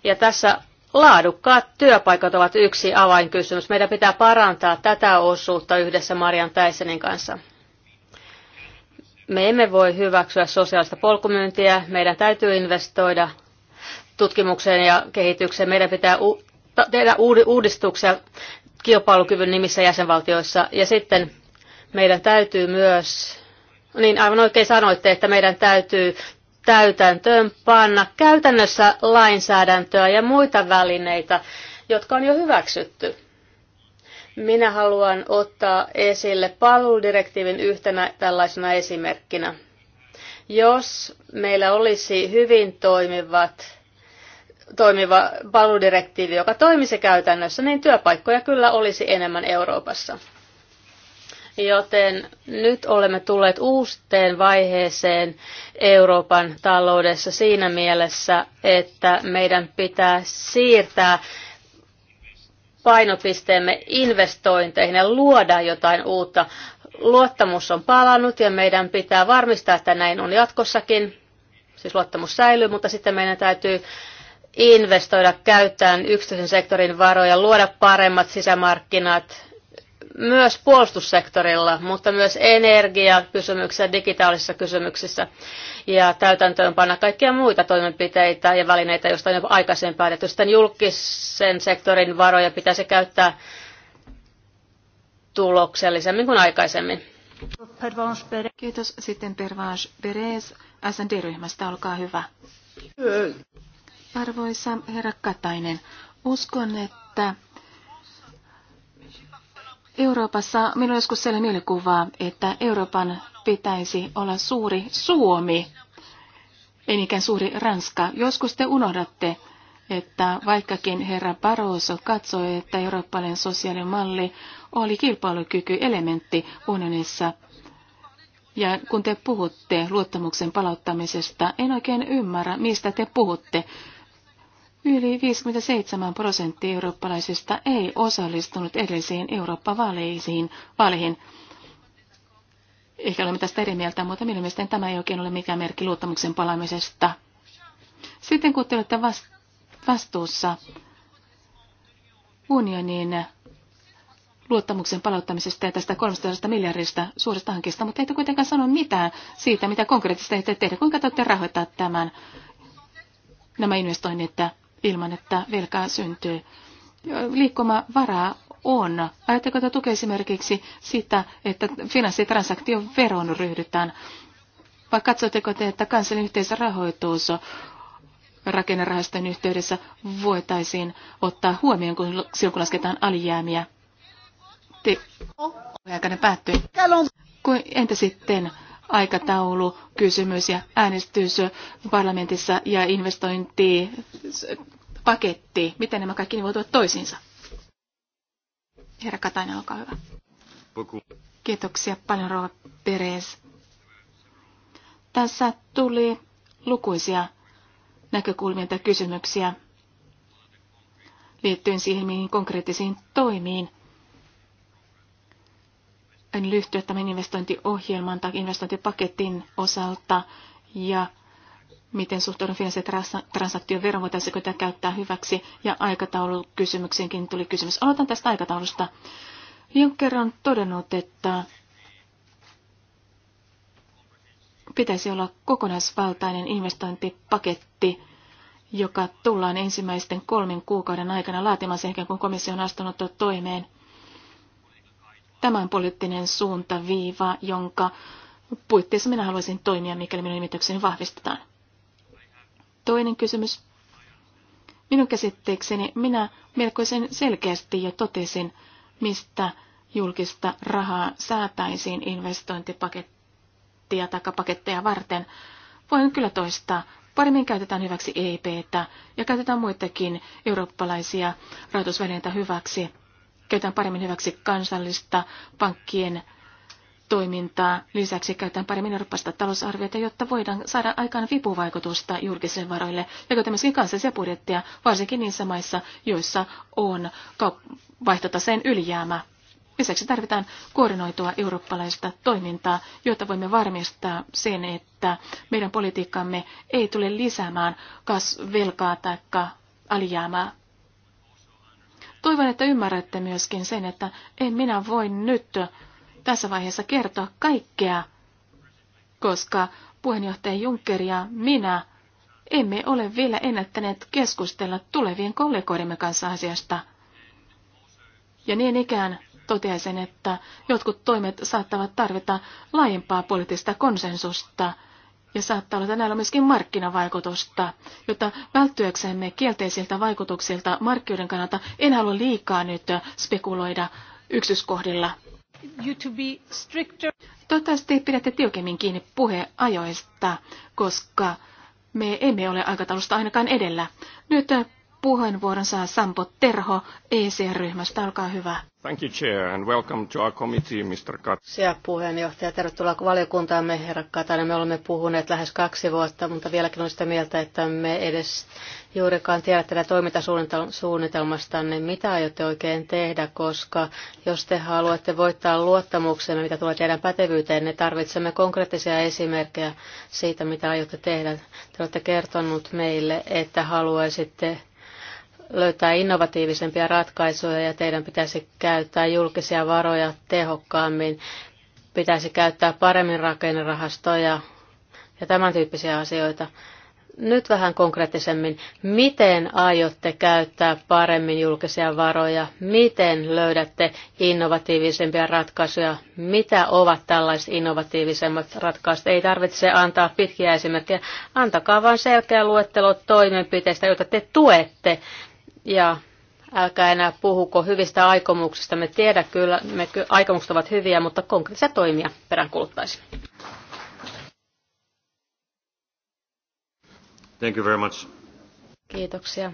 Ja tässä Laadukkaat työpaikat ovat yksi avainkysymys. Meidän pitää parantaa tätä osuutta yhdessä Marian Täisenin kanssa. Me emme voi hyväksyä sosiaalista polkumyyntiä. Meidän täytyy investoida tutkimukseen ja kehitykseen. Meidän pitää tehdä uudistuksia kilpailukyvyn nimissä jäsenvaltioissa. Ja sitten meidän täytyy myös, niin aivan oikein sanoitte, että meidän täytyy täytäntöön panna käytännössä lainsäädäntöä ja muita välineitä, jotka on jo hyväksytty. Minä haluan ottaa esille palveludirektiivin yhtenä tällaisena esimerkkinä. Jos meillä olisi hyvin toimivat, toimiva palveludirektiivi, joka toimisi käytännössä, niin työpaikkoja kyllä olisi enemmän Euroopassa. Joten nyt olemme tulleet uusteen vaiheeseen Euroopan taloudessa siinä mielessä, että meidän pitää siirtää painopisteemme investointeihin ja luoda jotain uutta. Luottamus on palannut ja meidän pitää varmistaa, että näin on jatkossakin. Siis luottamus säilyy, mutta sitten meidän täytyy investoida, käyttää yksityisen sektorin varoja, luoda paremmat sisämarkkinat, myös puolustussektorilla, mutta myös energiakysymyksissä, digitaalisissa kysymyksissä ja täytäntöönpanna kaikkia muita toimenpiteitä ja välineitä, joista on jo aikaisemmin päätetty. Sitten julkisen sektorin varoja pitäisi käyttää tuloksellisemmin kuin aikaisemmin. Kiitos. Sitten Pervange Perez SND-ryhmästä, olkaa hyvä. Arvoisa herra Katainen, uskon, että Euroopassa minulla joskus sellainen mielikuva, että Euroopan pitäisi olla suuri Suomi, ei suuri Ranska. Joskus te unohdatte, että vaikkakin herra Barroso katsoi, että eurooppalainen sosiaalimalli oli kilpailukykyelementti unionissa, ja kun te puhutte luottamuksen palauttamisesta, en oikein ymmärrä, mistä te puhutte. Yli 57 prosenttia eurooppalaisista ei osallistunut edellisiin Eurooppa-vaaleihin. Vaaleihin. Ehkä olemme tästä eri mieltä, mutta minun mielestäni tämä ei oikein ole mikään merkki luottamuksen palamisesta. Sitten kun te olette vastuussa unionin luottamuksen palauttamisesta ja tästä 13 miljardista suuresta hankkeesta, mutta ette kuitenkaan sano mitään siitä, mitä konkreettisesti ette tehdä. Kuinka te olette rahoittaa tämän, nämä investoinnit ilman, että velkaa syntyy. Liikkumavaraa on. Ajatteko te tukea esimerkiksi sitä, että finanssitransaktion veron ryhdytään? Vai katsotteko te, että kansallinen yhteisrahoitus rakennerahastojen yhteydessä voitaisiin ottaa huomioon, kun silloin kun lasketaan alijäämiä? Te... Aikana päättyi. entä sitten aikataulu, kysymys ja äänestys parlamentissa ja investointipaketti, miten nämä kaikki nivoutuvat toisiinsa? Herra Katainen, olkaa hyvä. Kiitoksia paljon, Rova Perez. Tässä tuli lukuisia näkökulmia tai kysymyksiä liittyen siihen, mihin konkreettisiin toimiin en lyhtyä tämän investointiohjelman tai investointipaketin osalta ja miten suhtaudun finanssitransaktioveron, voitaisiinko tämä käyttää hyväksi, ja aikataulukysymykseenkin tuli kysymys. Aloitan tästä aikataulusta. Juncker on todennut, että pitäisi olla kokonaisvaltainen investointipaketti, joka tullaan ensimmäisten kolmen kuukauden aikana laatimaan sen kun komissio on astunut toimeen – tämän poliittinen suuntaviiva, jonka puitteissa minä haluaisin toimia, mikäli minun nimitykseni vahvistetaan. Toinen kysymys. Minun käsitteekseni minä melkoisen selkeästi jo totesin, mistä julkista rahaa saataisiin investointipakettia tai paketteja varten. Voin kyllä toistaa. Paremmin käytetään hyväksi EIPtä ja käytetään muitakin eurooppalaisia rahoitusvälineitä hyväksi käytetään paremmin hyväksi kansallista pankkien toimintaa. Lisäksi käytetään paremmin eurooppaista talousarviota, jotta voidaan saada aikaan vipuvaikutusta julkisille varoille ja käytetään myöskin kansallisia budjetteja, varsinkin niissä maissa, joissa on vaihtotaseen ylijäämä. Lisäksi tarvitaan koordinoitua eurooppalaista toimintaa, jotta voimme varmistaa sen, että meidän politiikkamme ei tule lisäämään kasvelkaa tai alijäämää Toivon, että ymmärrätte myöskin sen, että en minä voi nyt tässä vaiheessa kertoa kaikkea, koska puheenjohtaja Juncker ja minä emme ole vielä ennättäneet keskustella tulevien kollegoidemme kanssa asiasta. Ja niin ikään toteaisin, että jotkut toimet saattavat tarvita laajempaa poliittista konsensusta – ja saattaa olla, että näillä on myöskin markkinavaikutusta, jotta välttyäksemme kielteisiltä vaikutuksilta markkinoiden kannalta en halua liikaa nyt spekuloida yksityiskohdilla. Toivottavasti pidätte tiukemmin kiinni puheajoista, koska me emme ole aikataulusta ainakaan edellä. Nyt puheenvuoron saa Sampo Terho ECR-ryhmästä. Olkaa hyvä. Thank you, Chair, and welcome to our committee, Mr. Katainen. puheenjohtaja, tervetuloa valiokuntaamme, herra Katainen. Me olemme puhuneet lähes kaksi vuotta, mutta vieläkin on sitä mieltä, että me edes juurikaan tiedä tätä toimintasuunnitelmasta, niin mitä aiotte oikein tehdä, koska jos te haluatte voittaa luottamuksemme, mitä tulee teidän pätevyyteen, niin tarvitsemme konkreettisia esimerkkejä siitä, mitä aiotte tehdä. Te olette kertonut meille, että haluaisitte löytää innovatiivisempia ratkaisuja ja teidän pitäisi käyttää julkisia varoja tehokkaammin, pitäisi käyttää paremmin rakennerahastoja ja tämän tyyppisiä asioita. Nyt vähän konkreettisemmin, miten aiotte käyttää paremmin julkisia varoja, miten löydätte innovatiivisempia ratkaisuja, mitä ovat tällaiset innovatiivisemmat ratkaisut. Ei tarvitse antaa pitkiä esimerkkejä, antakaa vain selkeä luettelo toimenpiteistä, joita te tuette ja älkää enää puhuko hyvistä aikomuksista. Me tiedä kyllä, me aikomukset ovat hyviä, mutta konkreettisia toimia peräänkuluttaisin. Thank you very much. Kiitoksia.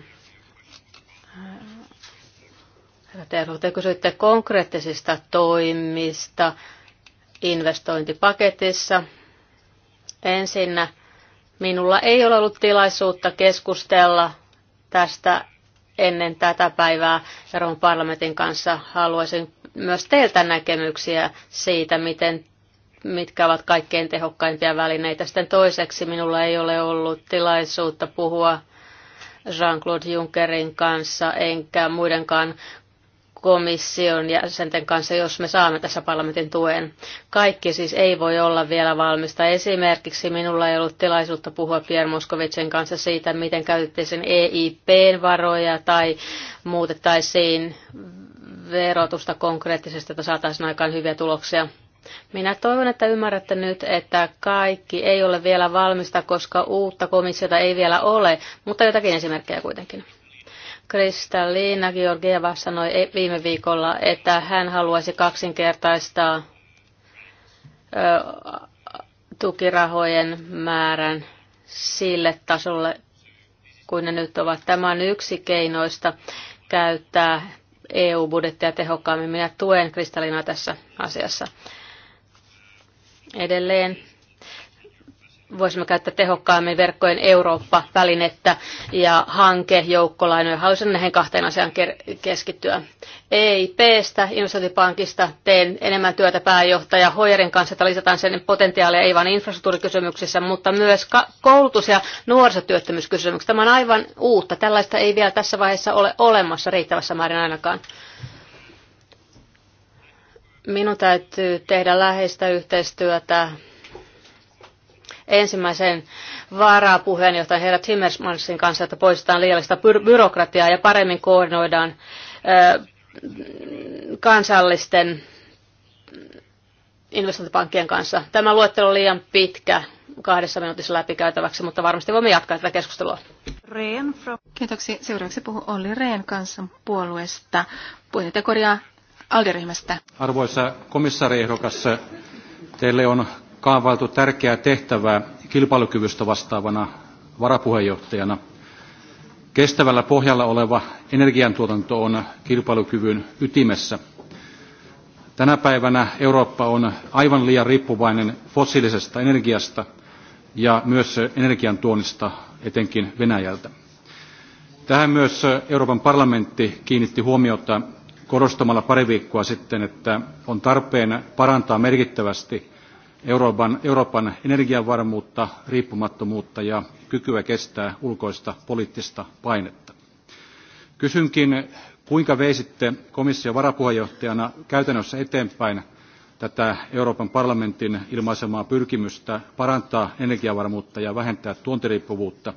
Herra Terho, te kysyitte konkreettisista toimista investointipaketissa. Ensinnä minulla ei ole ollut tilaisuutta keskustella tästä ennen tätä päivää Euroopan parlamentin kanssa. Haluaisin myös teiltä näkemyksiä siitä, miten mitkä ovat kaikkein tehokkaimpia välineitä. Sitten toiseksi minulla ei ole ollut tilaisuutta puhua Jean-Claude Junckerin kanssa enkä muidenkaan komission jäsenten kanssa, jos me saamme tässä parlamentin tuen. Kaikki siis ei voi olla vielä valmista. Esimerkiksi minulla ei ollut tilaisuutta puhua Pierre Moskovitsen kanssa siitä, miten käytettäisiin eip e varoja tai muutettaisiin verotusta konkreettisesti, että saataisiin aikaan hyviä tuloksia. Minä toivon, että ymmärrätte nyt, että kaikki ei ole vielä valmista, koska uutta komissiota ei vielä ole, mutta jotakin esimerkkejä kuitenkin. Kristalina Georgieva sanoi e- viime viikolla, että hän haluaisi kaksinkertaistaa tukirahojen määrän sille tasolle, kuin ne nyt ovat. Tämä on yksi keinoista käyttää EU-budjettia tehokkaammin. Minä tuen Kristalina tässä asiassa. Edelleen voisimme käyttää tehokkaammin verkkojen Eurooppa-välinettä ja hanke joukkolainoja. Haluaisin näihin kahteen asiaan keskittyä. EIPstä, investointipankista, teen enemmän työtä pääjohtaja Hoijerin kanssa, että lisätään sen potentiaalia ei vain infrastruktuurikysymyksissä, mutta myös koulutus- ja nuorisotyöttömyyskysymyksissä. Tämä on aivan uutta. Tällaista ei vielä tässä vaiheessa ole olemassa riittävässä määrin ainakaan. Minun täytyy tehdä läheistä yhteistyötä ensimmäisen varapuheenjohtajan herra Timmermansin kanssa, että poistetaan liiallista by- byrokratiaa ja paremmin koordinoidaan ö, kansallisten investointipankkien kanssa. Tämä luettelo on liian pitkä kahdessa minuutissa läpikäytäväksi, mutta varmasti voimme jatkaa tätä keskustelua. Kiitoksia. Seuraavaksi puhuu Olli Rehn puolueesta. Puheenjohtaja korjaa Alderyhmästä. Arvoisa komissaariehdokas, teille on kaavailtu tärkeää tehtävää kilpailukyvystä vastaavana varapuheenjohtajana. Kestävällä pohjalla oleva energiantuotanto on kilpailukyvyn ytimessä. Tänä päivänä Eurooppa on aivan liian riippuvainen fossiilisesta energiasta ja myös energiantuonnista, etenkin Venäjältä. Tähän myös Euroopan parlamentti kiinnitti huomiota korostamalla pari viikkoa sitten, että on tarpeen parantaa merkittävästi Euroopan, Euroopan energiavarmuutta, riippumattomuutta ja kykyä kestää ulkoista poliittista painetta. Kysynkin, kuinka veisitte komission varapuheenjohtajana käytännössä eteenpäin tätä Euroopan parlamentin ilmaisemaa pyrkimystä parantaa energiavarmuutta ja vähentää tuontiriippuvuutta.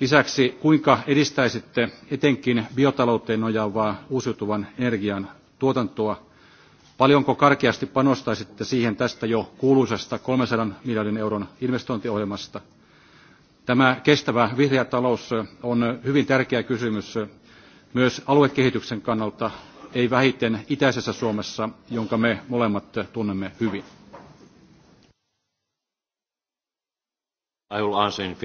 Lisäksi, kuinka edistäisitte etenkin biotalouteen nojaavaa uusiutuvan energian tuotantoa Paljonko karkeasti panostaisitte siihen tästä jo kuuluisasta 300 miljardin euron investointiohjelmasta? Tämä kestävä vihreä talous on hyvin tärkeä kysymys myös aluekehityksen kannalta, ei vähiten itäisessä Suomessa, jonka me molemmat tunnemme hyvin. I will answer in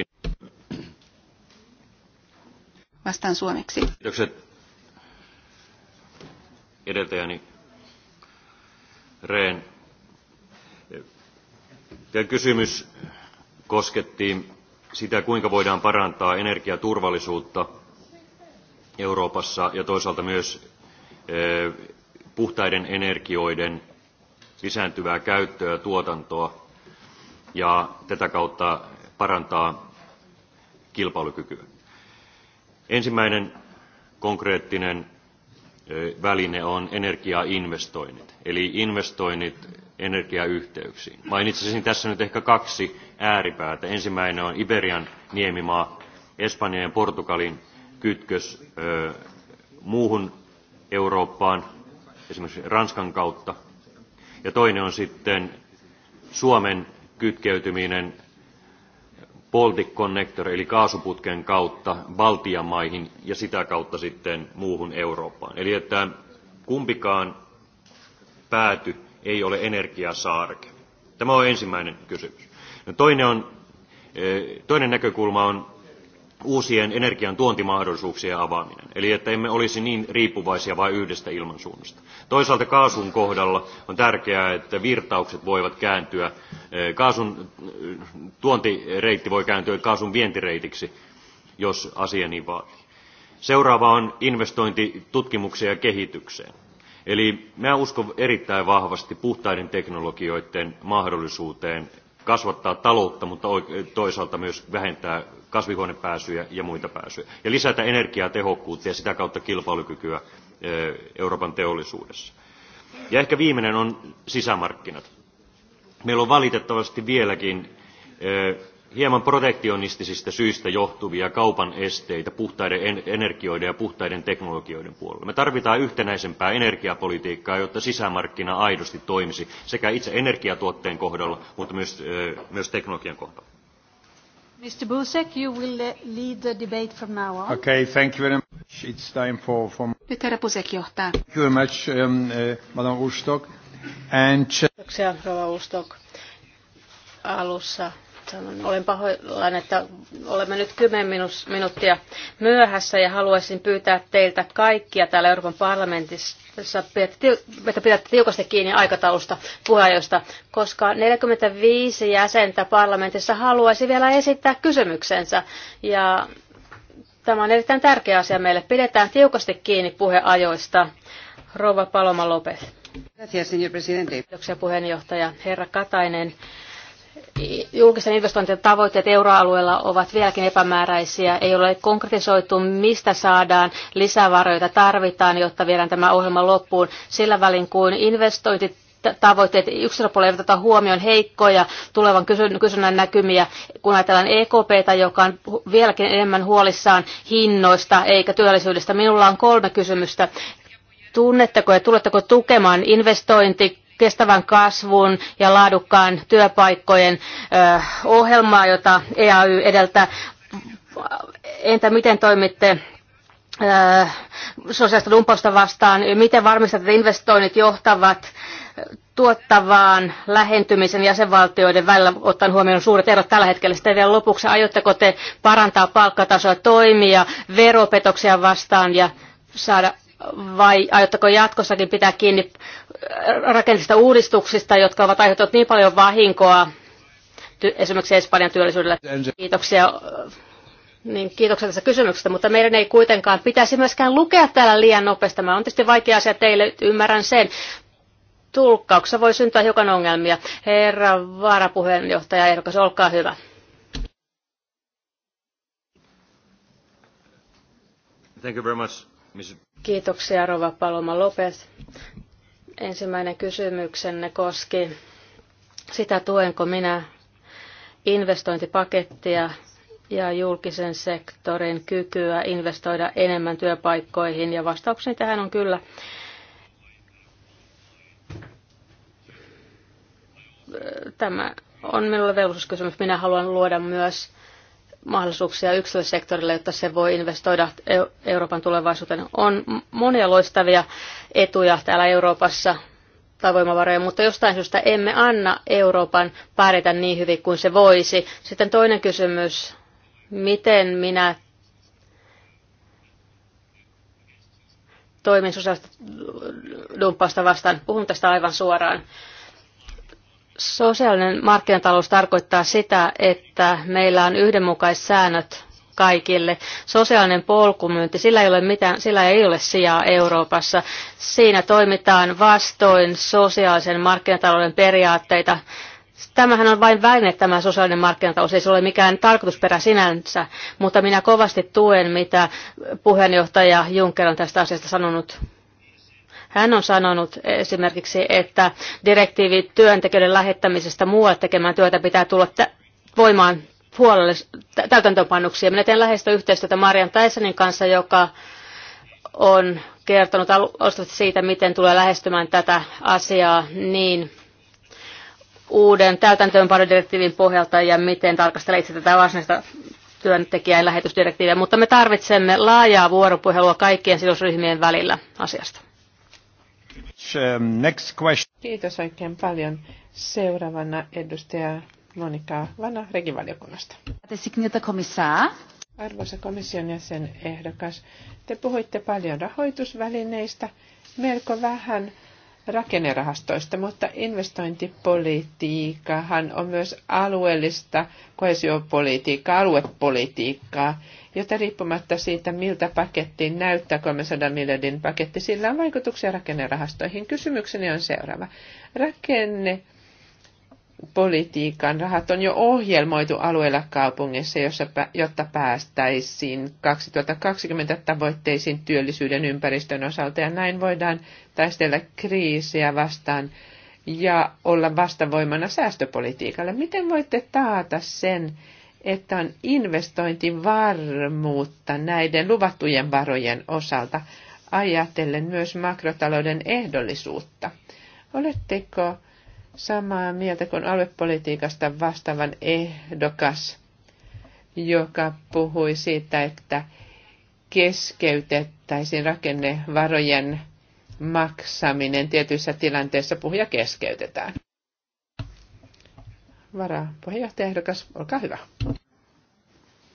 Vastaan suomeksi. Kiitokset edeltäjäni Rehn. Tämä kysymys kosketti sitä, kuinka voidaan parantaa energiaturvallisuutta Euroopassa ja toisaalta myös e, puhtaiden energioiden lisääntyvää käyttöä ja tuotantoa ja tätä kautta parantaa kilpailukykyä. Ensimmäinen konkreettinen väline on energiainvestoinnit, eli investoinnit energiayhteyksiin. Mainitsisin tässä nyt ehkä kaksi ääripäätä. Ensimmäinen on Iberian niemimaa, Espanjan ja Portugalin kytkös ö, muuhun Eurooppaan, esimerkiksi Ranskan kautta. Ja toinen on sitten Suomen kytkeytyminen Baltic Connector eli kaasuputken kautta Baltian maihin ja sitä kautta sitten muuhun Eurooppaan. Eli että kumpikaan pääty ei ole energiasaarke. Tämä on ensimmäinen kysymys. No toinen, on, eh, toinen näkökulma on uusien energian tuontimahdollisuuksien avaaminen, eli että emme olisi niin riippuvaisia vain yhdestä ilmansuunnasta. Toisaalta kaasun kohdalla on tärkeää, että virtaukset voivat kääntyä, eh, kaasun eh, tuontireitti voi kääntyä kaasun vientireitiksi, jos asia niin vaatii. Seuraava on investointi tutkimukseen ja kehitykseen. Eli minä uskon erittäin vahvasti puhtaiden teknologioiden mahdollisuuteen kasvattaa taloutta, mutta toisaalta myös vähentää kasvihuonepääsyjä ja muita pääsyjä. Ja lisätä energiatehokkuutta ja sitä kautta kilpailukykyä Euroopan teollisuudessa. Ja ehkä viimeinen on sisämarkkinat. Meillä on valitettavasti vieläkin hieman protektionistisista syistä johtuvia kaupan esteitä puhtaiden energioiden ja puhtaiden teknologioiden puolella. Me tarvitaan yhtenäisempää energiapolitiikkaa, jotta sisämarkkina aidosti toimisi sekä itse energiatuotteen kohdalla, mutta myös, myös teknologian kohdalla. Mr. Busek, you will lead the debate from now on. Okay, thank you very much. It's time for... for... Nyt herra Busek johtaa. Thank you very much, um, uh, Madam Ustok. And... Uh, Kiitoksia, Rova Ustok. Alussa olen pahoillani, että olemme nyt 10 minuuttia myöhässä ja haluaisin pyytää teiltä kaikkia täällä Euroopan parlamentissa, että pidätte tiukasti kiinni aikataulusta puheenjohtajasta, koska 45 jäsentä parlamentissa haluaisi vielä esittää kysymyksensä. Ja tämä on erittäin tärkeä asia meille. Pidetään tiukasti kiinni puheajoista. Rouva Paloma Lopez. Kiitoksia puheenjohtaja. Herra Katainen, julkisten investointien tavoitteet euroalueella ovat vieläkin epämääräisiä. Ei ole konkretisoitu, mistä saadaan lisävaroja tarvitaan, jotta viedään tämä ohjelma loppuun. Sillä välin kuin investoinnit tavoitteet yksilöpuolella eivät ota huomioon heikkoja tulevan kysynnän näkymiä, kun ajatellaan EKPtä, joka on vieläkin enemmän huolissaan hinnoista eikä työllisyydestä. Minulla on kolme kysymystä. Tunnetteko ja tuletteko tukemaan investointi kestävän kasvun ja laadukkaan työpaikkojen ohjelmaa, jota EAY edeltää. Entä miten toimitte sosiaalista dumpausta vastaan miten varmistatte, että investoinnit johtavat tuottavaan lähentymisen jäsenvaltioiden välillä, ottaen huomioon suuret erot tällä hetkellä. Sitten vielä lopuksi, aiotteko te parantaa palkkatasoa toimia veropetoksia vastaan ja saada vai aiotteko jatkossakin pitää kiinni äh, rakenteista uudistuksista, jotka ovat aiheuttaneet niin paljon vahinkoa esimerkiksi Espanjan työllisyydelle? Kiitoksia. Äh, niin, kiitoksia tästä kysymyksestä, mutta meidän ei kuitenkaan pitäisi myöskään lukea täällä liian nopeasti. mä on tietysti vaikea asia teille, ymmärrän sen. Tulkkauksessa voi syntyä hiukan ongelmia. Herra varapuheenjohtaja ehdokas, olkaa hyvä. Thank you very much, Mr. Kiitoksia Rova Paloma Lopes. Ensimmäinen kysymyksenne koski sitä, tuenko minä investointipakettia ja julkisen sektorin kykyä investoida enemmän työpaikkoihin. Ja vastaukseni tähän on kyllä. Tämä on minulle velvollisuuskysymys. Minä haluan luoda myös mahdollisuuksia yksilösektorille, jotta se voi investoida Euroopan tulevaisuuteen. On monia loistavia etuja täällä Euroopassa tai voimavaroja, mutta jostain syystä emme anna Euroopan pärjätä niin hyvin kuin se voisi. Sitten toinen kysymys, miten minä toimin sosiaalista dumppausta vastaan. Puhun tästä aivan suoraan. Sosiaalinen markkinatalous tarkoittaa sitä, että meillä on yhdenmukaiset säännöt kaikille. Sosiaalinen polkumyynti, sillä ei ole, mitään, sillä ei ole sijaa Euroopassa. Siinä toimitaan vastoin sosiaalisen markkinatalouden periaatteita. Tämähän on vain väline, tämä sosiaalinen markkinatalous, ei se ole mikään tarkoitusperä sinänsä, mutta minä kovasti tuen, mitä puheenjohtaja Juncker on tästä asiasta sanonut. Hän on sanonut esimerkiksi, että direktiivi työntekijöiden lähettämisestä muualle tekemään työtä pitää tulla voimaan täytäntöönpannuksi. Minä teen läheistä yhteistyötä Marian Taisenin kanssa, joka on kertonut alustavasti siitä, miten tulee lähestymään tätä asiaa niin uuden täytäntöönpanodirektiivin pohjalta ja miten tarkastelee itse tätä varsinaista työntekijän lähetysdirektiiviä, mutta me tarvitsemme laajaa vuoropuhelua kaikkien sidosryhmien välillä asiasta. Um, next question. Kiitos oikein paljon. Seuraavana edustaja Monika Vana Regivaliokunnasta. Arvoisa komission jäsen ehdokas, te puhuitte paljon rahoitusvälineistä, melko vähän rakennerahastoista, mutta investointipolitiikkahan on myös alueellista koesiopolitiikkaa, aluepolitiikkaa jota riippumatta siitä, miltä pakettiin näyttää 300 miljardin paketti, sillä on vaikutuksia rakennerahastoihin. Kysymykseni on seuraava. Rakenne politiikan rahat on jo ohjelmoitu alueella kaupungissa, jossa, jotta päästäisiin 2020 tavoitteisiin työllisyyden ympäristön osalta ja näin voidaan taistella kriisiä vastaan ja olla vastavoimana säästöpolitiikalle. Miten voitte taata sen, että on investointivarmuutta näiden luvattujen varojen osalta, ajatellen myös makrotalouden ehdollisuutta. Oletteko samaa mieltä kuin aluepolitiikasta vastaavan ehdokas, joka puhui siitä, että keskeytettäisiin rakennevarojen maksaminen tietyissä tilanteissa, puhuja keskeytetään varapuheenjohtajaehdokas, olkaa hyvä.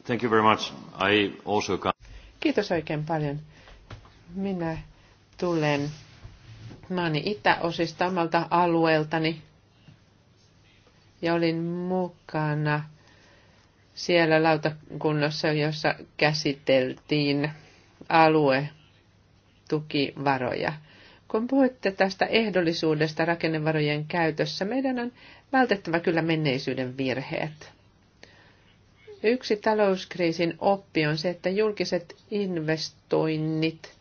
Thank you very much. I also can... Kiitos oikein paljon. Minä tulen maani itäosista omalta alueeltani ja olin mukana siellä lautakunnassa, jossa käsiteltiin aluetukivaroja. Kun puhutte tästä ehdollisuudesta rakennevarojen käytössä, meidän on vältettävä kyllä menneisyyden virheet. Yksi talouskriisin oppi on se, että julkiset investoinnit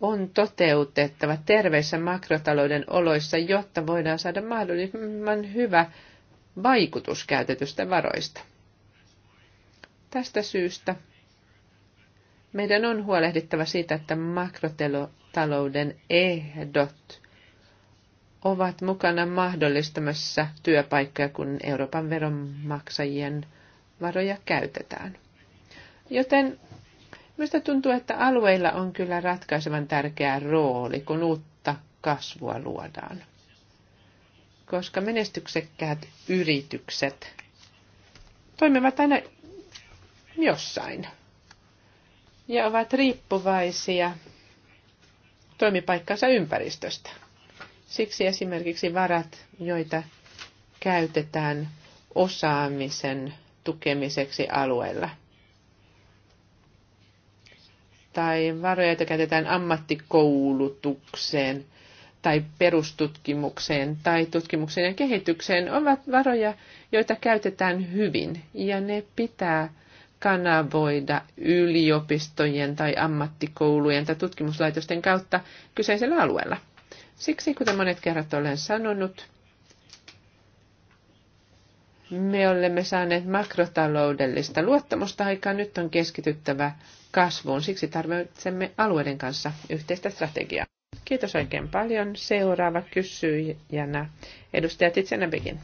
on toteutettava terveissä makrotalouden oloissa, jotta voidaan saada mahdollisimman hyvä vaikutus käytetystä varoista. Tästä syystä meidän on huolehdittava siitä, että makrotalouden ehdot ovat mukana mahdollistamassa työpaikkoja, kun Euroopan veronmaksajien varoja käytetään. Joten Minusta tuntuu, että alueilla on kyllä ratkaisevan tärkeä rooli, kun uutta kasvua luodaan. Koska menestyksekkäät yritykset toimivat aina jossain ja ovat riippuvaisia toimipaikkansa ympäristöstä. Siksi esimerkiksi varat, joita käytetään osaamisen tukemiseksi alueella. Tai varoja, joita käytetään ammattikoulutukseen tai perustutkimukseen tai tutkimukseen ja kehitykseen, ovat varoja, joita käytetään hyvin ja ne pitää kanavoida yliopistojen tai ammattikoulujen tai tutkimuslaitosten kautta kyseisellä alueella. Siksi, kuten monet kerrat olen sanonut, me olemme saaneet makrotaloudellista luottamusta aikaan. Nyt on keskityttävä kasvuun. Siksi tarvitsemme alueiden kanssa yhteistä strategiaa. Kiitos oikein paljon. Seuraava kysyjänä edustaja Titsenäbikin.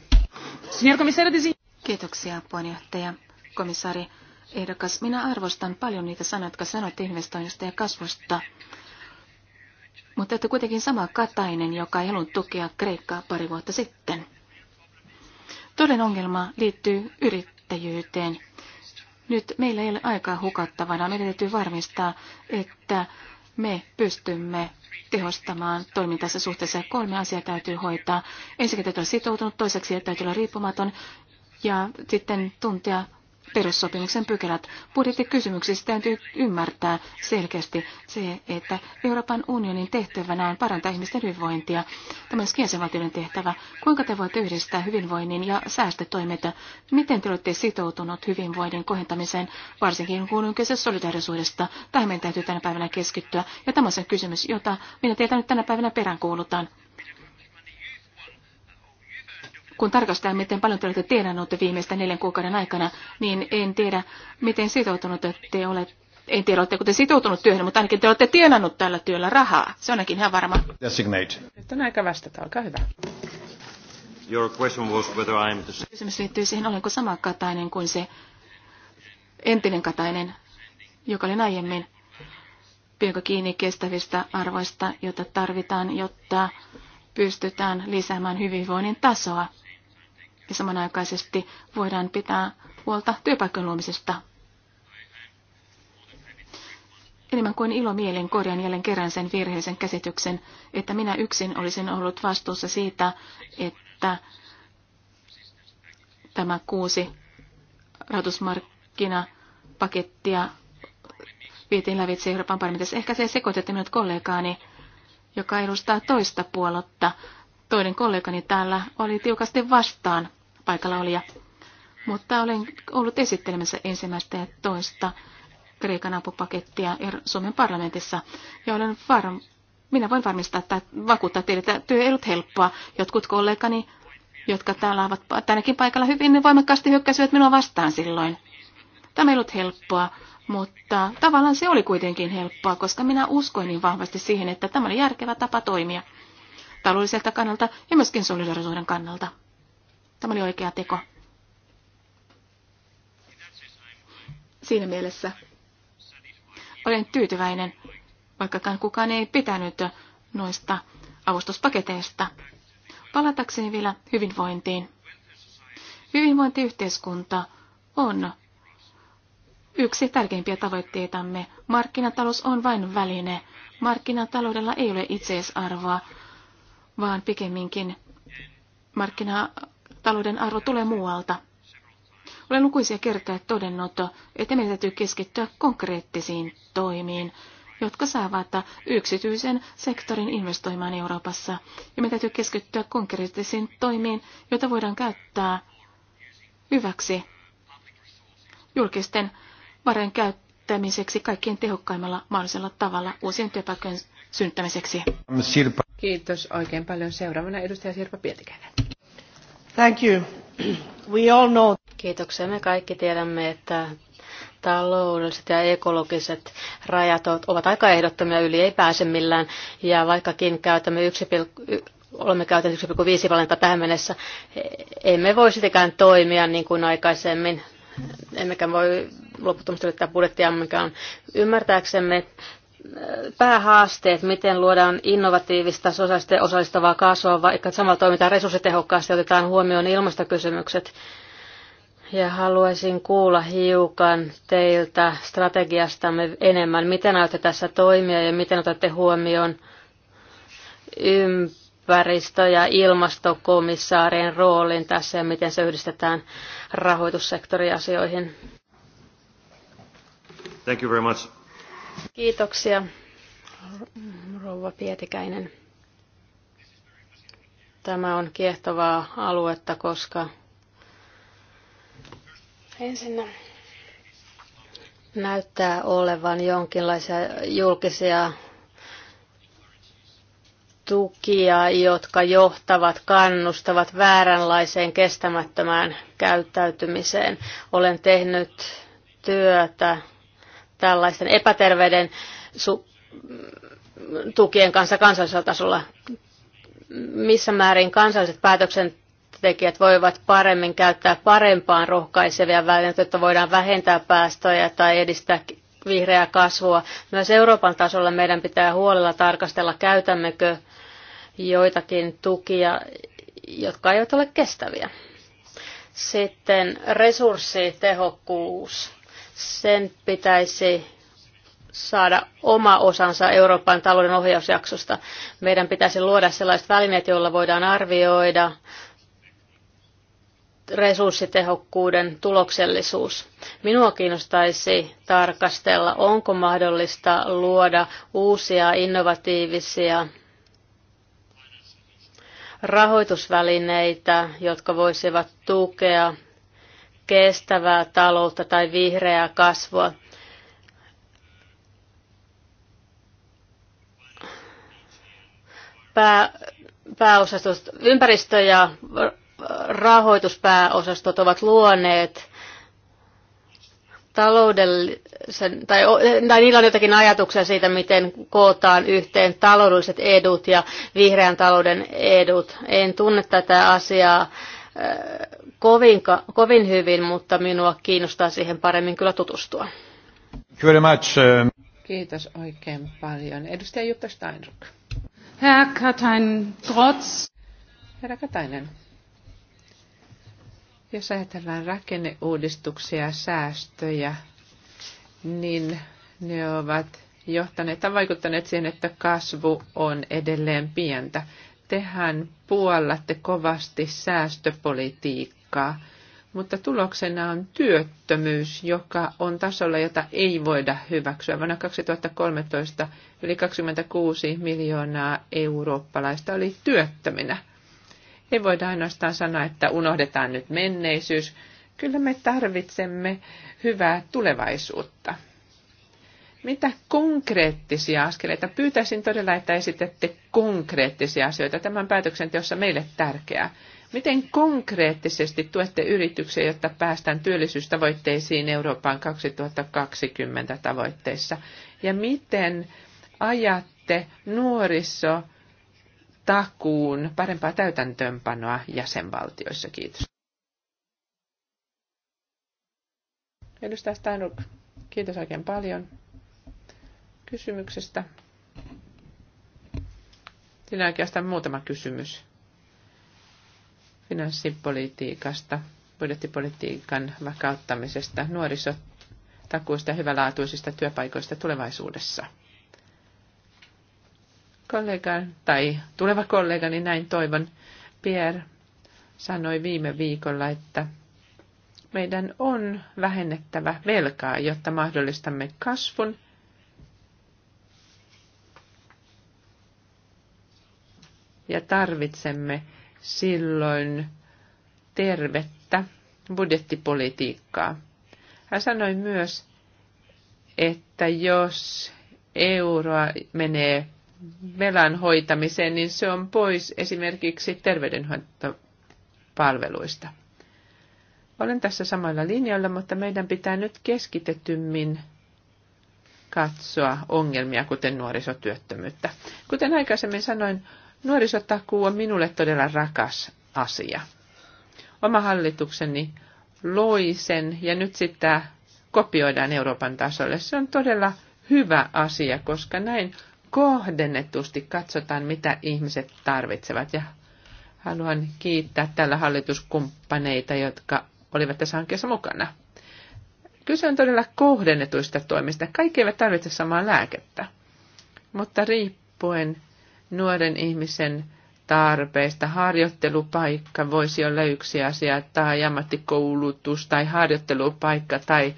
Begin. Kiitoksia puheenjohtaja, komissaari ehdokas. Minä arvostan paljon niitä sanoja, jotka sanot investoinnista ja kasvusta. Mutta että kuitenkin sama Katainen, joka ei halunnut tukea Kreikkaa pari vuotta sitten. Toinen ongelma liittyy yrittäjyyteen. Nyt meillä ei ole aikaa hukattavana. Meidän täytyy varmistaa, että me pystymme tehostamaan toimintansa suhteessa. Kolme asiaa täytyy hoitaa. Ensinnäkin täytyy olla sitoutunut, toiseksi täytyy olla riippumaton ja sitten tuntea perussopimuksen pykälät. Budjettikysymyksistä täytyy ymmärtää selkeästi se, että Euroopan unionin tehtävänä on parantaa ihmisten hyvinvointia. Tämä on jäsenvaltioiden tehtävä. Kuinka te voitte yhdistää hyvinvoinnin ja säästötoimet? Miten te olette sitoutunut hyvinvoinnin kohentamiseen, varsinkin kun on kyse solidaarisuudesta? Tähän meidän täytyy tänä päivänä keskittyä. Ja tämä on se kysymys, jota minä teitä nyt tänä päivänä peräänkuulutan kun tarkastetaan, miten paljon te olette tienannut viimeisten neljän kuukauden aikana, niin en tiedä, miten sitoutunut te olette. En tiedä, oletteko te sitoutunut työhön, mutta ainakin te olette tienannut tällä työllä rahaa. Se on ainakin ihan varma. Designate. Nyt on aika vastata, olkaa hyvä. Your question was whether I'm the... Kysymys liittyy siihen, olenko sama Katainen kuin se entinen Katainen, joka oli aiemmin. Pidänkö kiinni kestävistä arvoista, joita tarvitaan, jotta pystytään lisäämään hyvinvoinnin tasoa ja samanaikaisesti voidaan pitää huolta työpaikan luomisesta. Enemmän kuin ilomielen korjan jälleen kerran sen virheisen käsityksen, että minä yksin olisin ollut vastuussa siitä, että tämä kuusi rahoitusmarkkinapakettia vietiin lävitse Euroopan parlamentissa. Ehkä se sekoitetti minut kollegaani, joka edustaa toista puolotta, Toinen kollegani täällä oli tiukasti vastaan paikalla oli. Mutta olen ollut esittelemässä ensimmäistä ja toista Kreikan apupakettia er- Suomen parlamentissa. Ja olen varm, minä voin varmistaa että vakuuttaa teille, että työ ei ollut helppoa. Jotkut kollegani, jotka täällä ovat tänäkin paikalla hyvin voimakkaasti hyökkäsivät minua vastaan silloin. Tämä ei ollut helppoa, mutta tavallaan se oli kuitenkin helppoa, koska minä uskoin niin vahvasti siihen, että tämä oli järkevä tapa toimia taloudelliselta kannalta ja myöskin solidarisuuden kannalta. Tämä oli oikea teko. Siinä mielessä olen tyytyväinen, vaikkakaan kukaan ei pitänyt noista avustuspaketeista. Palatakseni vielä hyvinvointiin. Hyvinvointiyhteiskunta on yksi tärkeimpiä tavoitteitamme. Markkinatalous on vain väline. Markkinataloudella ei ole itseisarvoa, vaan pikemminkin markkina talouden arvo tulee muualta. Olen lukuisia kertaa todennut, että meidän täytyy keskittyä konkreettisiin toimiin, jotka saavat yksityisen sektorin investoimaan Euroopassa. Ja meidän täytyy keskittyä konkreettisiin toimiin, joita voidaan käyttää hyväksi julkisten varojen käyttämiseksi kaikkien tehokkaimmalla mahdollisella tavalla uusien työpaikkojen synnyttämiseksi. Kiitos oikein paljon. Seuraavana edustaja Sirpa Pietikäinen. Thank you. We all know. Kiitoksia. Me kaikki tiedämme, että taloudelliset ja ekologiset rajat ovat aika ehdottomia, yli ei pääse millään. Ja vaikkakin käytämme 1, olemme käyttäneet 1,5 valinta tähän mennessä, e- emme voi sitäkään toimia niin kuin aikaisemmin. Emmekä voi loputtomasti yrittää budjettia, mikä on ymmärtääksemme päähaasteet, miten luodaan innovatiivista, sosiaalisesti osallistavaa kasvua, vaikka samalla toimitaan resurssitehokkaasti ja otetaan huomioon ilmastokysymykset. Ja haluaisin kuulla hiukan teiltä strategiastamme enemmän. Miten aiotte tässä toimia ja miten otatte huomioon ympäristö- ja ilmastokomissaarien roolin tässä ja miten se yhdistetään rahoitussektoriasioihin? Thank you very much. Kiitoksia, rouva Pietikäinen. Tämä on kiehtovaa aluetta, koska ensinnä näyttää olevan jonkinlaisia julkisia tukia, jotka johtavat, kannustavat vääränlaiseen kestämättömään käyttäytymiseen. Olen tehnyt työtä tällaisten epäterveiden su- tukien kanssa kansallisella tasolla. Missä määrin kansalliset päätöksentekijät voivat paremmin käyttää parempaan rohkaisevia välineitä, jotta voidaan vähentää päästöjä tai edistää vihreää kasvua. Myös Euroopan tasolla meidän pitää huolella tarkastella, käytämmekö joitakin tukia, jotka eivät ole kestäviä. Sitten resurssitehokkuus sen pitäisi saada oma osansa Euroopan talouden ohjausjaksosta. Meidän pitäisi luoda sellaiset välineet, joilla voidaan arvioida resurssitehokkuuden tuloksellisuus. Minua kiinnostaisi tarkastella, onko mahdollista luoda uusia innovatiivisia rahoitusvälineitä, jotka voisivat tukea kestävää taloutta tai vihreää kasvua. Pää, pääosastot, ympäristö- ja rahoituspääosastot ovat luoneet taloudellisen, tai, tai niillä on jotakin ajatuksia siitä, miten kootaan yhteen taloudelliset edut ja vihreän talouden edut. En tunne tätä asiaa kovin, kovin hyvin, mutta minua kiinnostaa siihen paremmin kyllä tutustua. Very much. Uh, Kiitos oikein paljon. Edustaja Jutta Steinruck. Herr Katainen, trots. Herra Katainen, jos ajatellaan rakenneuudistuksia ja säästöjä, niin ne ovat johtaneet tai vaikuttaneet siihen, että kasvu on edelleen pientä tehän puollatte kovasti säästöpolitiikkaa, mutta tuloksena on työttömyys, joka on tasolla, jota ei voida hyväksyä. Vuonna 2013 yli 26 miljoonaa eurooppalaista oli työttöminä. Ei voida ainoastaan sanoa, että unohdetaan nyt menneisyys. Kyllä me tarvitsemme hyvää tulevaisuutta. Mitä konkreettisia askeleita? Pyytäisin todella, että esitätte konkreettisia asioita tämän päätöksenteossa meille tärkeää. Miten konkreettisesti tuette yrityksiä, jotta päästään työllisyystavoitteisiin Euroopan 2020 tavoitteissa? Ja miten ajatte nuoriso takuun parempaa täytäntöönpanoa jäsenvaltioissa? Kiitos. Edustaja Stanuk, kiitos oikein paljon kysymyksestä. Siinä oikeastaan muutama kysymys finanssipolitiikasta, budjettipolitiikan vakauttamisesta, nuorisotakuista ja hyvälaatuisista työpaikoista tulevaisuudessa. Kollega tai tuleva kollegani, niin näin toivon, Pierre sanoi viime viikolla, että meidän on vähennettävä velkaa, jotta mahdollistamme kasvun ja tarvitsemme silloin tervettä budjettipolitiikkaa. Hän sanoi myös, että jos euroa menee velan hoitamiseen, niin se on pois esimerkiksi terveydenhoitopalveluista. Olen tässä samalla linjalla, mutta meidän pitää nyt keskitetymmin katsoa ongelmia, kuten nuorisotyöttömyyttä. Kuten aikaisemmin sanoin, Nuorisotakuu on minulle todella rakas asia. Oma hallitukseni loi sen ja nyt sitä kopioidaan Euroopan tasolle. Se on todella hyvä asia, koska näin kohdennetusti katsotaan, mitä ihmiset tarvitsevat. Ja haluan kiittää tällä hallituskumppaneita, jotka olivat tässä hankkeessa mukana. Kyse on todella kohdennetuista toimista. Kaikki eivät tarvitse samaa lääkettä, mutta riippuen nuoren ihmisen tarpeista. Harjoittelupaikka voisi olla yksi asia, tai ammattikoulutus, tai harjoittelupaikka, tai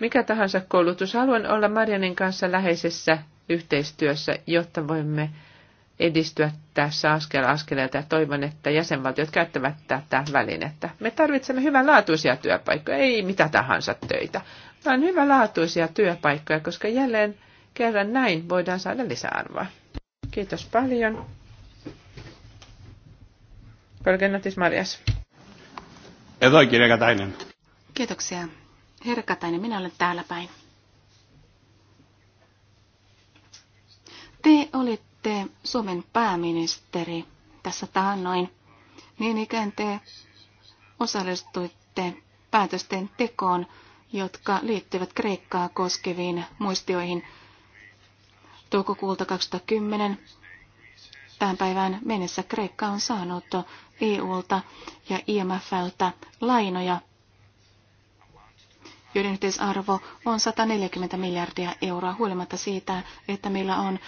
mikä tahansa koulutus. Haluan olla Marianin kanssa läheisessä yhteistyössä, jotta voimme edistyä tässä askel askeleelta ja toivon, että jäsenvaltiot käyttävät tätä välinettä. Me tarvitsemme hyvänlaatuisia työpaikkoja, ei mitä tahansa töitä, vaan hyvänlaatuisia työpaikkoja, koska jälleen kerran näin voidaan saada lisäarvoa. Kiitos paljon. Kolgennatis Marias. Eto, kirja Katainen. Kiitoksia. Herra Katainen, minä olen täällä päin. Te olitte Suomen pääministeri tässä taannoin. Niin ikään te osallistuitte päätösten tekoon, jotka liittyvät Kreikkaa koskeviin muistioihin – toukokuulta 2010 tähän päivään mennessä Kreikka on saanut EUlta ja IMFltä lainoja, joiden yhteisarvo on 140 miljardia euroa, huolimatta siitä, että meillä on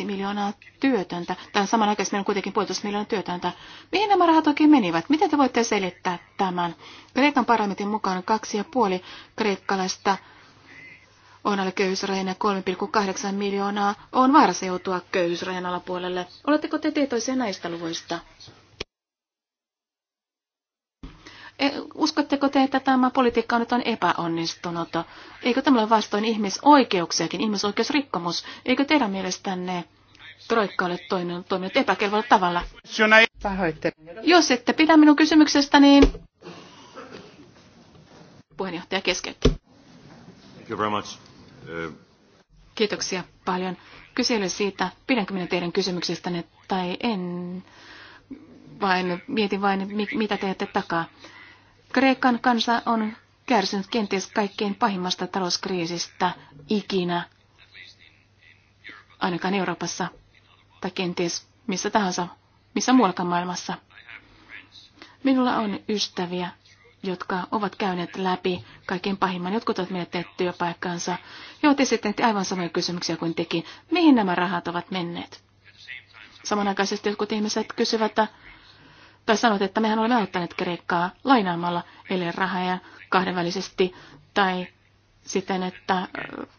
1,5 miljoonaa työtöntä. saman aikaan meillä on kuitenkin puolitoista miljoonaa työtöntä. Mihin nämä rahat oikein menivät? Miten te voitte selittää tämän? Kreikan parlamentin mukaan 2,5 kreikkalaista on alle köyhyysrajan ja 3,8 miljoonaa on vaarassa joutua köyhyysrajan alapuolelle. Oletteko te tietoisia näistä luvuista? E, uskotteko te, että tämä politiikka nyt on epäonnistunut? Eikö tämä ole vastoin ihmisoikeuksiakin, ihmisoikeusrikkomus? Eikö teidän mielestänne Troikka ole toiminut, toiminut epäkelvolla tavalla? Jos ette pidä minun kysymyksestä, niin puheenjohtaja keskeytti. Thank you very much. Kiitoksia paljon. Kysely siitä, pidänkö minä teidän kysymyksestänne tai en. Vain, mietin vain, mi- mitä teette takaa. Kreikan kansa on kärsinyt kenties kaikkein pahimmasta talouskriisistä ikinä, ainakaan Euroopassa, tai kenties missä tahansa, missä muualla maailmassa. Minulla on ystäviä, jotka ovat käyneet läpi kaiken pahimman. Jotkut ovat menettäneet työpaikkansa ja ovat esittäneet aivan samoja kysymyksiä kuin tekin. Mihin nämä rahat ovat menneet? Samanaikaisesti jotkut ihmiset kysyvät, tai sanovat, että mehän olemme auttaneet Kreikkaa lainaamalla eli rahaa ja kahdenvälisesti tai siten, että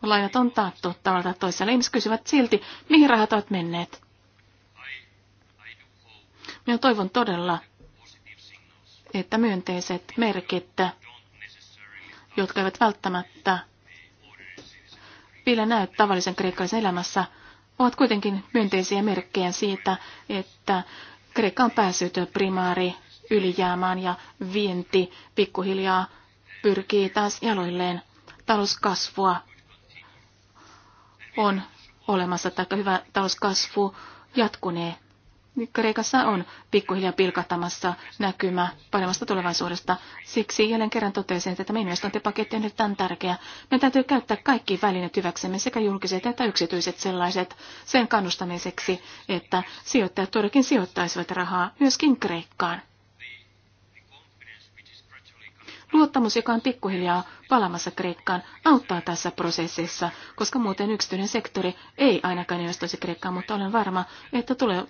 lainat on taattu tavalla tai toisella. Ihmiset kysyvät silti, mihin rahat ovat menneet. Minä toivon todella, että myönteiset merkit, jotka eivät välttämättä vielä näy tavallisen kreikkalaisen elämässä, ovat kuitenkin myönteisiä merkkejä siitä, että Kreikka on päässyt primaari ylijäämään ja vienti pikkuhiljaa pyrkii taas jaloilleen. Talouskasvua on olemassa, tai hyvä talouskasvu jatkunee niin Kreikassa on pikkuhiljaa pilkahtamassa näkymä paremmasta tulevaisuudesta. Siksi jälleen kerran totesin, että tämä investointipaketti on nyt tämän tärkeä. Meidän täytyy käyttää kaikki välineet hyväksemme, sekä julkiset että yksityiset sellaiset, sen kannustamiseksi, että sijoittajat todellakin sijoittaisivat rahaa myöskin Kreikkaan. Luottamus, joka on pikkuhiljaa palamassa Kreikkaan, auttaa tässä prosessissa, koska muuten yksityinen sektori ei ainakaan investoisi Kreikkaan, mutta olen varma, että tulee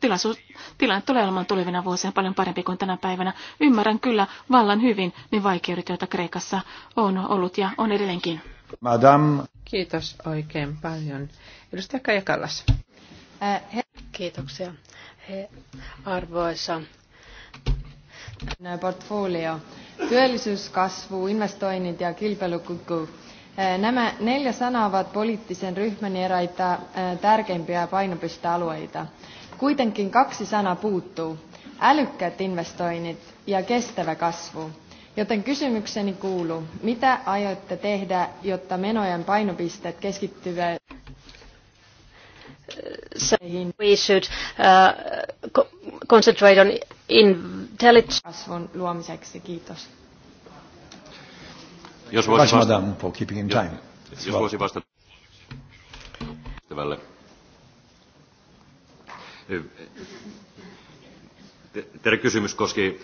tilaisuus, tilanne tulee olemaan tulevina vuosina paljon parempi kuin tänä päivänä. Ymmärrän kyllä vallan hyvin ne vaikeudet, joita Kreikassa on ollut ja on edelleenkin. Madame. Kiitos oikein paljon. Edustaja Kaija Kallas. Äh, Kiitoksia. He, arvoisa portfolio. Työllisyyskasvu, investoinnit ja kilpailukyky. Äh, nämä neljä sanaa ovat poliittisen ryhmän eräitä äh, tärkeimpiä painopistealueita. Kuitenkin kaksi sanaa puuttuu, älykkäät investoinnit ja kestävä kasvu. Joten kysymykseni kuuluu, mitä aiotte tehdä, jotta menojen painopisteet keskittyvät so we should uh, concentrate on intelligence. Kasvun luomiseksi, kiitos. Jos voisi vastata. Jos, voisi vastata. Teidän kysymys koski,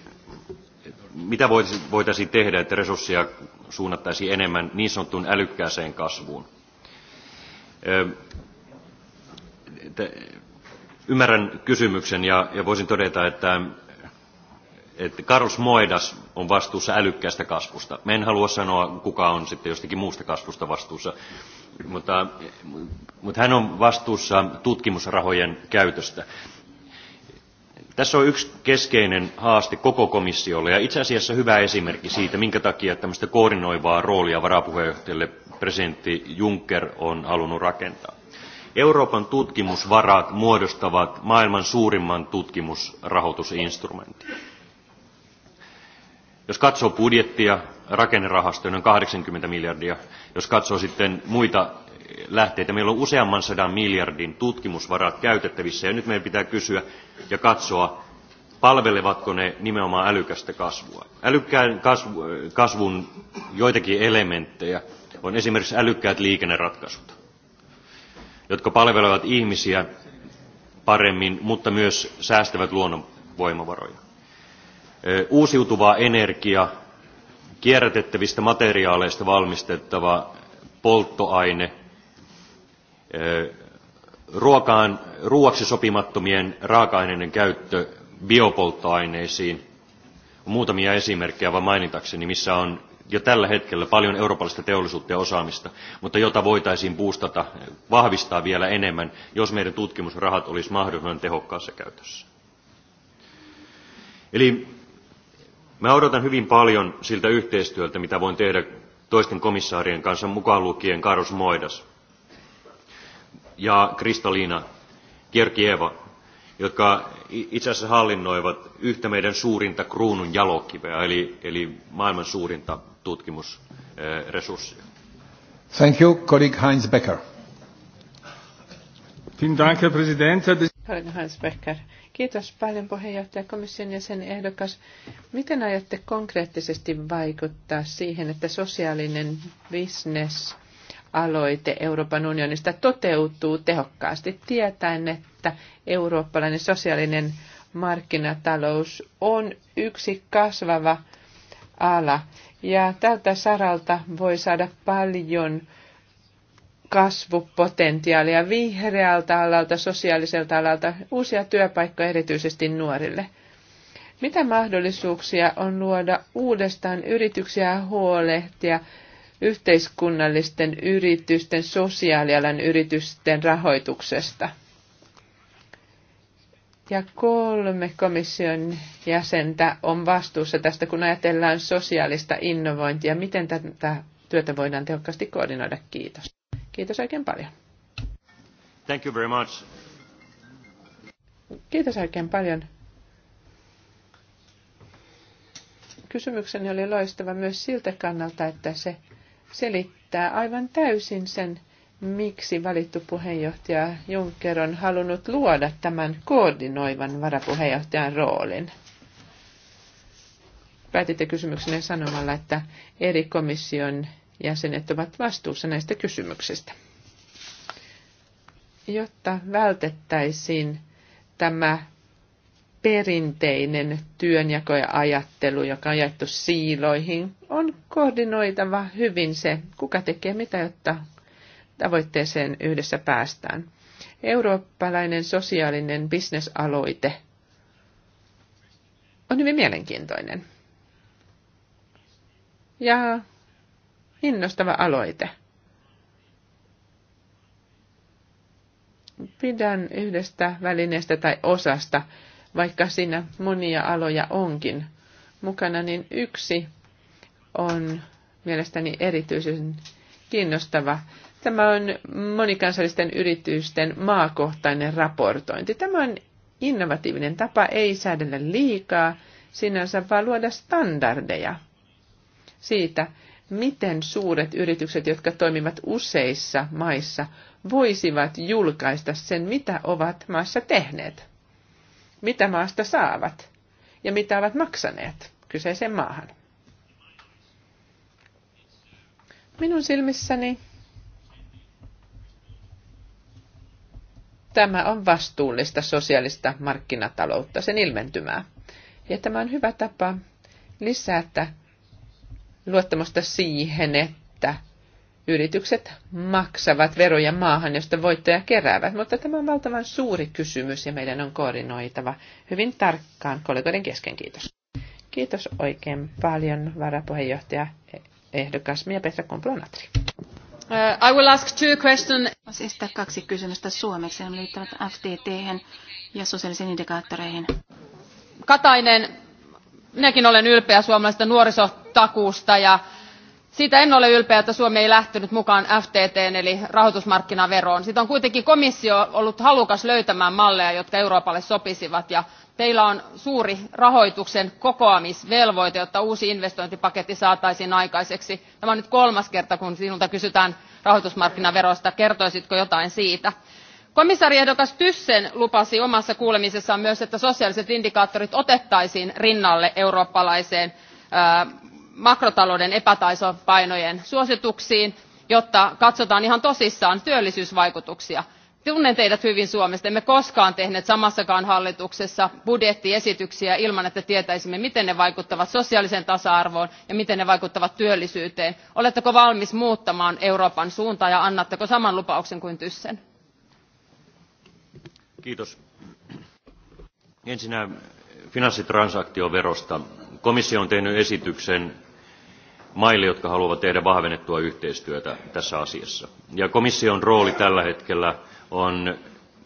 mitä voitaisiin tehdä, että resursseja suunnattaisiin enemmän niin sanottuun älykkääseen kasvuun. Ymmärrän kysymyksen ja, voisin todeta, että, että Karus Moedas on vastuussa älykkäästä kasvusta. Me en halua sanoa, kuka on sitten jostakin muusta kasvusta vastuussa mutta, mutta hän on vastuussa tutkimusrahojen käytöstä. Tässä on yksi keskeinen haaste koko komissiolle ja itse asiassa hyvä esimerkki siitä, minkä takia tämmöistä koordinoivaa roolia varapuheenjohtajalle presidentti Juncker on halunnut rakentaa. Euroopan tutkimusvarat muodostavat maailman suurimman tutkimusrahoitusinstrumentin. Jos katsoo budjettia, rakennerahastoja, noin 80 miljardia. Jos katsoo sitten muita eh, lähteitä, meillä on useamman sadan miljardin tutkimusvarat käytettävissä ja nyt meidän pitää kysyä ja katsoa, palvelevatko ne nimenomaan älykästä kasvua. Älykkään kasv- eh, kasvun joitakin elementtejä on esimerkiksi älykkäät liikenneratkaisut, jotka palvelevat ihmisiä paremmin, mutta myös säästävät luonnon voimavaroja. Eh, uusiutuvaa energiaa kierrätettävistä materiaaleista valmistettava polttoaine ruokaan, ruoaksi sopimattomien raaka-aineiden käyttö biopolttoaineisiin. Muutamia esimerkkejä vain mainitakseni, missä on jo tällä hetkellä paljon eurooppalaista teollisuutta ja osaamista, mutta jota voitaisiin puustata, vahvistaa vielä enemmän, jos meidän tutkimusrahat olisivat mahdollisimman tehokkaassa käytössä. Eli minä odotan hyvin paljon siltä yhteistyöltä mitä voin tehdä toisten komissaarien kanssa mukaan lukien Carlos Moidas ja Kristalina Kierkieva, jotka itse asiassa hallinnoivat yhtä meidän suurinta kruunun jalokiveä, eli, eli maailman suurinta tutkimusresurssia. Thank you, colleague Heinz Becker. Vielen Dank, Herr Präsident. Paljon Hans Becker. Kiitos paljon puheenjohtaja komission ja sen ehdokas. Miten ajatte konkreettisesti vaikuttaa siihen, että sosiaalinen business aloite Euroopan unionista toteutuu tehokkaasti tietäen, että eurooppalainen sosiaalinen markkinatalous on yksi kasvava ala. Ja tältä saralta voi saada paljon kasvupotentiaalia vihreältä alalta, sosiaaliselta alalta, uusia työpaikkoja erityisesti nuorille. Mitä mahdollisuuksia on luoda uudestaan yrityksiä huolehtia yhteiskunnallisten yritysten, sosiaalialan yritysten rahoituksesta? Ja kolme komission jäsentä on vastuussa tästä, kun ajatellaan sosiaalista innovointia. Miten tätä työtä voidaan tehokkaasti koordinoida? Kiitos. Kiitos oikein paljon. Thank you very much. Kiitos oikein paljon. Kysymykseni oli loistava myös siltä kannalta, että se selittää aivan täysin sen, miksi valittu puheenjohtaja Juncker on halunnut luoda tämän koordinoivan varapuheenjohtajan roolin. Päätitte kysymyksenne sanomalla, että eri komission jäsenet ovat vastuussa näistä kysymyksistä. Jotta vältettäisiin tämä perinteinen työnjako ja ajattelu, joka on jaettu siiloihin, on koordinoitava hyvin se, kuka tekee mitä, jotta tavoitteeseen yhdessä päästään. Eurooppalainen sosiaalinen bisnesaloite on hyvin mielenkiintoinen. Ja innostava aloite. Pidän yhdestä välineestä tai osasta, vaikka siinä monia aloja onkin mukana, niin yksi on mielestäni erityisen kiinnostava. Tämä on monikansallisten yritysten maakohtainen raportointi. Tämä on innovatiivinen tapa, ei säädellä liikaa sinänsä, vaan luoda standardeja siitä, miten suuret yritykset, jotka toimivat useissa maissa, voisivat julkaista sen, mitä ovat maassa tehneet, mitä maasta saavat ja mitä ovat maksaneet kyseiseen maahan. Minun silmissäni tämä on vastuullista sosiaalista markkinataloutta, sen ilmentymää. Ja tämä on hyvä tapa lisätä luottamusta siihen, että yritykset maksavat veroja maahan, josta voittoja keräävät, mutta tämä on valtavan suuri kysymys ja meidän on koordinoitava hyvin tarkkaan kollegoiden kesken. Kiitos. Kiitos oikein paljon varapuheenjohtaja ehdokas Mia Petra Komplonatri. Uh, I will ask two questions. Esitän kaksi kysymystä suomeksi, ne liittyvät ftt ja sosiaalisiin indikaattoreihin. Katainen, minäkin olen ylpeä suomalaisesta nuoriso takuusta ja siitä en ole ylpeä että suomi ei lähtenyt mukaan FTT:n eli rahoitusmarkkinaveroon. Siitä on kuitenkin komissio ollut halukas löytämään malleja, jotka Euroopalle sopisivat ja teillä on suuri rahoituksen kokoamisvelvoite, jotta uusi investointipaketti saataisiin aikaiseksi. Tämä on nyt kolmas kerta, kun sinulta kysytään rahoitusmarkkinaverosta. Kertoisitko jotain siitä? Komissaariehdokas Thyssen lupasi omassa kuulemisessaan myös, että sosiaaliset indikaattorit otettaisiin rinnalle eurooppalaiseen makrotalouden epätasapainojen suosituksiin jotta katsotaan ihan tosissaan työllisyysvaikutuksia. tunnen teidät hyvin suomesta emme koskaan tehneet samassakaan hallituksessa budjettiesityksiä ilman että tietäisimme miten ne vaikuttavat sosiaaliseen tasa arvoon ja miten ne vaikuttavat työllisyyteen. oletteko valmis muuttamaan euroopan suuntaa ja annatteko saman lupauksen kuin thyssen? Kiitos. ensinnä finanssitransaktioverosta komissio on tehnyt esityksen maille, jotka haluavat tehdä vahvennettua yhteistyötä tässä asiassa. Ja komission rooli tällä hetkellä on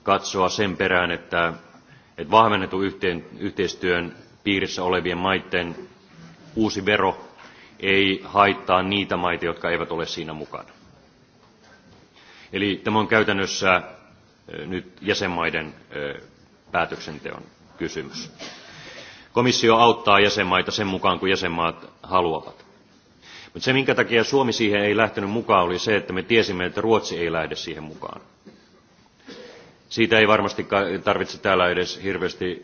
katsoa sen perään, että, että vahvennetun yhteen, yhteistyön piirissä olevien maiden uusi vero ei haittaa niitä maita, jotka eivät ole siinä mukana. Eli tämä on käytännössä nyt jäsenmaiden päätöksenteon kysymys. Komissio auttaa jäsenmaita sen mukaan, kun jäsenmaat haluavat. Mutta se, minkä takia Suomi siihen ei lähtenyt mukaan, oli se, että me tiesimme, että Ruotsi ei lähde siihen mukaan. Siitä ei varmasti tarvitse täällä edes hirveästi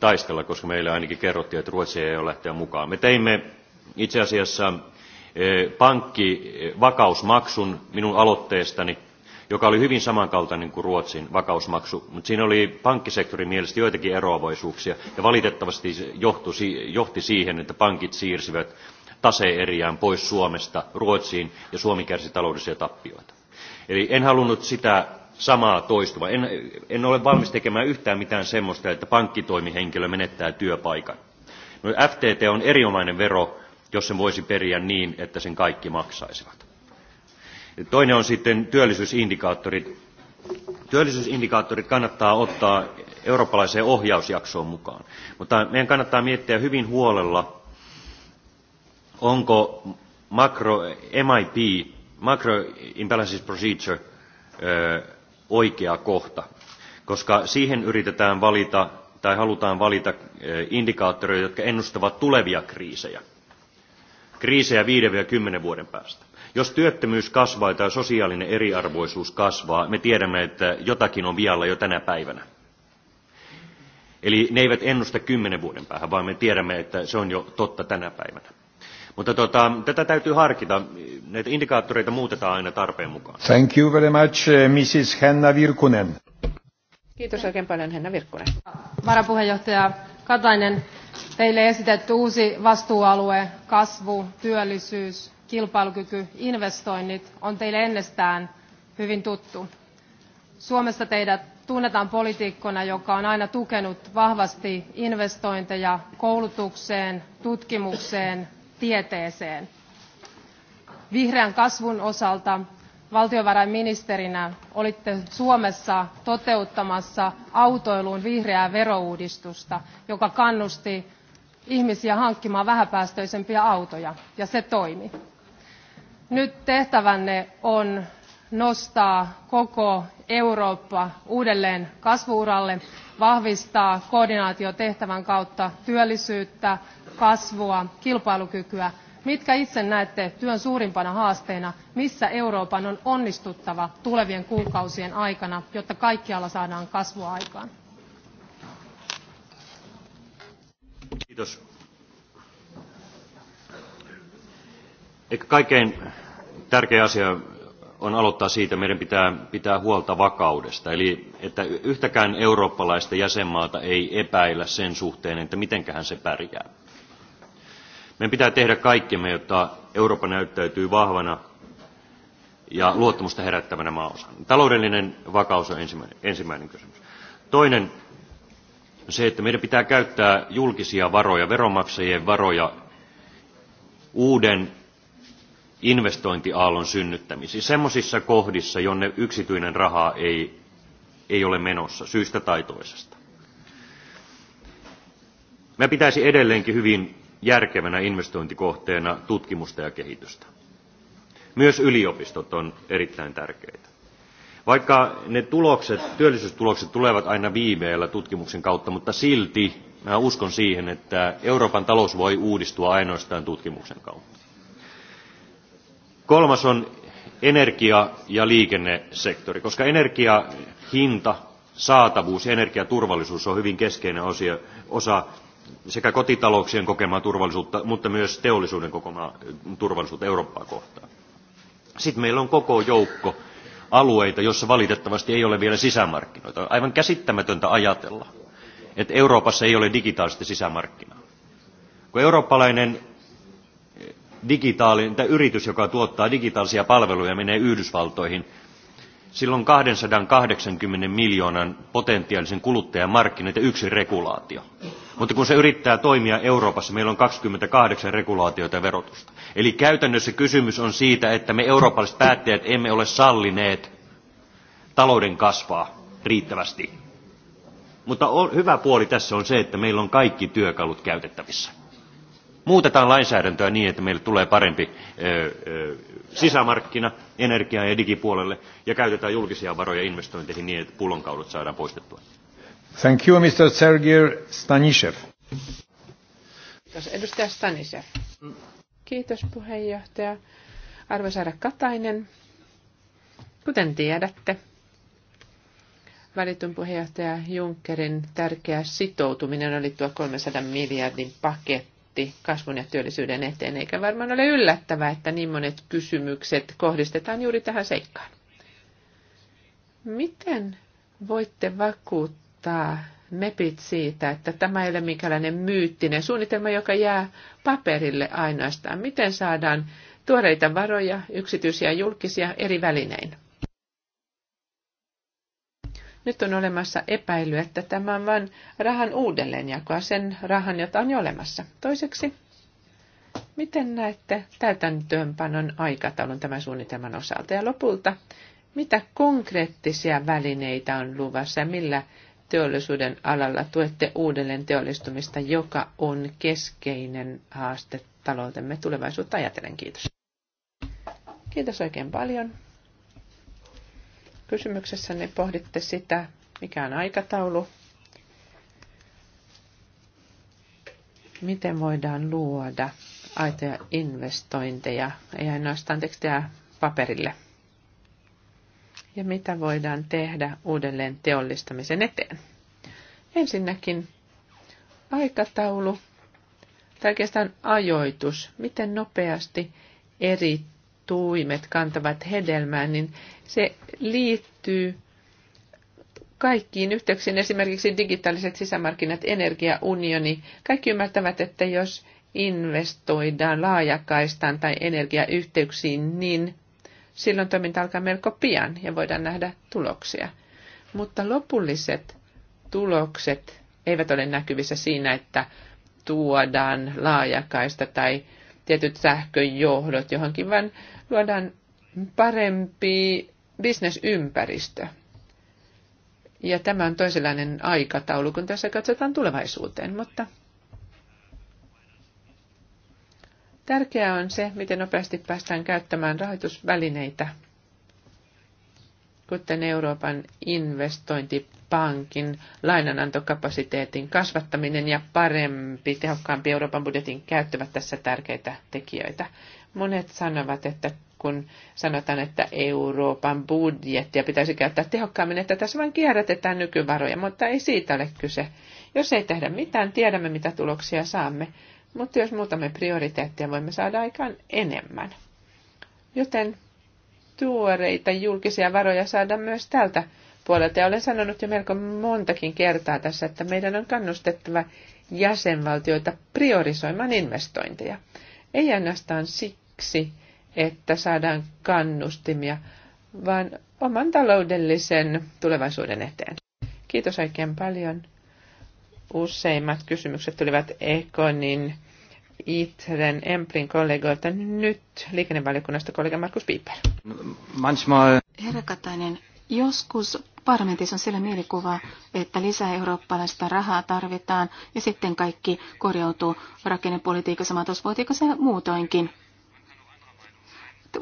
taistella, koska meille ainakin kerrottiin, että Ruotsi ei ole lähteä mukaan. Me teimme itse asiassa e, pankkivakausmaksun e, minun aloitteestani, joka oli hyvin samankaltainen kuin Ruotsin vakausmaksu, mutta siinä oli pankkisektorin mielestä joitakin eroavaisuuksia, ja valitettavasti johti siihen, että pankit siirsivät tase eriään pois Suomesta Ruotsiin ja Suomi kärsi taloudellisia tappioita. Eli en halunnut sitä samaa toistua. En, en ole valmis tekemään yhtään mitään semmoista, että pankkitoimihenkilö menettää työpaikan. No, FTT on erinomainen vero, jos sen voisi periä niin, että sen kaikki maksaisivat. Toinen on sitten työllisyysindikaattorit. Työllisyysindikaattorit kannattaa ottaa eurooppalaiseen ohjausjaksoon mukaan, mutta meidän kannattaa miettiä hyvin huolella, onko makro MIP, macro imbalances procedure, oikea kohta, koska siihen yritetään valita tai halutaan valita indikaattoreita, jotka ennustavat tulevia kriisejä. Kriisejä 5-10 vuoden päästä. Jos työttömyys kasvaa tai sosiaalinen eriarvoisuus kasvaa, me tiedämme, että jotakin on vialla jo tänä päivänä. Eli ne eivät ennusta kymmenen vuoden päähän, vaan me tiedämme, että se on jo totta tänä päivänä. Mutta tota, tätä täytyy harkita. Näitä indikaattoreita muutetaan aina tarpeen mukaan. Thank you very much, eh, Mrs. Henna Virkunen. Kiitos oikein paljon, Henna Virkkunen. Varapuheenjohtaja Katainen, teille esitetty uusi vastuualue, kasvu, työllisyys, kilpailukyky, investoinnit on teille ennestään hyvin tuttu. Suomessa teidät tunnetaan poliitikkona, joka on aina tukenut vahvasti investointeja koulutukseen, tutkimukseen, tieteeseen. Vihreän kasvun osalta valtiovarainministerinä olitte Suomessa toteuttamassa autoiluun vihreää verouudistusta, joka kannusti ihmisiä hankkimaan vähäpäästöisempiä autoja, ja se toimi. Nyt tehtävänne on nostaa koko Eurooppa uudelleen kasvuuralle vahvistaa koordinaatiotehtävän kautta työllisyyttä kasvua kilpailukykyä mitkä itse näette työn suurimpana haasteena missä euroopan on onnistuttava tulevien kuukausien aikana jotta kaikkialla saadaan kasvua aikaan? Kiitos. Ehkä kaikkein tärkein asia on aloittaa siitä, meidän pitää pitää huolta vakaudesta. Eli että yhtäkään eurooppalaista jäsenmaata ei epäillä sen suhteen, että mitenköhän se pärjää. Meidän pitää tehdä kaikkemme, jotta Eurooppa näyttäytyy vahvana ja luottamusta herättävänä maaosana. Taloudellinen vakaus on ensimmäinen, ensimmäinen kysymys. Toinen on se, että meidän pitää käyttää julkisia varoja, veronmaksajien varoja uuden investointiaallon synnyttämisiin, semmoisissa kohdissa, jonne yksityinen raha ei, ei ole menossa syystä tai toisesta. Mä pitäisi edelleenkin hyvin järkevänä investointikohteena tutkimusta ja kehitystä. Myös yliopistot on erittäin tärkeitä. Vaikka ne tulokset, työllisyystulokset tulevat aina viiveellä tutkimuksen kautta, mutta silti mä uskon siihen, että Euroopan talous voi uudistua ainoastaan tutkimuksen kautta kolmas on energia ja liikennesektori koska hinta, saatavuus ja energiaturvallisuus on hyvin keskeinen osa sekä kotitalouksien kokemaa turvallisuutta mutta myös teollisuuden kokemaa mm, turvallisuutta eurooppaa kohtaan. sitten meillä on koko joukko alueita joissa valitettavasti ei ole vielä sisämarkkinoita. on aivan käsittämätöntä ajatella että euroopassa ei ole digitaalista sisämarkkinaa. kun eurooppalainen Digitaalinen tai yritys, joka tuottaa digitaalisia palveluja, menee Yhdysvaltoihin, silloin 280 miljoonan potentiaalisen kuluttajan markkinat ja yksi regulaatio. Mutta kun se yrittää toimia Euroopassa, meillä on 28 regulaatioita ja verotusta. Eli käytännössä kysymys on siitä, että me eurooppalaiset päättäjät emme ole sallineet talouden kasvaa riittävästi. Mutta hyvä puoli tässä on se, että meillä on kaikki työkalut käytettävissä muutetaan lainsäädäntöä niin, että meille tulee parempi sisämarkkina energia- ja digipuolelle ja käytetään julkisia varoja investointeihin niin, että pullonkaulut saadaan poistettua. Thank you, Mr. Sergei Stanishev. Kiitos, edustaja Stanishev. Kiitos, puheenjohtaja. Arvoisa Katainen, kuten tiedätte, valitun puheenjohtaja Junckerin tärkeä sitoutuminen oli tuo 300 miljardin paketti painotti kasvun ja työllisyyden eteen, eikä varmaan ole yllättävää, että niin monet kysymykset kohdistetaan juuri tähän seikkaan. Miten voitte vakuuttaa mepit siitä, että tämä ei ole mikälainen myyttinen suunnitelma, joka jää paperille ainoastaan? Miten saadaan tuoreita varoja, yksityisiä ja julkisia, eri välinein? Nyt on olemassa epäily, että tämä on vain rahan uudelleenjakoa, sen rahan, jota on jo olemassa. Toiseksi, miten näette täytäntöönpanon aikataulun tämän suunnitelman osalta? Ja lopulta, mitä konkreettisia välineitä on luvassa ja millä teollisuuden alalla tuette uudelleen teollistumista, joka on keskeinen haaste taloutemme tulevaisuutta ajatellen. Kiitos. Kiitos oikein paljon. Kysymyksessänne pohditte sitä, mikä on aikataulu, miten voidaan luoda aitoja investointeja, ei ainoastaan tekstiä paperille. Ja mitä voidaan tehdä uudelleen teollistamisen eteen. Ensinnäkin aikataulu, tai oikeastaan ajoitus, miten nopeasti eri tuimet kantavat hedelmää, niin se liittyy kaikkiin yhteyksiin, esimerkiksi digitaaliset sisämarkkinat, energiaunioni. Kaikki ymmärtävät, että jos investoidaan laajakaistaan tai energiayhteyksiin, niin silloin toiminta alkaa melko pian ja voidaan nähdä tuloksia. Mutta lopulliset tulokset eivät ole näkyvissä siinä, että tuodaan laajakaista tai tietyt sähköjohdot johonkin, vaan luodaan parempi bisnesympäristö. Ja tämä on toisenlainen aikataulu, kun tässä katsotaan tulevaisuuteen, mutta tärkeää on se, miten nopeasti päästään käyttämään rahoitusvälineitä, kuten Euroopan investointi pankin lainanantokapasiteetin kasvattaminen ja parempi, tehokkaampi Euroopan budjetin käyttö ovat tässä tärkeitä tekijöitä. Monet sanovat, että kun sanotaan, että Euroopan budjettia pitäisi käyttää tehokkaammin, että tässä vain kierrätetään nykyvaroja, mutta ei siitä ole kyse. Jos ei tehdä mitään, tiedämme mitä tuloksia saamme, mutta jos muutamme prioriteettia, voimme saada aikaan enemmän. Joten tuoreita julkisia varoja saada myös tältä puolelta. Ja olen sanonut jo melko montakin kertaa tässä, että meidän on kannustettava jäsenvaltioita priorisoimaan investointeja. Ei ainoastaan siksi, että saadaan kannustimia, vaan oman taloudellisen tulevaisuuden eteen. Kiitos oikein paljon. Useimmat kysymykset tulivat Ekonin, Itren, Emplin kollegoilta. Nyt liikennevaliokunnasta kollega Markus Piiper. Herra Katainen, joskus Parlamentissa on sillä mielikuva, että lisää eurooppalaista rahaa tarvitaan ja sitten kaikki korjautuu rakennepolitiikassa, maatalouspolitiikassa ja muutoinkin.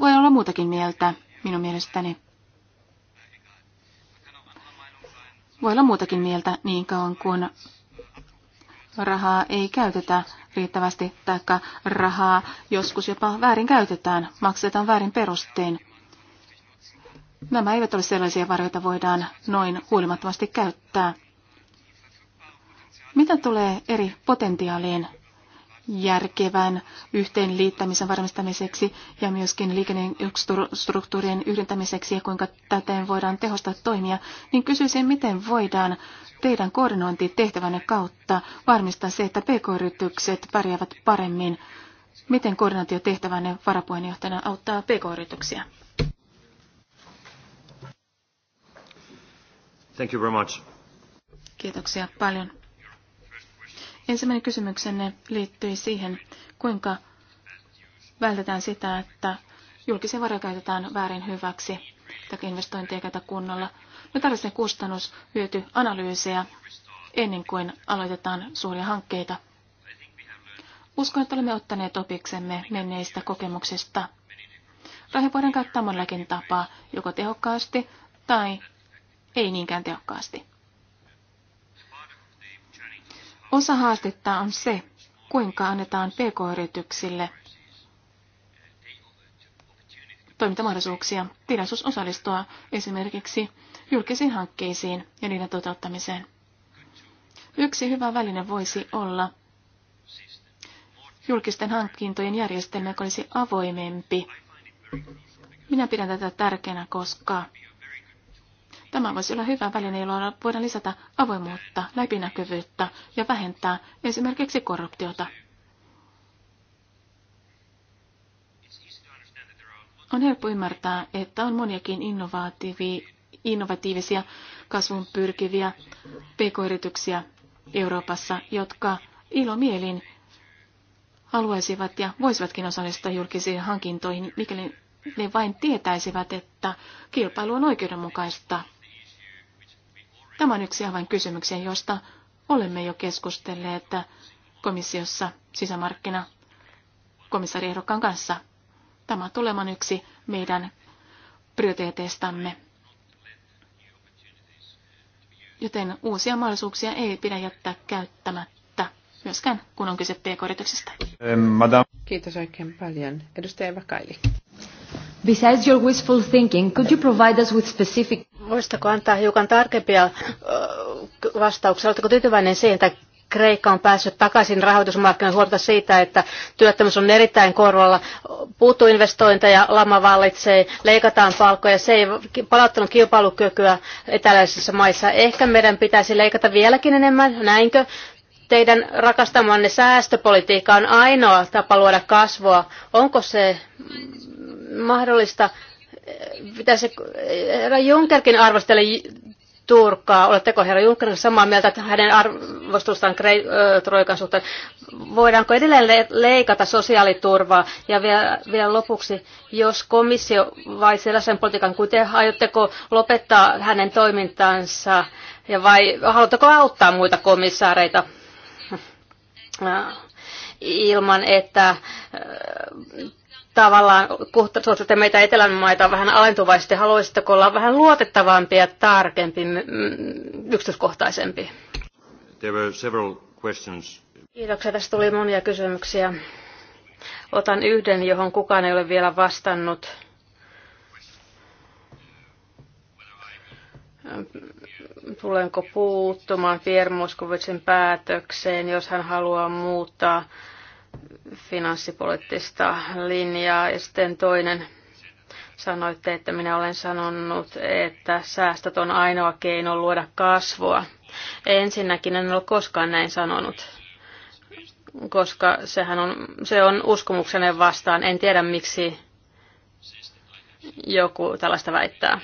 Voi olla muutakin mieltä minun mielestäni. Voi olla muutakin mieltä niin kauan kuin rahaa ei käytetä riittävästi, taikka rahaa joskus jopa väärin käytetään, maksetaan väärin perustein. Nämä eivät ole sellaisia varoja, voidaan noin huolimattomasti käyttää. Mitä tulee eri potentiaaliin järkevän yhteenliittämisen varmistamiseksi ja myöskin liikennestruktuurien yhdentämiseksi ja kuinka täten voidaan tehostaa toimia, niin kysyisin, miten voidaan teidän koordinointitehtävänne kautta varmistaa se, että pk-yritykset pärjäävät paremmin. Miten koordinaatiotehtävänne varapuheenjohtajana auttaa pk-yrityksiä? Thank you very much. Kiitoksia paljon. Ensimmäinen kysymyksenne liittyi siihen, kuinka vältetään sitä, että julkisia varoja käytetään väärin hyväksi tai investointeja käytä kunnolla. Me tarvitsemme analyysiä ennen kuin aloitetaan suuria hankkeita. Uskon, että olemme ottaneet opiksemme menneistä kokemuksista. Rahoja voidaan käyttää monellakin tapaa, joko tehokkaasti tai ei niinkään tehokkaasti. Osa haastetta on se, kuinka annetaan pk-yrityksille toimintamahdollisuuksia, tilaisuus osallistua esimerkiksi julkisiin hankkeisiin ja niiden toteuttamiseen. Yksi hyvä väline voisi olla julkisten hankintojen järjestelmä, joka olisi avoimempi. Minä pidän tätä tärkeänä, koska Tämä voisi olla hyvä väline, jolla voidaan lisätä avoimuutta, läpinäkyvyyttä ja vähentää esimerkiksi korruptiota. On helppo ymmärtää, että on moniakin innovatiivisia kasvun pyrkiviä pk-yrityksiä Euroopassa, jotka ilomielin haluaisivat ja voisivatkin osallistua julkisiin hankintoihin, mikäli ne vain tietäisivät, että kilpailu on oikeudenmukaista Tämä on yksi avain kysymyksiä, josta olemme jo keskustelleet komissiossa sisämarkkina komissariehdokkaan kanssa. Tämä tuleman yksi meidän prioriteeteistamme. Joten uusia mahdollisuuksia ei pidä jättää käyttämättä, myöskään kun on kyse pk-yrityksestä. Kiitos oikein paljon. Edustaja Vakaili. Besides your wishful thinking, could you provide us with specific voisitteko antaa hiukan tarkempia vastauksia? Oletteko tyytyväinen siihen, että Kreikka on päässyt takaisin rahoitusmarkkinoille huolta siitä, että työttömyys on erittäin korvalla, puuttuu investointeja, lama vallitsee, leikataan palkkoja, se ei palauttanut kilpailukykyä eteläisissä maissa. Ehkä meidän pitäisi leikata vieläkin enemmän, näinkö? Teidän rakastamanne säästöpolitiikka on ainoa tapa luoda kasvua. Onko se mahdollista pitäisi herra Junckerkin arvostella Turkkaa. Oletteko herra Juncker samaa mieltä että hänen arvostustaan Troikan suhteen? Voidaanko edelleen leikata sosiaaliturvaa? Ja vielä, vielä lopuksi, jos komissio vai sellaisen politiikan, kuten aiotteko lopettaa hänen toimintansa ja vai haluatteko auttaa muita komissaareita? Äh, ilman, että äh, tavallaan kun meitä etelän maita vähän alentuvaisesti. Haluaisitteko olla vähän luotettavampi ja tarkempi, mm, mm, yksityiskohtaisempi? There were several questions. Kiitoksia. Tässä tuli monia kysymyksiä. Otan yhden, johon kukaan ei ole vielä vastannut. Tulenko puuttumaan Pierre Moskovitsin päätökseen, jos hän haluaa muuttaa finanssipoliittista linjaa. Ja sitten toinen sanoitte, että minä olen sanonut, että säästöt on ainoa keino luoda kasvua. Ensinnäkin en ole koskaan näin sanonut, koska sehän on, se on uskomuksenne vastaan. En tiedä, miksi joku tällaista väittää.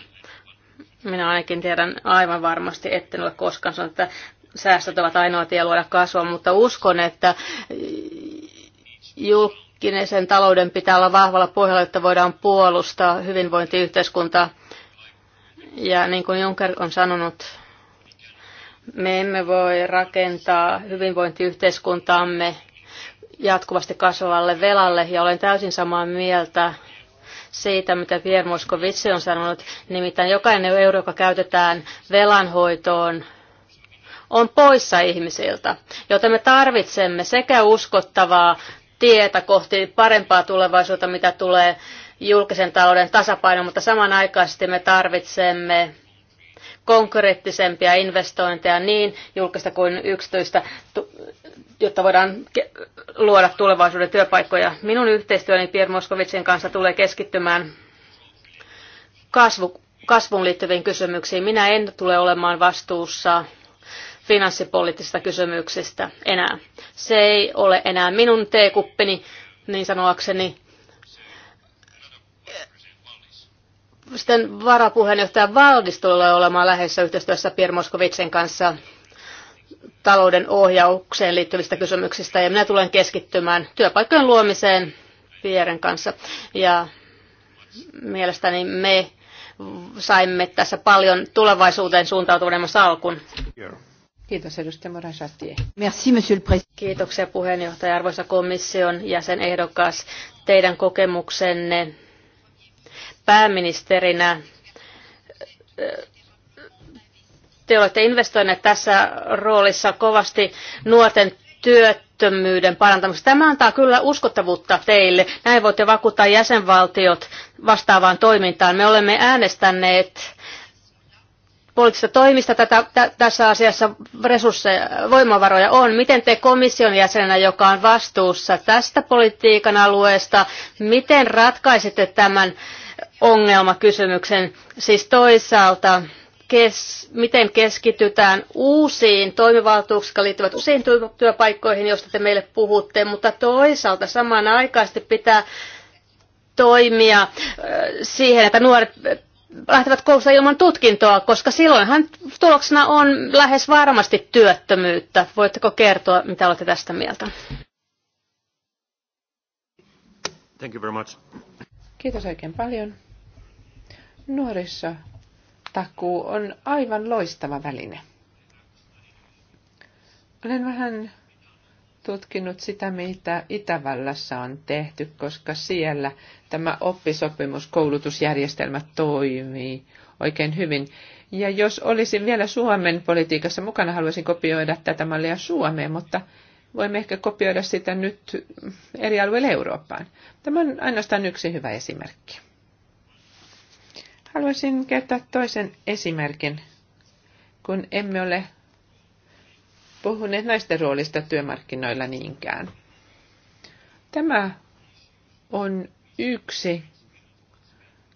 Minä ainakin tiedän aivan varmasti, etten ole koskaan sanonut, että säästöt ovat ainoa tie luoda kasvua, mutta uskon, että julkisen talouden pitää olla vahvalla pohjalla, että voidaan puolustaa hyvinvointiyhteiskuntaa. Ja niin kuin Juncker on sanonut, me emme voi rakentaa hyvinvointiyhteiskuntaamme jatkuvasti kasvavalle velalle, ja olen täysin samaa mieltä siitä, mitä Pierre Moskovitsi on sanonut, nimittäin jokainen euro, joka käytetään velanhoitoon, on poissa ihmisiltä, joten me tarvitsemme sekä uskottavaa tietä kohti parempaa tulevaisuutta, mitä tulee julkisen talouden tasapainoon, mutta samanaikaisesti me tarvitsemme konkreettisempia investointeja niin julkista kuin yksityistä, jotta voidaan luoda tulevaisuuden työpaikkoja. Minun yhteistyöni Pierre Moskovitsin kanssa tulee keskittymään kasvu, kasvuun liittyviin kysymyksiin. Minä en tule olemaan vastuussa finanssipoliittisista kysymyksistä enää. Se ei ole enää minun teekuppini, niin sanoakseni. Sitten varapuheenjohtaja Valdis tulee olemaan läheisessä yhteistyössä Pierre Moskovitsen kanssa talouden ohjaukseen liittyvistä kysymyksistä ja minä tulen keskittymään työpaikkojen luomiseen Pieren kanssa ja mielestäni me saimme tässä paljon tulevaisuuteen suuntautuneemman salkun. Kiitos edustaja Morasati. Merci, monsieur le président. Kiitoksia puheenjohtaja, arvoisa komission jäsenehdokas. Teidän kokemuksenne pääministerinä eh, te olette investoineet tässä roolissa kovasti nuorten työttömyyden parantamista. Tämä antaa kyllä uskottavuutta teille. Näin voitte vakuuttaa jäsenvaltiot vastaavaan toimintaan. Me olemme äänestäneet poliittisista toimista tätä, tä, tässä asiassa resursseja, voimavaroja on. Miten te komission jäsenenä, joka on vastuussa tästä politiikan alueesta, miten ratkaisitte tämän ongelmakysymyksen? Siis toisaalta kes, miten keskitytään uusiin toimivaltuuksiin, jotka liittyvät uusiin työpaikkoihin, joista te meille puhutte, mutta toisaalta samanaikaisesti pitää toimia siihen, että nuoret lähtevät koulusta ilman tutkintoa, koska silloinhan tuloksena on lähes varmasti työttömyyttä. Voitteko kertoa, mitä olette tästä mieltä? Thank you very much. Kiitos oikein paljon. Nuorissa takuu on aivan loistava väline. Olen vähän tutkinut sitä, mitä Itävallassa on tehty, koska siellä tämä oppisopimuskoulutusjärjestelmä toimii oikein hyvin. Ja jos olisin vielä Suomen politiikassa mukana, haluaisin kopioida tätä mallia Suomeen, mutta voimme ehkä kopioida sitä nyt eri alueille Eurooppaan. Tämä on ainoastaan yksi hyvä esimerkki. Haluaisin kertoa toisen esimerkin, kun emme ole puhuneet naisten roolista työmarkkinoilla niinkään. Tämä on yksi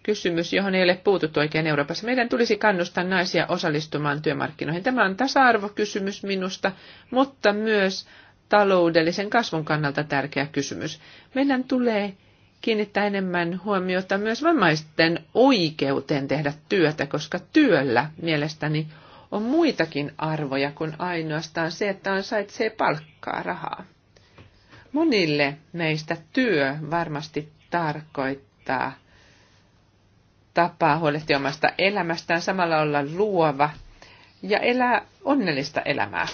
kysymys, johon ei ole puututtu oikein Euroopassa. Meidän tulisi kannustaa naisia osallistumaan työmarkkinoihin. Tämä on tasa-arvokysymys minusta, mutta myös taloudellisen kasvun kannalta tärkeä kysymys. Meidän tulee kiinnittää enemmän huomiota myös vammaisten oikeuteen tehdä työtä, koska työllä mielestäni on muitakin arvoja kuin ainoastaan se, että ansaitsee palkkaa rahaa. Monille meistä työ varmasti tarkoittaa tapaa huolehtia omasta elämästään, samalla olla luova ja elää onnellista elämää.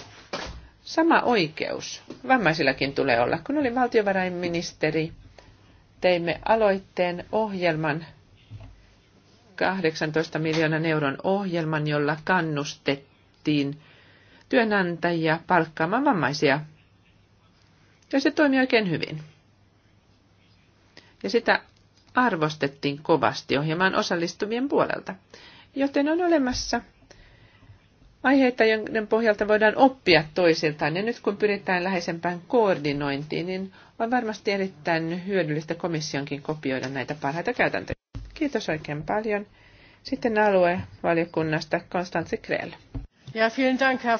Sama oikeus vammaisillakin tulee olla. Kun olin valtiovarainministeri, teimme aloitteen ohjelman 18 miljoonan euron ohjelman, jolla kannustettiin työnantajia palkkaamaan vammaisia. Ja se toimi oikein hyvin. Ja sitä arvostettiin kovasti ohjelman osallistuvien puolelta. Joten on olemassa aiheita, joiden pohjalta voidaan oppia toisiltaan. Ja nyt kun pyritään läheisempään koordinointiin, niin on varmasti erittäin hyödyllistä komissionkin kopioida näitä parhaita käytäntöjä. Kiitos oikein paljon. Sitten aluevaliokunnasta Konstantse Krell. Ja vielen dank, Herr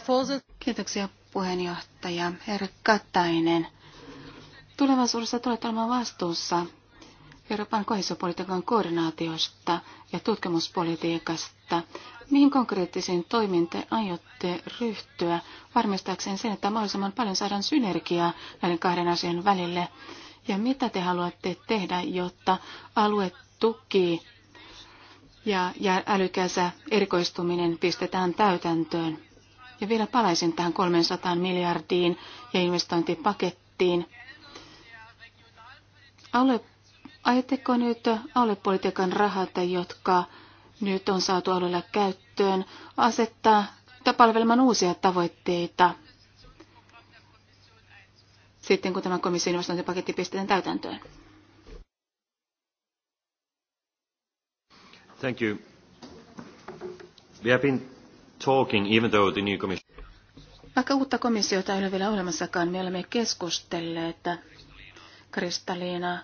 Kiitoksia puheenjohtaja Herra Katainen. Tulevaisuudessa tulet olemaan vastuussa Euroopan kohdistopolitiikan koordinaatiosta ja tutkimuspolitiikasta. Mihin konkreettisiin toimiin te aiotte ryhtyä varmistaakseen sen, että mahdollisimman paljon saadaan synergiaa näiden kahden asian välille? Ja mitä te haluatte tehdä, jotta alue tuki ja, ja älykäsä erikoistuminen pistetään täytäntöön. Ja vielä palaisin tähän 300 miljardiin ja investointipakettiin. Aule, ajatteko nyt aluepolitiikan rahat, jotka nyt on saatu alueella käyttöön, asettaa tai palvelemaan uusia tavoitteita sitten, kun tämä komission investointipaketti pistetään täytäntöön? Thank you. We have been talking, even though the new commission... Vaikka uutta komissiota ei ole vielä olemassakaan, me olemme keskustelleet Kristaliina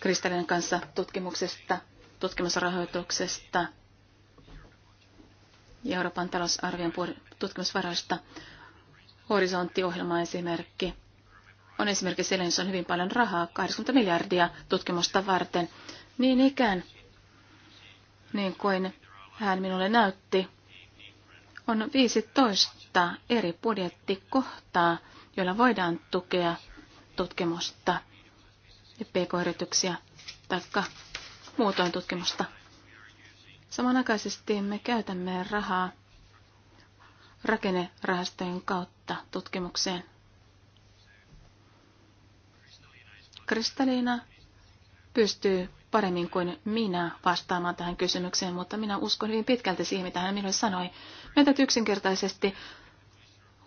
Kristallinen kanssa tutkimuksesta, tutkimusrahoituksesta ja Euroopan talousarvion tutkimusvaroista. Horisonttiohjelma esimerkki. On esimerkki siellä, jossa on hyvin paljon rahaa, 80 miljardia tutkimusta varten. Niin ikään, niin kuin hän minulle näytti, on 15 eri budjettikohtaa, joilla voidaan tukea tutkimusta ja pk-yrityksiä tai muutoin tutkimusta. Samanaikaisesti me käytämme rahaa rakennerahastojen kautta tutkimukseen. Kristaliina pystyy paremmin kuin minä vastaamaan tähän kysymykseen, mutta minä uskon hyvin pitkälti siihen, mitä hän minulle sanoi. Meidän täytyy yksinkertaisesti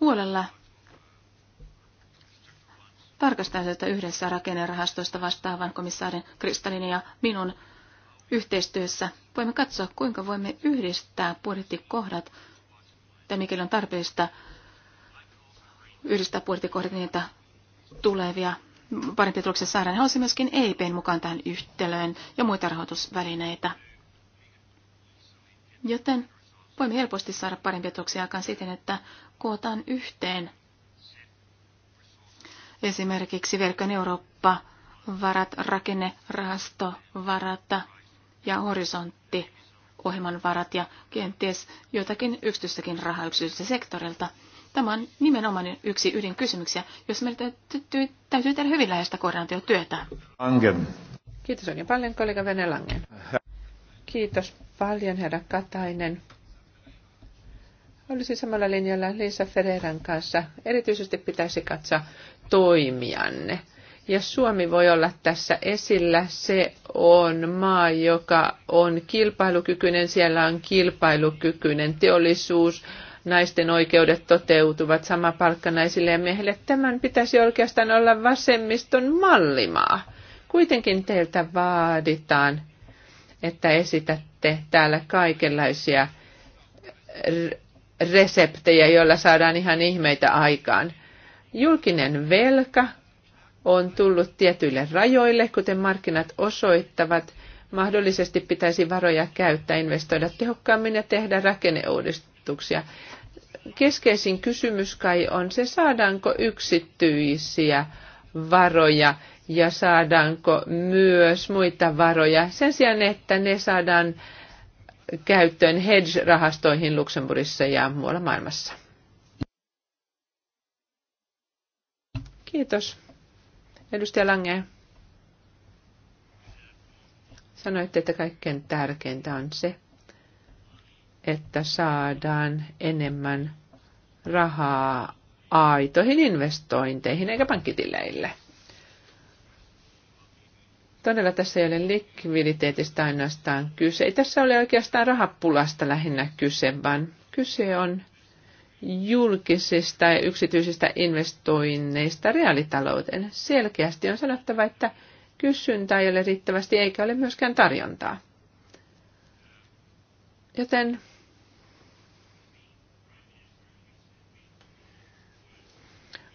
huolella tarkastaa sitä yhdessä rakennerahastoista vastaavan komissaarin Kristallin ja minun yhteistyössä. Voimme katsoa, kuinka voimme yhdistää budjettikohdat, ja mikäli on tarpeellista yhdistää budjettikohdat niitä tulevia parempi tuloksia saadaan. Hän halusi myöskin EIPn mukaan tähän yhtälöön ja muita rahoitusvälineitä. Joten voimme helposti saada parempia tuloksia aikaan siten, että kootaan yhteen esimerkiksi Verkon Eurooppa, varat, rakenne, rahasto, varat ja horisontti, ohjelman varat ja kenties jotakin yksityistäkin rahaa yksityiseltä sektorilta – Tämä on nimenomaan yksi ydinkysymyksiä, jos meidän täytyy, täytyy tehdä hyvin läheistä koordinaatiotyötä. Angen. Kiitos oikein paljon, kollega Venelangen. Kiitos paljon, herra Katainen. Olisi samalla linjalla Liisa Ferreran kanssa. Erityisesti pitäisi katsoa toimijanne. Ja Suomi voi olla tässä esillä. Se on maa, joka on kilpailukykyinen. Siellä on kilpailukykyinen teollisuus, naisten oikeudet toteutuvat, sama palkka naisille ja miehille. Tämän pitäisi oikeastaan olla vasemmiston mallimaa. Kuitenkin teiltä vaaditaan, että esitätte täällä kaikenlaisia reseptejä, joilla saadaan ihan ihmeitä aikaan. Julkinen velka on tullut tietyille rajoille, kuten markkinat osoittavat. Mahdollisesti pitäisi varoja käyttää, investoida tehokkaammin ja tehdä rakenneuudistuksia keskeisin kysymys kai on se, saadaanko yksityisiä varoja ja saadaanko myös muita varoja sen sijaan, että ne saadaan käyttöön hedge-rahastoihin Luxemburgissa ja muualla maailmassa. Kiitos. Edustaja Lange. Sanoitte, että kaikkein tärkeintä on se, että saadaan enemmän rahaa aitoihin investointeihin eikä pankkitileille. Todella tässä ei ole likviditeetistä ainoastaan kyse. Ei tässä ole oikeastaan rahapulasta lähinnä kyse, vaan kyse on julkisista ja yksityisistä investoinneista reaalitalouteen. Selkeästi on sanottava, että kysyntää ei ole riittävästi eikä ole myöskään tarjontaa. Joten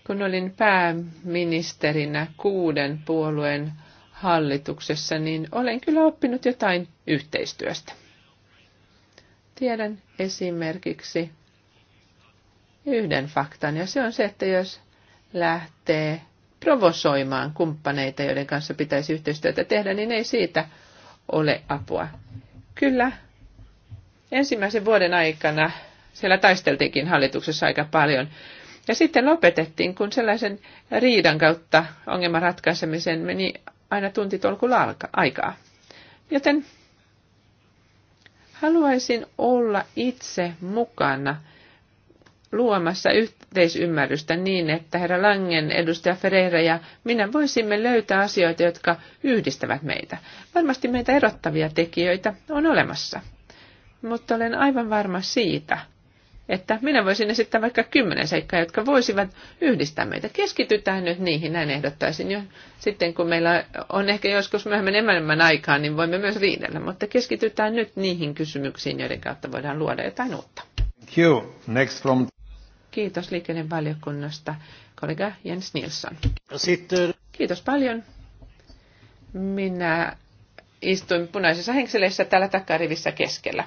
Kun olin pääministerinä kuuden puolueen hallituksessa, niin olen kyllä oppinut jotain yhteistyöstä. Tiedän esimerkiksi yhden faktan, ja se on se, että jos lähtee provosoimaan kumppaneita, joiden kanssa pitäisi yhteistyötä tehdä, niin ei siitä ole apua. Kyllä, ensimmäisen vuoden aikana siellä taisteltiinkin hallituksessa aika paljon ja sitten lopetettiin, kun sellaisen riidan kautta ongelman ratkaisemiseen meni aina tuntitolkulla aikaa. Joten haluaisin olla itse mukana luomassa yhteisymmärrystä niin, että herra Langen, edustaja Ferreira ja minä voisimme löytää asioita, jotka yhdistävät meitä. Varmasti meitä erottavia tekijöitä on olemassa, mutta olen aivan varma siitä – että minä voisin esittää vaikka kymmenen seikkaa, jotka voisivat yhdistää meitä. Keskitytään nyt niihin, näin ehdottaisin. Jo. Sitten kun meillä on ehkä joskus myöhemmin enemmän aikaa, niin voimme myös riidellä, mutta keskitytään nyt niihin kysymyksiin, joiden kautta voidaan luoda jotain uutta. Thank you. Next from... Kiitos liikennevaliokunnasta, kollega Jens Nilsson. Sitten... Kiitos paljon. Minä istuin punaisessa henkseleissä täällä takarivissä keskellä.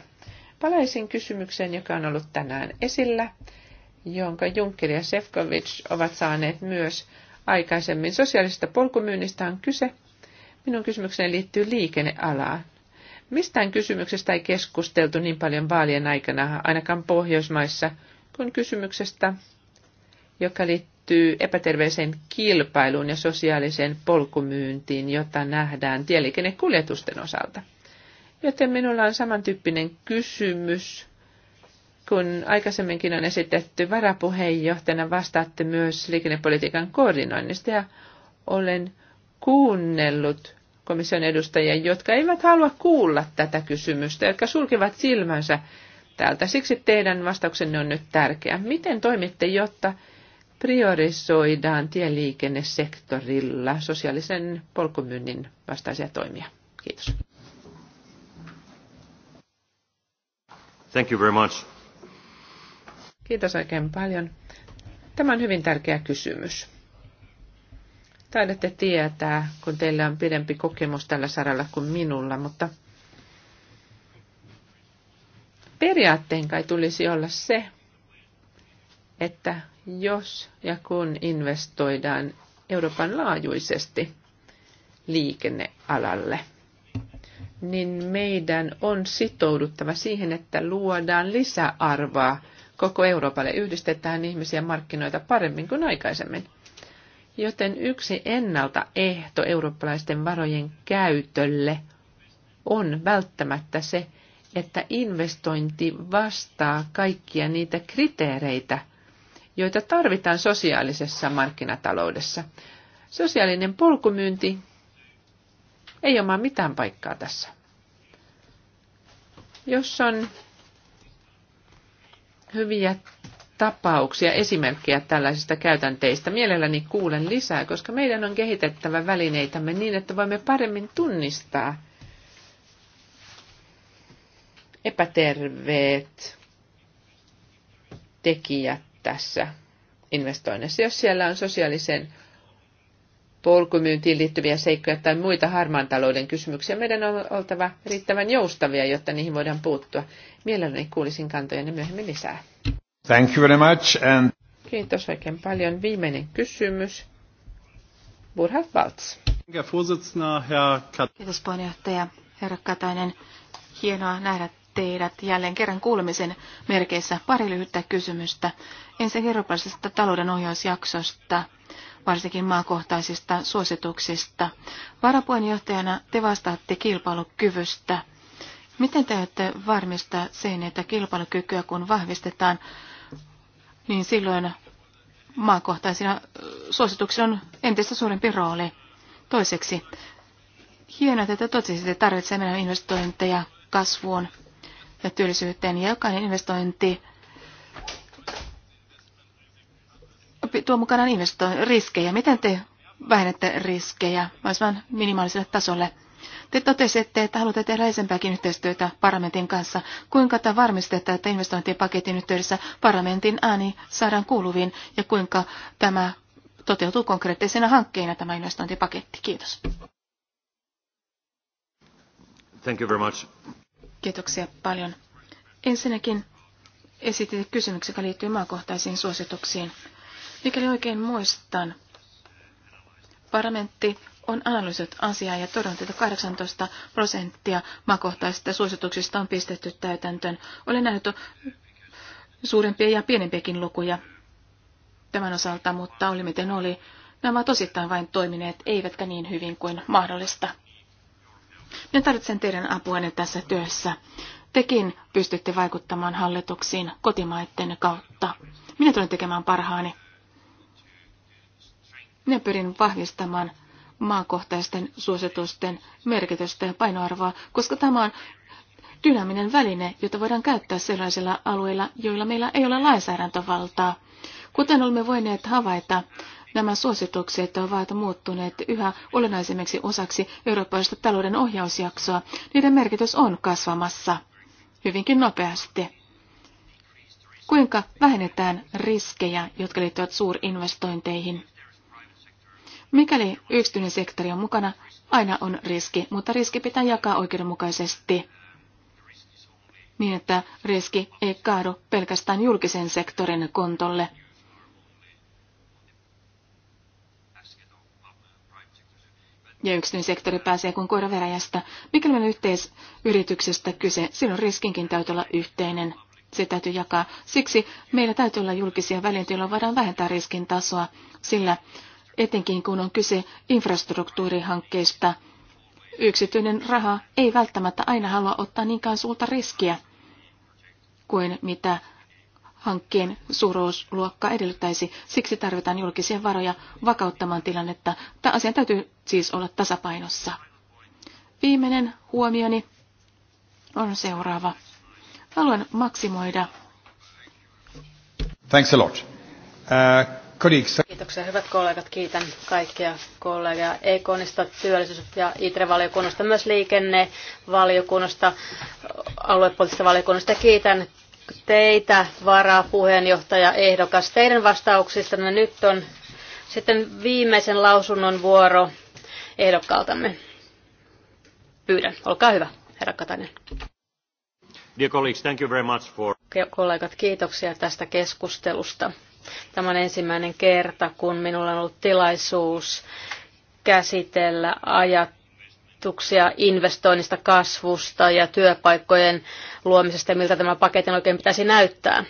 Palaisin kysymykseen, joka on ollut tänään esillä, jonka Juncker ja Sefcovic ovat saaneet myös aikaisemmin. Sosiaalisesta polkumyynnistä on kyse. Minun kysymykseni liittyy liikennealaan. Mistään kysymyksestä ei keskusteltu niin paljon vaalien aikana, ainakaan Pohjoismaissa, kuin kysymyksestä, joka liittyy epäterveeseen kilpailuun ja sosiaaliseen polkumyyntiin, jota nähdään tieliikennekuljetusten osalta. Joten minulla on samantyyppinen kysymys kun aikaisemminkin on esitetty varapuheenjohtajana, vastaatte myös liikennepolitiikan koordinoinnista ja olen kuunnellut komission edustajia, jotka eivät halua kuulla tätä kysymystä, jotka sulkivat silmänsä täältä. Siksi teidän vastauksenne on nyt tärkeä. Miten toimitte, jotta priorisoidaan tieliikennesektorilla sosiaalisen polkumyynnin vastaisia toimia? Kiitos. Thank you very much. Kiitos oikein paljon. Tämä on hyvin tärkeä kysymys. Taidatte tietää, kun teillä on pidempi kokemus tällä saralla kuin minulla, mutta periaatteen kai tulisi olla se, että jos ja kun investoidaan Euroopan laajuisesti liikennealalle – niin meidän on sitouduttava siihen, että luodaan lisäarvoa koko Euroopalle. Yhdistetään ihmisiä markkinoita paremmin kuin aikaisemmin. Joten yksi ennaltaehto eurooppalaisten varojen käytölle on välttämättä se, että investointi vastaa kaikkia niitä kriteereitä, joita tarvitaan sosiaalisessa markkinataloudessa. Sosiaalinen polkumyynti ei omaa mitään paikkaa tässä. Jos on hyviä tapauksia, esimerkkejä tällaisista käytänteistä, mielelläni kuulen lisää, koska meidän on kehitettävä välineitämme niin, että voimme paremmin tunnistaa epäterveet tekijät tässä investoinnissa. Jos siellä on sosiaalisen polkumyyntiin liittyviä seikkoja tai muita harmaan talouden kysymyksiä. Meidän on oltava riittävän joustavia, jotta niihin voidaan puuttua. Mielelläni kuulisin kantojenne myöhemmin lisää. Thank you very much and... Kiitos oikein paljon. Viimeinen kysymys. Burhard Waltz. Kiitos puheenjohtaja, herra Katainen. Hienoa nähdä teidät jälleen kerran kuulemisen merkeissä. Pari lyhyttä kysymystä. Ensin eurooppalaisesta talouden ohjausjaksosta varsinkin maakohtaisista suosituksista. Varapuheenjohtajana te vastaatte kilpailukyvystä. Miten te olette varmistaa sen, että kilpailukykyä kun vahvistetaan, niin silloin maakohtaisina suosituksilla on entistä suurempi rooli. Toiseksi, hienoa, että totesitte, että tarvitsemme investointeja kasvuun ja työllisyyteen, ja jokainen investointi tuo mukanaan investoin riskejä. Miten te vähennätte riskejä, vain minimaaliselle tasolle? Te totesitte, että haluatte tehdä lisempääkin yhteistyötä parlamentin kanssa. Kuinka te varmistetaan, että investointipaketin yhteydessä parlamentin ääni saadaan kuuluviin ja kuinka tämä toteutuu konkreettisena hankkeena tämä investointipaketti? Kiitos. Thank you very much. Kiitoksia paljon. Ensinnäkin esitit kysymyksen, joka liittyy maakohtaisiin suosituksiin. Mikäli oikein muistan, parlamentti on analysoinut asiaa ja todennut, että 18 prosenttia maakohtaisista suosituksista on pistetty täytäntöön. Olen nähnyt suurempia ja pienempiäkin lukuja tämän osalta, mutta oli miten oli. Nämä ovat osittain vain toimineet, eivätkä niin hyvin kuin mahdollista. Minä tarvitsen teidän apuanne tässä työssä. Tekin pystytte vaikuttamaan hallituksiin kotimaiden kautta. Minä tulen tekemään parhaani ne pyrin vahvistamaan maakohtaisten suositusten merkitystä ja painoarvoa, koska tämä on dynaaminen väline, jota voidaan käyttää sellaisilla alueilla, joilla meillä ei ole lainsäädäntövaltaa. Kuten olemme voineet havaita, nämä suositukset ovat muuttuneet yhä olennaisemmiksi osaksi eurooppalaista talouden ohjausjaksoa. Niiden merkitys on kasvamassa hyvinkin nopeasti. Kuinka vähennetään riskejä, jotka liittyvät suurinvestointeihin? Mikäli yksityinen sektori on mukana, aina on riski, mutta riski pitää jakaa oikeudenmukaisesti niin, että riski ei kaadu pelkästään julkisen sektorin kontolle. ja yksityinen sektori pääsee kuin koira veräjästä. Mikäli on yhteisyrityksestä kyse, silloin riskinkin täytyy olla yhteinen. Se täytyy jakaa. Siksi meillä täytyy olla julkisia välineitä, joilla voidaan vähentää riskin tasoa, sillä etenkin kun on kyse infrastruktuurihankkeista. Yksityinen raha ei välttämättä aina halua ottaa niinkään suurta riskiä kuin mitä hankkeen suuruusluokka edellyttäisi. Siksi tarvitaan julkisia varoja vakauttamaan tilannetta. Tämä asia täytyy siis olla tasapainossa. Viimeinen huomioni on seuraava. Haluan maksimoida. Thanks a lot. Uh, colleagues. Kiitoksia hyvät kollegat. Kiitän kaikkia kollegia Ekonista, työllisyys- ja ITRE-valiokunnasta, myös liikennevaliokunnasta, aluepoliittisesta valiokunnasta. Kiitän teitä, puheenjohtaja, ehdokas, teidän vastauksistanne. No nyt on sitten viimeisen lausunnon vuoro ehdokkaaltamme. Pyydän, olkaa hyvä, herra Katainen. Dear colleagues, thank you very much for... Kollegat, kiitoksia tästä keskustelusta. Tämä on ensimmäinen kerta, kun minulla on ollut tilaisuus käsitellä ajatuksia investoinnista, kasvusta ja työpaikkojen luomisesta ja miltä tämä paketin oikein pitäisi näyttää.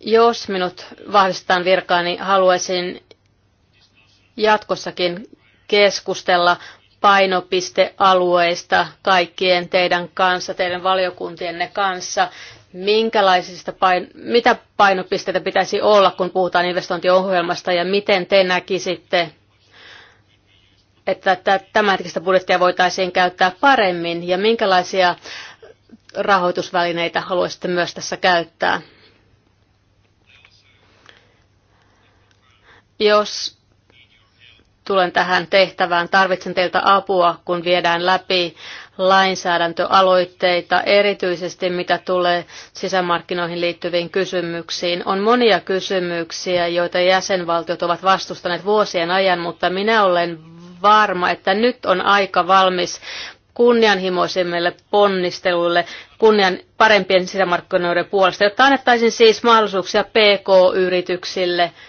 Jos minut vahvistetaan virkaani, niin haluaisin jatkossakin keskustella painopistealueista kaikkien teidän kanssa, teidän valiokuntienne kanssa minkälaisista pain, mitä painopisteitä pitäisi olla, kun puhutaan investointiohjelmasta ja miten te näkisitte, että hetkistä budjettia voitaisiin käyttää paremmin ja minkälaisia rahoitusvälineitä haluaisitte myös tässä käyttää. Jos tulen tähän tehtävään, tarvitsen teiltä apua, kun viedään läpi lainsäädäntöaloitteita, erityisesti mitä tulee sisämarkkinoihin liittyviin kysymyksiin. On monia kysymyksiä, joita jäsenvaltiot ovat vastustaneet vuosien ajan, mutta minä olen varma, että nyt on aika valmis kunnianhimoisimmille ponnisteluille kunnian parempien sisämarkkinoiden puolesta, jotta annettaisiin siis mahdollisuuksia PK-yrityksille –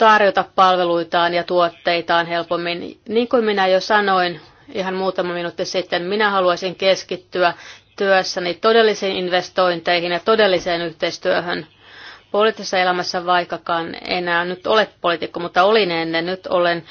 tarjota palveluitaan ja tuotteitaan helpommin. Niin kuin minä jo sanoin ihan muutama minuutti sitten, minä haluaisin keskittyä työssäni todellisiin investointeihin ja todelliseen yhteistyöhön. Poliittisessa elämässä vaikkakaan enää nyt ole poliitikko, mutta olin ennen. Nyt olen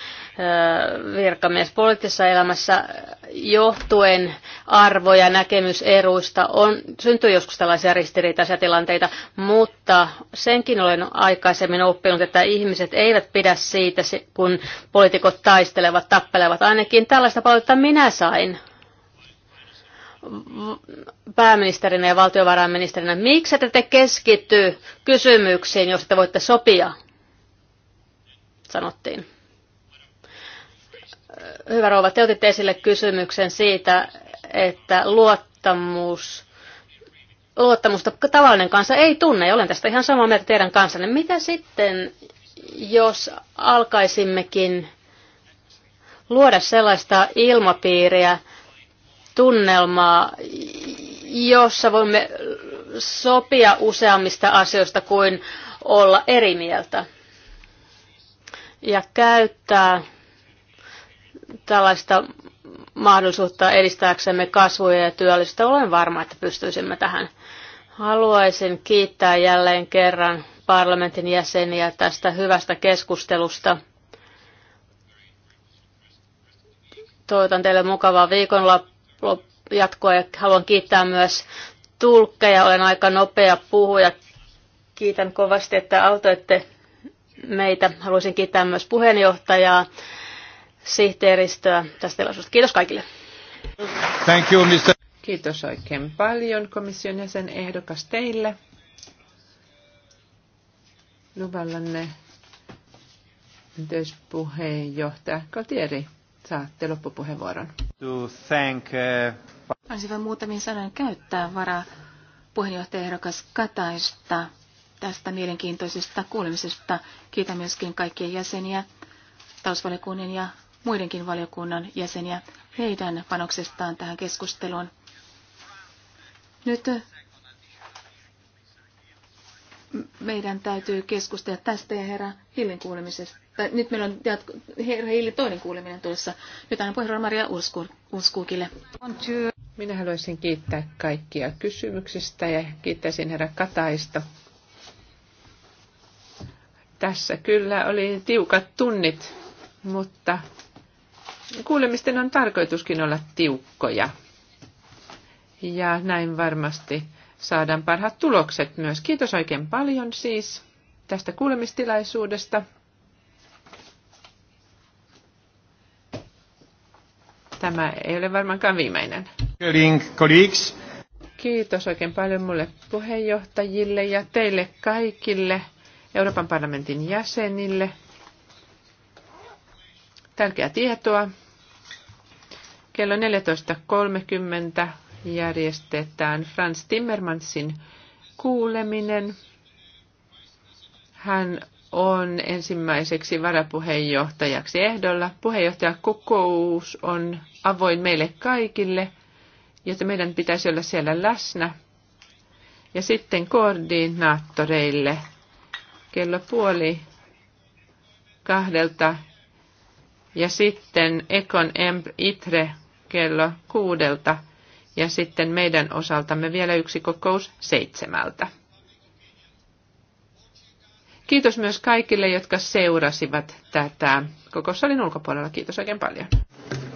virkamies poliittisessa elämässä johtuen arvoja näkemyseruista on, syntyy joskus tällaisia ristiriitaisia tilanteita, mutta senkin olen aikaisemmin oppinut, että ihmiset eivät pidä siitä, kun poliitikot taistelevat, tappelevat. Ainakin tällaista palautetta minä sain pääministerinä ja valtiovarainministerinä. Miksi te, te keskittyy kysymyksiin, jos te voitte sopia, sanottiin. Hyvä rouva, te otitte esille kysymyksen siitä, että luottamus, luottamusta tavallinen kansa ei tunne, ja olen tästä ihan samaa mieltä teidän kanssanne. Mitä sitten, jos alkaisimmekin luoda sellaista ilmapiiriä, tunnelmaa, jossa voimme sopia useammista asioista kuin olla eri mieltä ja käyttää tällaista mahdollisuutta edistääksemme kasvua ja työllisyyttä. Olen varma, että pystyisimme tähän. Haluaisin kiittää jälleen kerran parlamentin jäseniä tästä hyvästä keskustelusta. Toivotan teille mukavaa viikonjatkoa jatkoa ja haluan kiittää myös tulkkeja. Olen aika nopea puhuja. Kiitän kovasti, että autoitte meitä. Haluaisin kiittää myös puheenjohtajaa sihteeristöä tästä tilaisuudesta. Kiitos kaikille. Thank you, Mr. Kiitos oikein paljon komission jäsen ehdokas teille. Luvallanne yhteispuheenjohtaja Kotieri, saatte loppupuheenvuoron. To thank, uh... Olisi vain muutamia sanan käyttää vara ehdokas Kataista tästä mielenkiintoisesta kuulemisesta. Kiitän myöskin kaikkien jäseniä, talousvaliokunnan ja muidenkin valiokunnan jäseniä heidän panoksestaan tähän keskusteluun. Nyt meidän täytyy keskustella tästä ja herra Hillin kuulemisesta. nyt meillä on herra Hillin toinen kuuleminen tulossa. Nyt annan puheenjohtaja Maria Urskuukille. Minä haluaisin kiittää kaikkia kysymyksistä ja kiittäisin herra Kataista. Tässä kyllä oli tiukat tunnit, mutta Kuulemisten on tarkoituskin olla tiukkoja. Ja näin varmasti saadaan parhaat tulokset myös. Kiitos oikein paljon siis tästä kuulemistilaisuudesta. Tämä ei ole varmaankaan viimeinen. Kiitos oikein paljon mulle puheenjohtajille ja teille kaikille Euroopan parlamentin jäsenille tärkeää tietoa. Kello 14.30 järjestetään Franz Timmermansin kuuleminen. Hän on ensimmäiseksi varapuheenjohtajaksi ehdolla. Puheenjohtajakokous on avoin meille kaikille, joten meidän pitäisi olla siellä läsnä. Ja sitten koordinaattoreille kello puoli kahdelta ja sitten Ekon Emp Itre kello kuudelta ja sitten meidän osaltamme vielä yksi kokous seitsemältä. Kiitos myös kaikille, jotka seurasivat tätä kokoussalin ulkopuolella. Kiitos oikein paljon.